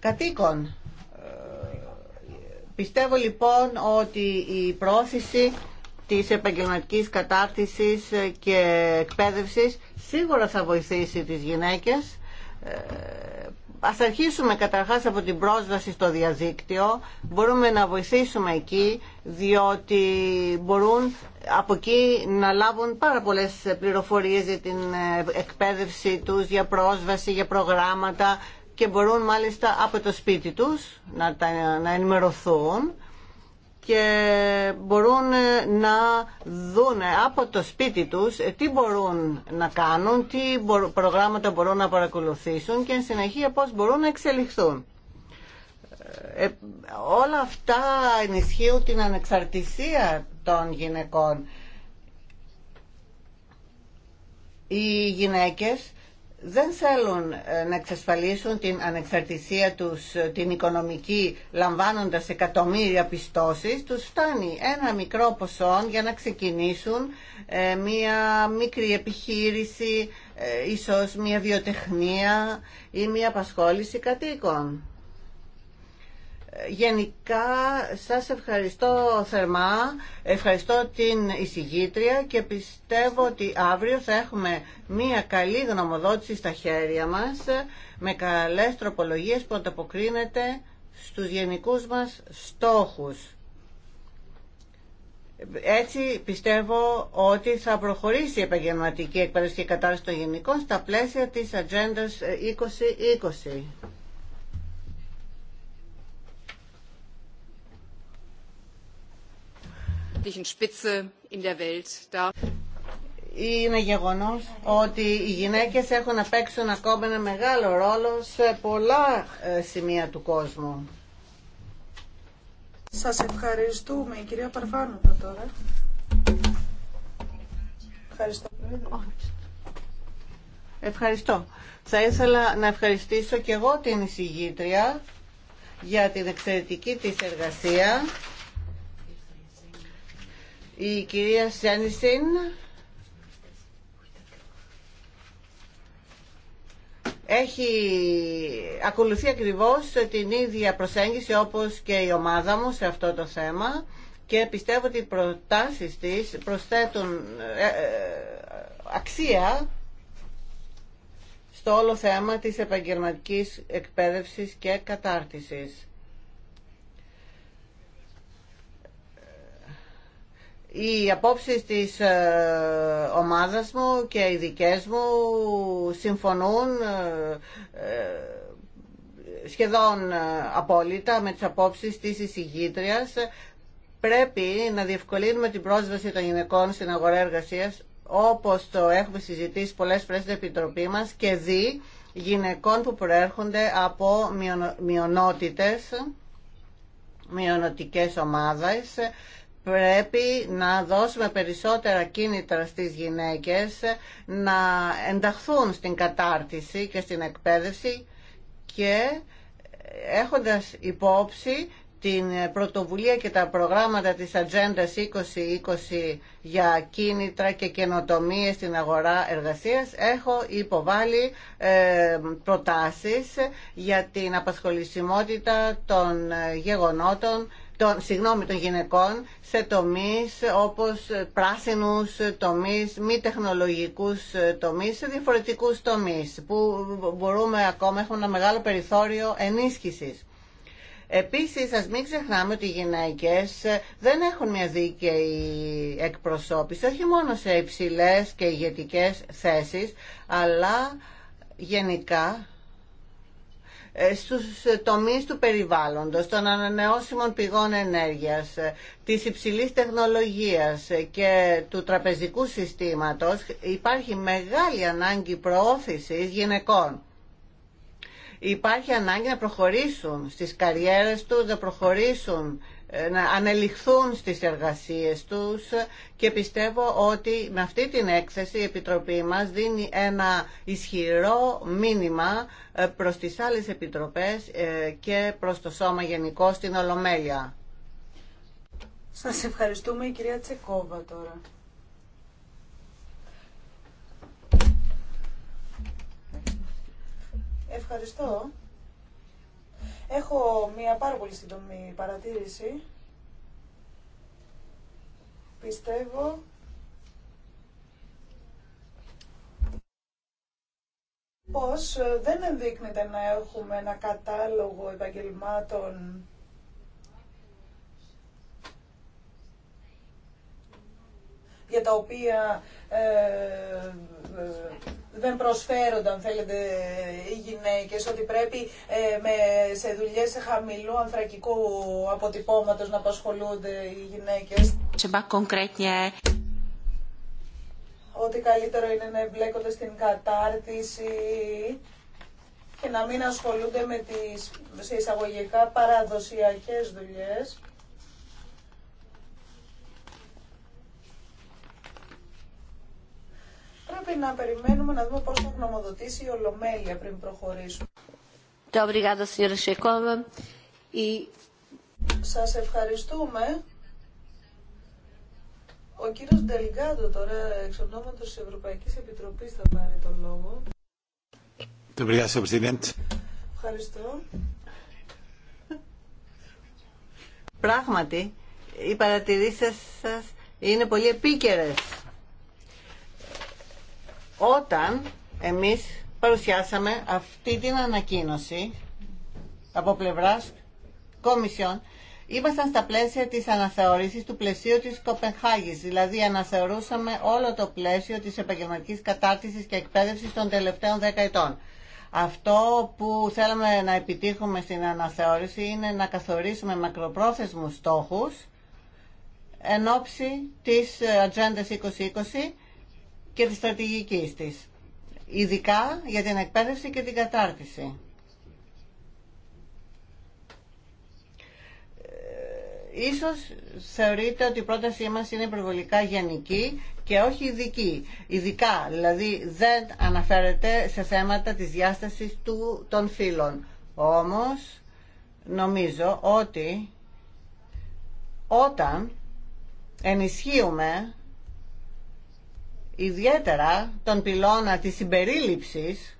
κατοίκων Πιστεύω λοιπόν ότι η πρόθεση της επαγγελματικής κατάρτισης και εκπαίδευσης σίγουρα θα βοηθήσει τις γυναίκες. Ε, ας αρχίσουμε καταρχάς από την πρόσβαση στο διαδίκτυο. Μπορούμε να βοηθήσουμε εκεί, διότι μπορούν από εκεί να λάβουν πάρα πολλές πληροφορίες για την ε, εκπαίδευση τους, για πρόσβαση, για προγράμματα, και μπορούν μάλιστα από το σπίτι τους να, ενημερωθούν και μπορούν ε, να δουν από το σπίτι τους ε, τι μπορούν να κάνουν, τι προγράμματα μπορούν να παρακολουθήσουν και εν συνεχεία πώς μπορούν να εξελιχθούν. Ε, όλα αυτά ενισχύουν την ανεξαρτησία των γυναικών. Οι γυναίκες δεν θέλουν ε, να εξασφαλίσουν την ανεξαρτησία τους, ε, την οικονομική, λαμβάνοντας εκατομμύρια πιστώσεις, τους φτάνει ένα μικρό ποσό για να ξεκινήσουν ε, μία μικρή επιχείρηση, ίσως μία βιοτεχνία ή μία απασχόληση κατοίκων. Γενικά σας ευχαριστώ θερμά, ευχαριστώ την εισηγήτρια και πιστεύω ότι αύριο θα έχουμε μία καλή γνωμοδότηση στα χέρια μας με καλές τροπολογίες που ανταποκρίνεται στους γενικούς μας στόχους. Έτσι πιστεύω ότι θα προχωρήσει η επαγγελματική εκπαίδευση και κατάρρευση των γενικών στα πλαίσια της Agenda 2020. wirtschaftlichen Spitze in der Welt. Είναι γεγονός ότι οι γυναίκες έχουν να παίξουν ακόμα ένα μεγάλο ρόλο σε πολλά ε, σημεία του κόσμου. Σα ευχαριστούμε. Η κυρία Παρβάνοβα τώρα. Ευχαριστώ. Ευχαριστώ. Θα ήθελα να ευχαριστήσω και εγώ την εισηγήτρια για την εξαιρετική της εργασία η κυρία Σένιστιν. έχει ακολουθεί ακριβώς την ίδια προσέγγιση όπως και η ομάδα μου σε αυτό το θέμα και πιστεύω ότι οι προτάσεις της προσθέτουν ε, ε, αξία στο όλο θέμα της επαγγελματικής εκπαίδευσης και κατάρτισης. οι απόψεις της ε, ομάδας μου και οι δικές μου συμφωνούν ε, ε, σχεδόν απόλυτα με τις απόψεις της εισηγήτριας. Πρέπει να διευκολύνουμε την πρόσβαση των γυναικών στην αγορά εργασίας όπως το έχουμε συζητήσει πολλές φορές στην Επιτροπή μας και δι γυναικών που προέρχονται από μειονότητες, μειονοτικές ομάδες πρέπει να δώσουμε περισσότερα κίνητρα στις γυναίκες να ενταχθούν στην κατάρτιση και στην εκπαίδευση και έχοντας υπόψη την πρωτοβουλία και τα προγράμματα της Ατζέντα 2020 για κίνητρα και καινοτομίες στην αγορά εργασίας έχω υποβάλει ε, προτάσεις για την απασχολησιμότητα των γεγονότων των, συγγνώμη, των γυναικών σε τομείς όπως πράσινους τομείς, μη τεχνολογικούς τομείς, σε διαφορετικούς τομείς που μπορούμε ακόμα, έχουμε ένα μεγάλο περιθώριο ενίσχυσης. Επίσης, ας μην ξεχνάμε ότι οι γυναίκες δεν έχουν μια δίκαιη εκπροσώπηση, όχι μόνο σε υψηλές και ηγετικές θέσεις, αλλά γενικά ε, στους ε, τομείς του περιβάλλοντος, των ανανεώσιμων πηγών ενέργειας, ε, της υψηλής τεχνολογίας και του τραπεζικού συστήματος υπάρχει μεγάλη ανάγκη προώθησης γυναικών. Υπάρχει ανάγκη να προχωρήσουν στις καριέρες τους, να προχωρήσουν ε, να ανελιχθούν στις εργασίες τους και πιστεύω ότι με αυτή την έκθεση η Επιτροπή μας δίνει ένα ισχυρό μήνυμα ε, προς τις άλλες Επιτροπές ε, και προς το Σώμα Γενικό στην Ολομέλεια. Σας ευχαριστούμε η κυρία Τσεκόβα τώρα. Ευχαριστώ. Έχω μία πάρα πολύ σύντομη παρατήρηση. Πιστεύω πως ε, δεν ενδείκνεται να έχουμε ένα κατάλογο επαγγελμάτων για τα οποία ε, ε, δεν προσφέρονται, αν θέλετε, οι γυναίκες, ότι πρέπει ε, με, σε δουλειές σε χαμηλού ανθρακικού αποτυπώματος να απασχολούνται οι γυναίκες. Ότι καλύτερο είναι να εμπλέκονται στην κατάρτιση και να μην ασχολούνται με τις σε εισαγωγικά παραδοσιακές δουλειές. πρέπει να περιμένουμε να δούμε πώς θα γνωμοδοτήσει η Ολομέλεια πριν προχωρήσουμε. E σας ευχαριστούμε. Ο κύριος Ντελγκάντο τώρα εξ ονόματος της Ευρωπαϊκής Επιτροπής θα πάρει τον λόγο. Ευχαριστώ. Πράγματι, οι παρατηρήσεις σας είναι πολύ επίκαιρες. Όταν εμείς παρουσιάσαμε αυτή την ανακοίνωση από πλευράς Κομισιόν, ήμασταν στα πλαίσια της αναθεωρήσης του πλαισίου της Κοπενχάγης, δηλαδή αναθεωρούσαμε όλο το πλαίσιο της επαγγελματική κατάρτισης και εκπαίδευσης των τελευταίων δέκα ετών. Αυτό που θέλαμε να επιτύχουμε στην αναθεώρηση είναι να καθορίσουμε μακροπρόθεσμους στόχους εν ώψη της Agenda 2020 και της στρατηγικής της, ειδικά για την εκπαίδευση και την κατάρτιση. Ε, ίσως θεωρείτε ότι η πρότασή μας είναι υπερβολικά γενική και όχι ειδική. Ειδικά, δηλαδή δεν αναφέρεται σε θέματα της διάστασης του, των φύλων. Όμως, νομίζω ότι όταν ενισχύουμε ιδιαίτερα τον πυλώνα της συμπερίληψης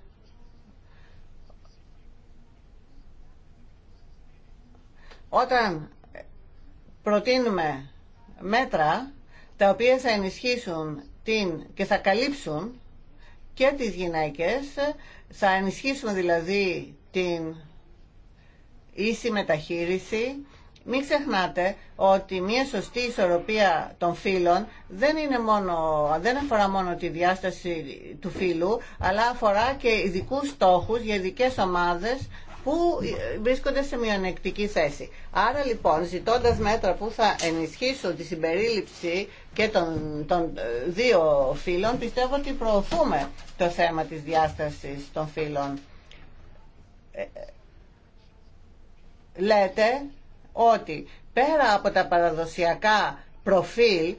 όταν προτείνουμε μέτρα τα οποία θα ενισχύσουν την και θα καλύψουν και τις γυναίκες, θα ενισχύσουν δηλαδή την ίση μεταχείριση μην ξεχνάτε ότι μια σωστή ισορροπία των φύλων δεν, είναι μόνο, δεν αφορά μόνο τη διάσταση του φύλου, αλλά αφορά και ειδικού στόχους για ειδικέ ομάδες που βρίσκονται σε μειονεκτική θέση. Άρα λοιπόν, ζητώντας μέτρα που θα ενισχύσουν τη συμπερίληψη και των, των ε, δύο φύλων, πιστεύω ότι προωθούμε το θέμα της διάστασης των φύλων ε, ε, λέτε ότι πέρα από τα παραδοσιακά προφίλ ε,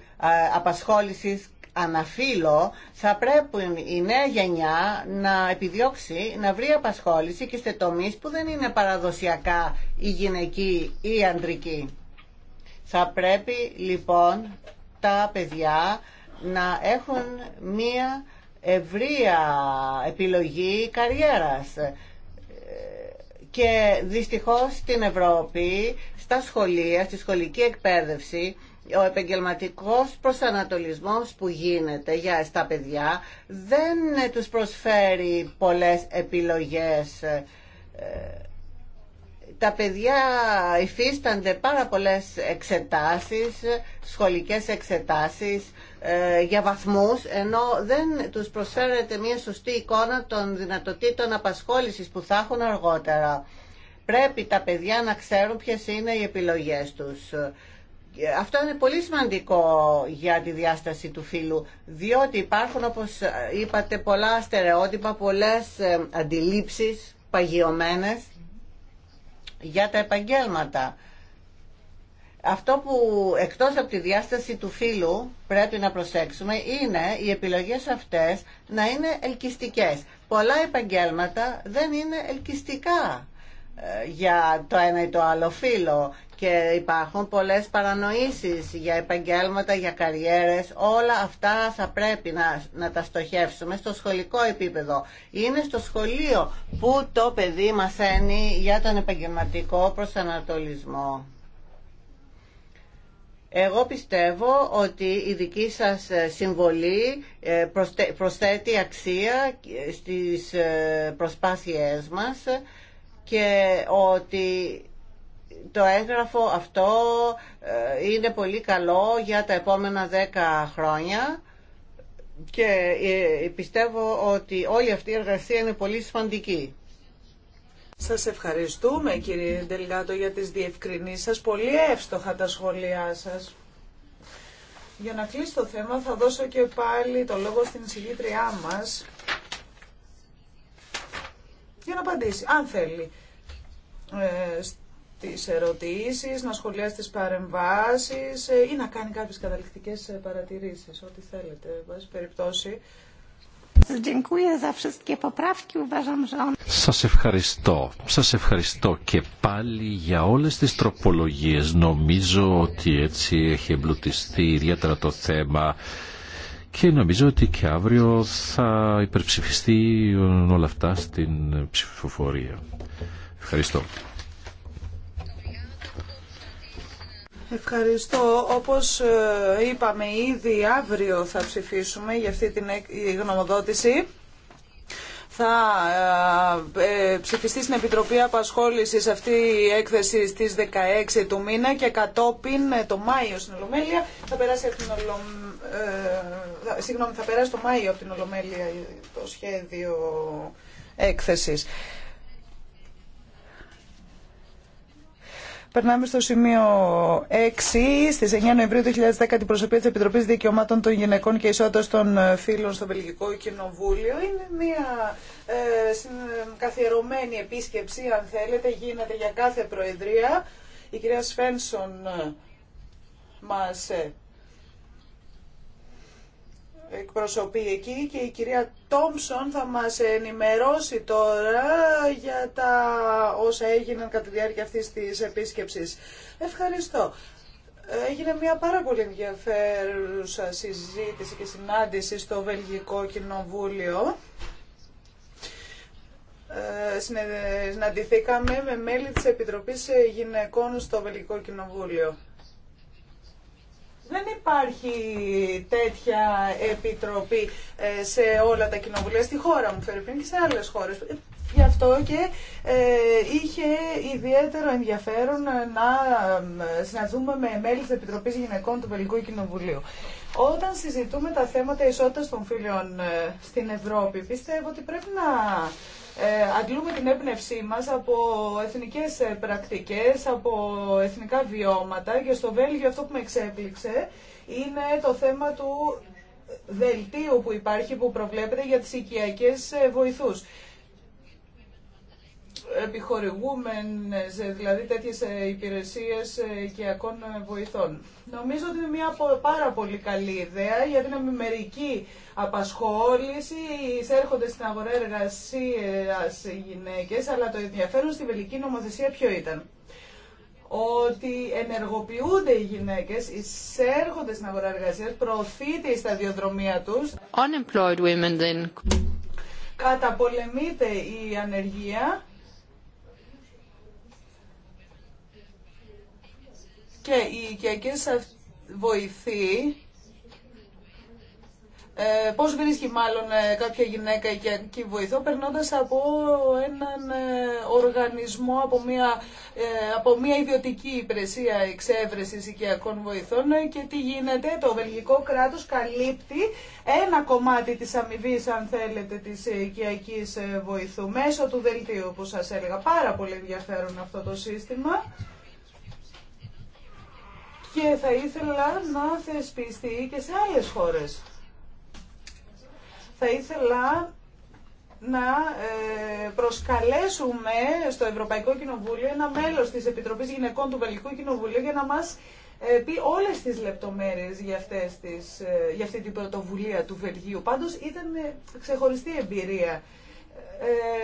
απασχόλησης αναφύλο θα πρέπει η νέα γενιά να επιδιώξει να βρει απασχόληση και σε τομείς που δεν είναι παραδοσιακά η γυναική ή η ανδρική. Θα πρέπει λοιπόν τα παιδιά να έχουν μία ευρεία επιλογή καριέρας και δυστυχώς στην Ευρώπη, στα σχολεία, στη σχολική εκπαίδευση, ο επεγγελματικός προσανατολισμός που γίνεται για στα παιδιά δεν τους προσφέρει πολλές επιλογές. Ε, τα παιδιά υφίστανται πάρα πολλές εξετάσεις, σχολικές εξετάσεις, ε, για βαθμούς, ενώ δεν τους προσφέρεται μια σωστή εικόνα των δυνατοτήτων απασχόλησης που θα έχουν αργότερα. Πρέπει τα παιδιά να ξέρουν ποιες είναι οι επιλογές τους. Αυτό είναι πολύ σημαντικό για τη διάσταση του φίλου διότι υπάρχουν, όπως είπατε, πολλά στερεότυπα, πολλές ε, αντιλήψεις παγιωμένες για τα επαγγέλματα αυτό που εκτός από τη διάσταση του φίλου πρέπει να προσέξουμε είναι οι επιλογές αυτές να είναι ελκυστικές. Πολλά επαγγέλματα δεν είναι ελκυστικά ε, για το ένα ή το άλλο φίλο και υπάρχουν πολλές παρανοήσεις για επαγγέλματα, για καριέρες όλα αυτά θα πρέπει να, να τα στοχεύσουμε στο σχολικό επίπεδο είναι στο σχολείο που το παιδί μαθαίνει για τον επαγγελματικό προσανατολισμό εγώ πιστεύω ότι η δική σας ε, συμβολή ε, προσθέτει αξία ε, στις προσπάθειές μας και ότι το έγγραφο αυτό είναι πολύ καλό για τα επόμενα δέκα χρόνια και πιστεύω ότι όλη αυτή η εργασία είναι πολύ σημαντική. Σας ευχαριστούμε κύριε Ντελγάτο για τις διευκρινήσεις σας. Πολύ εύστοχα τα σχόλιά σας. Για να κλείσω το θέμα θα δώσω και πάλι το λόγο στην συγκίτριά μας για να απαντήσει, αν θέλει, ε, στις ερωτήσεις, να σχολιάσει τις παρεμβάσεις ε, ή να κάνει κάποιες καταληκτικές παρατηρήσεις, ό,τι θέλετε, βάση περιπτώσει. Σας ευχαριστώ. Σας ευχαριστώ και πάλι για όλες τις τροπολογίες. Νομίζω ότι έτσι έχει εμπλουτιστεί ιδιαίτερα το θέμα και νομίζω ότι και αύριο θα υπερψηφιστεί όλα αυτά στην ψηφοφορία. Ευχαριστώ. Ευχαριστώ. Όπως ε, είπαμε ήδη αύριο θα ψηφίσουμε για αυτή την γνωμοδότηση. Θα ε, ε, ψηφιστεί στην Επιτροπή Απασχόλησης αυτή η έκθεση στις 16 του μήνα και κατόπιν το Μάιο στην Ολομέλεια θα περάσει, από την Ολο... ε, συγγνώμη, θα περάσει το Μάιο από την Ολομέλεια το σχέδιο έκθεσης. Περνάμε στο σημείο 6. Στι 9 Νοεμβρίου 2010, την προσωπία τη Επιτροπή Δικαιωμάτων των Γυναικών και Ισότητα των ε, Φίλων στο Βελγικό Κοινοβούλιο. Είναι μια ε, καθιερωμένη επίσκεψη, αν θέλετε, γίνεται για κάθε Προεδρία. Η κυρία Σφένσον ε, μα. Ε, εκπροσωπεί εκεί και η κυρία Τόμψον θα μας ενημερώσει τώρα για τα όσα έγιναν κατά τη διάρκεια αυτής της επίσκεψης. Ευχαριστώ. Έγινε μια πάρα πολύ ενδιαφέρουσα συζήτηση και συνάντηση στο Βελγικό Κοινοβούλιο. Ε, συναντηθήκαμε με μέλη της Επιτροπής Γυναικών στο Βελγικό Κοινοβούλιο. Δεν υπάρχει τέτοια επιτροπή ε, σε όλα τα κοινοβουλία στη χώρα μου, Φερρυπίν, και σε άλλες χώρες. Ε, γι' αυτό και ε, είχε ιδιαίτερο ενδιαφέρον να συναντούμε με μέλη της Επιτροπής Γυναικών του Βελγικού Κοινοβουλίου. Όταν συζητούμε τα θέματα ισότητας των φίλων στην Ευρώπη, πιστεύω ότι πρέπει να ε, αντλούμε την έμπνευσή μας από εθνικές ε, πρακτικές, από εθνικά βιώματα και στο Βέλγιο αυτό που με εξέπληξε είναι το θέμα του δελτίου που υπάρχει που προβλέπεται για τις οικιακές ε, βοηθούς επιχορηγούμενες, ε, δηλαδή τέτοιες ε, υπηρεσίες ε, οικιακών βοηθών. Νομίζω ότι είναι μια πάρα πολύ καλή ιδέα για την μερική απασχόληση. Εισέρχονται στην αγορά εργασίας οι γυναίκες, αλλά το ενδιαφέρον στη βελική νομοθεσία ποιο ήταν ότι ενεργοποιούνται οι γυναίκες, εισέρχονται στην αγορά εργασίας, προωθείται η σταδιοδρομία τους. Unemployed women then. Καταπολεμείται η ανεργία και οι οικιακές βοηθοί ε, πώς βρίσκει μάλλον ε, κάποια γυναίκα οικιακή βοηθό περνώντας από έναν ε, οργανισμό, από μια, ε, από μια ιδιωτική υπηρεσία εξέβρεσης οικιακών βοηθών και τι γίνεται, το βελγικό κράτος καλύπτει ένα κομμάτι της αμοιβή αν θέλετε της οικιακής βοηθού μέσω του δελτίου που σας έλεγα. Πάρα πολύ ενδιαφέρον αυτό το σύστημα και θα ήθελα να θεσπιστεί και σε άλλες χώρες. Θα ήθελα να ε, προσκαλέσουμε στο Ευρωπαϊκό Κοινοβούλιο ένα μέλος της Επιτροπής Γυναικών του Βελγικού Κοινοβουλίου για να μας ε, πει όλες τις λεπτομέρειες για, αυτές τις, ε, για αυτή την πρωτοβουλία του Βελγίου. Πάντως ήταν ξεχωριστή εμπειρία.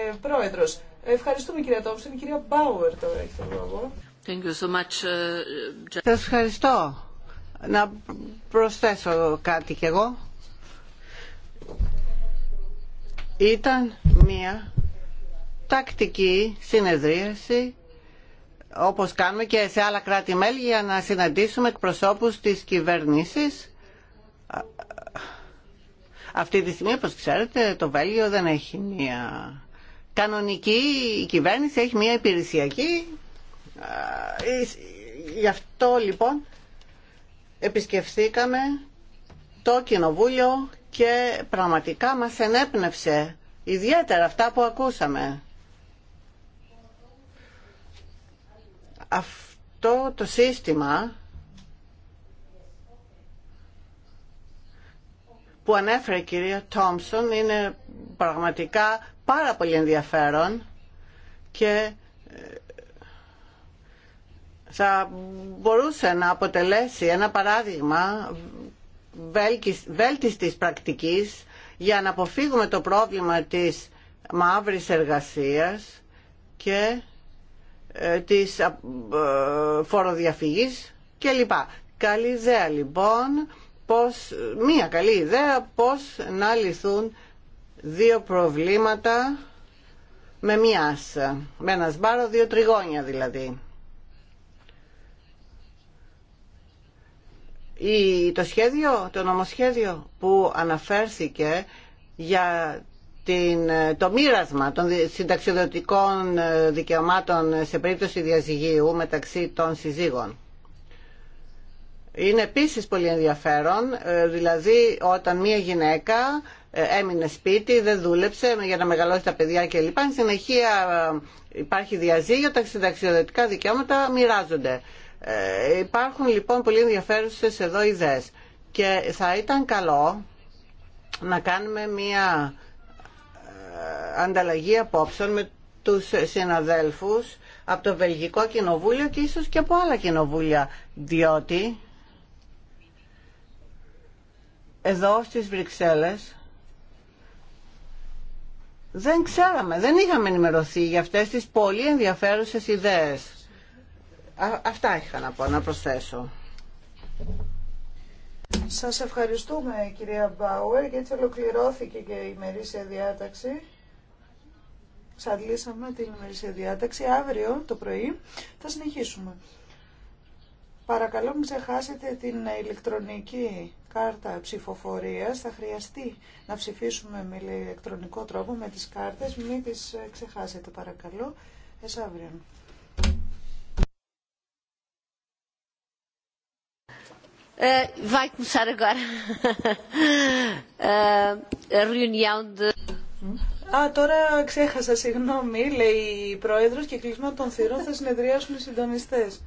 Ε, πρόεδρος, ευχαριστούμε κυρία Τόμψεν. Κυρία Μπάουερ τώρα έχει το λόγο. Uh, Σας ευχαριστώ. Να προσθέσω κάτι κι εγώ. Ήταν μία τακτική συνεδρίαση όπως κάνουμε και σε άλλα κράτη-μέλη για να συναντήσουμε εκπροσώπους της κυβέρνησης. Αυτή τη στιγμή, όπως ξέρετε, το Βέλγιο δεν έχει μία κανονική κυβέρνηση, έχει μία υπηρεσιακή ε, ε, γι' αυτό λοιπόν επισκεφθήκαμε το Κοινοβούλιο και πραγματικά μας ενέπνευσε ιδιαίτερα αυτά που ακούσαμε. Αυτό το σύστημα που ανέφερε η κυρία Τόμσον είναι πραγματικά πάρα πολύ ενδιαφέρον και ε, θα μπορούσε να αποτελέσει ένα παράδειγμα βέλτιστης πρακτικής για να αποφύγουμε το πρόβλημα της μαύρης εργασίας και ε, της ε, φοροδιαφυγής κλπ. Καλή ιδέα λοιπόν, πώς, μία καλή ιδέα πώς να λυθούν δύο προβλήματα με μιας, με ένα σπάρο, δύο τριγώνια δηλαδή. το σχέδιο, το νομοσχέδιο που αναφέρθηκε για την, το μοίρασμα των συνταξιδοτικών ε, δικαιωμάτων σε περίπτωση διαζυγίου μεταξύ των συζύγων. Είναι επίσης πολύ ενδιαφέρον, ε, δηλαδή όταν μία γυναίκα ε, έμεινε σπίτι, δεν δούλεψε για να μεγαλώσει τα παιδιά κλπ. συνεχεία υπάρχει διαζύγιο, τα συνταξιδοτικά δικαιώματα μοιράζονται. Ε, υπάρχουν λοιπόν πολύ ενδιαφέρουσες εδώ ιδέες και θα ήταν καλό να κάνουμε μία ε, ανταλλαγή απόψεων με τους συναδέλφους από το Βελγικό Κοινοβούλιο και ίσως και από άλλα κοινοβούλια διότι εδώ στις Βρυξέλλες δεν ξέραμε, δεν είχαμε ενημερωθεί για αυτές τις πολύ ενδιαφέρουσες ιδέες αυτά είχα να πω, να προσθέσω. Σας ευχαριστούμε κυρία Μπάουερ γιατί ολοκληρώθηκε και η ημερήσια διάταξη. Ξαντλήσαμε την ημερήσια διάταξη. Αύριο το πρωί θα συνεχίσουμε. Παρακαλώ μην ξεχάσετε την ηλεκτρονική κάρτα ψηφοφορίας. Θα χρειαστεί να ψηφίσουμε με ηλεκτρονικό τρόπο με τις κάρτες. Μην τις ξεχάσετε παρακαλώ. Εσάβριον. Ε, vai começar agora Α, τώρα ξέχασα, συγγνώμη, λέει η Πρόεδρος και κλεισμένο των θυρών θα συνεδριάσουν οι συντονιστές.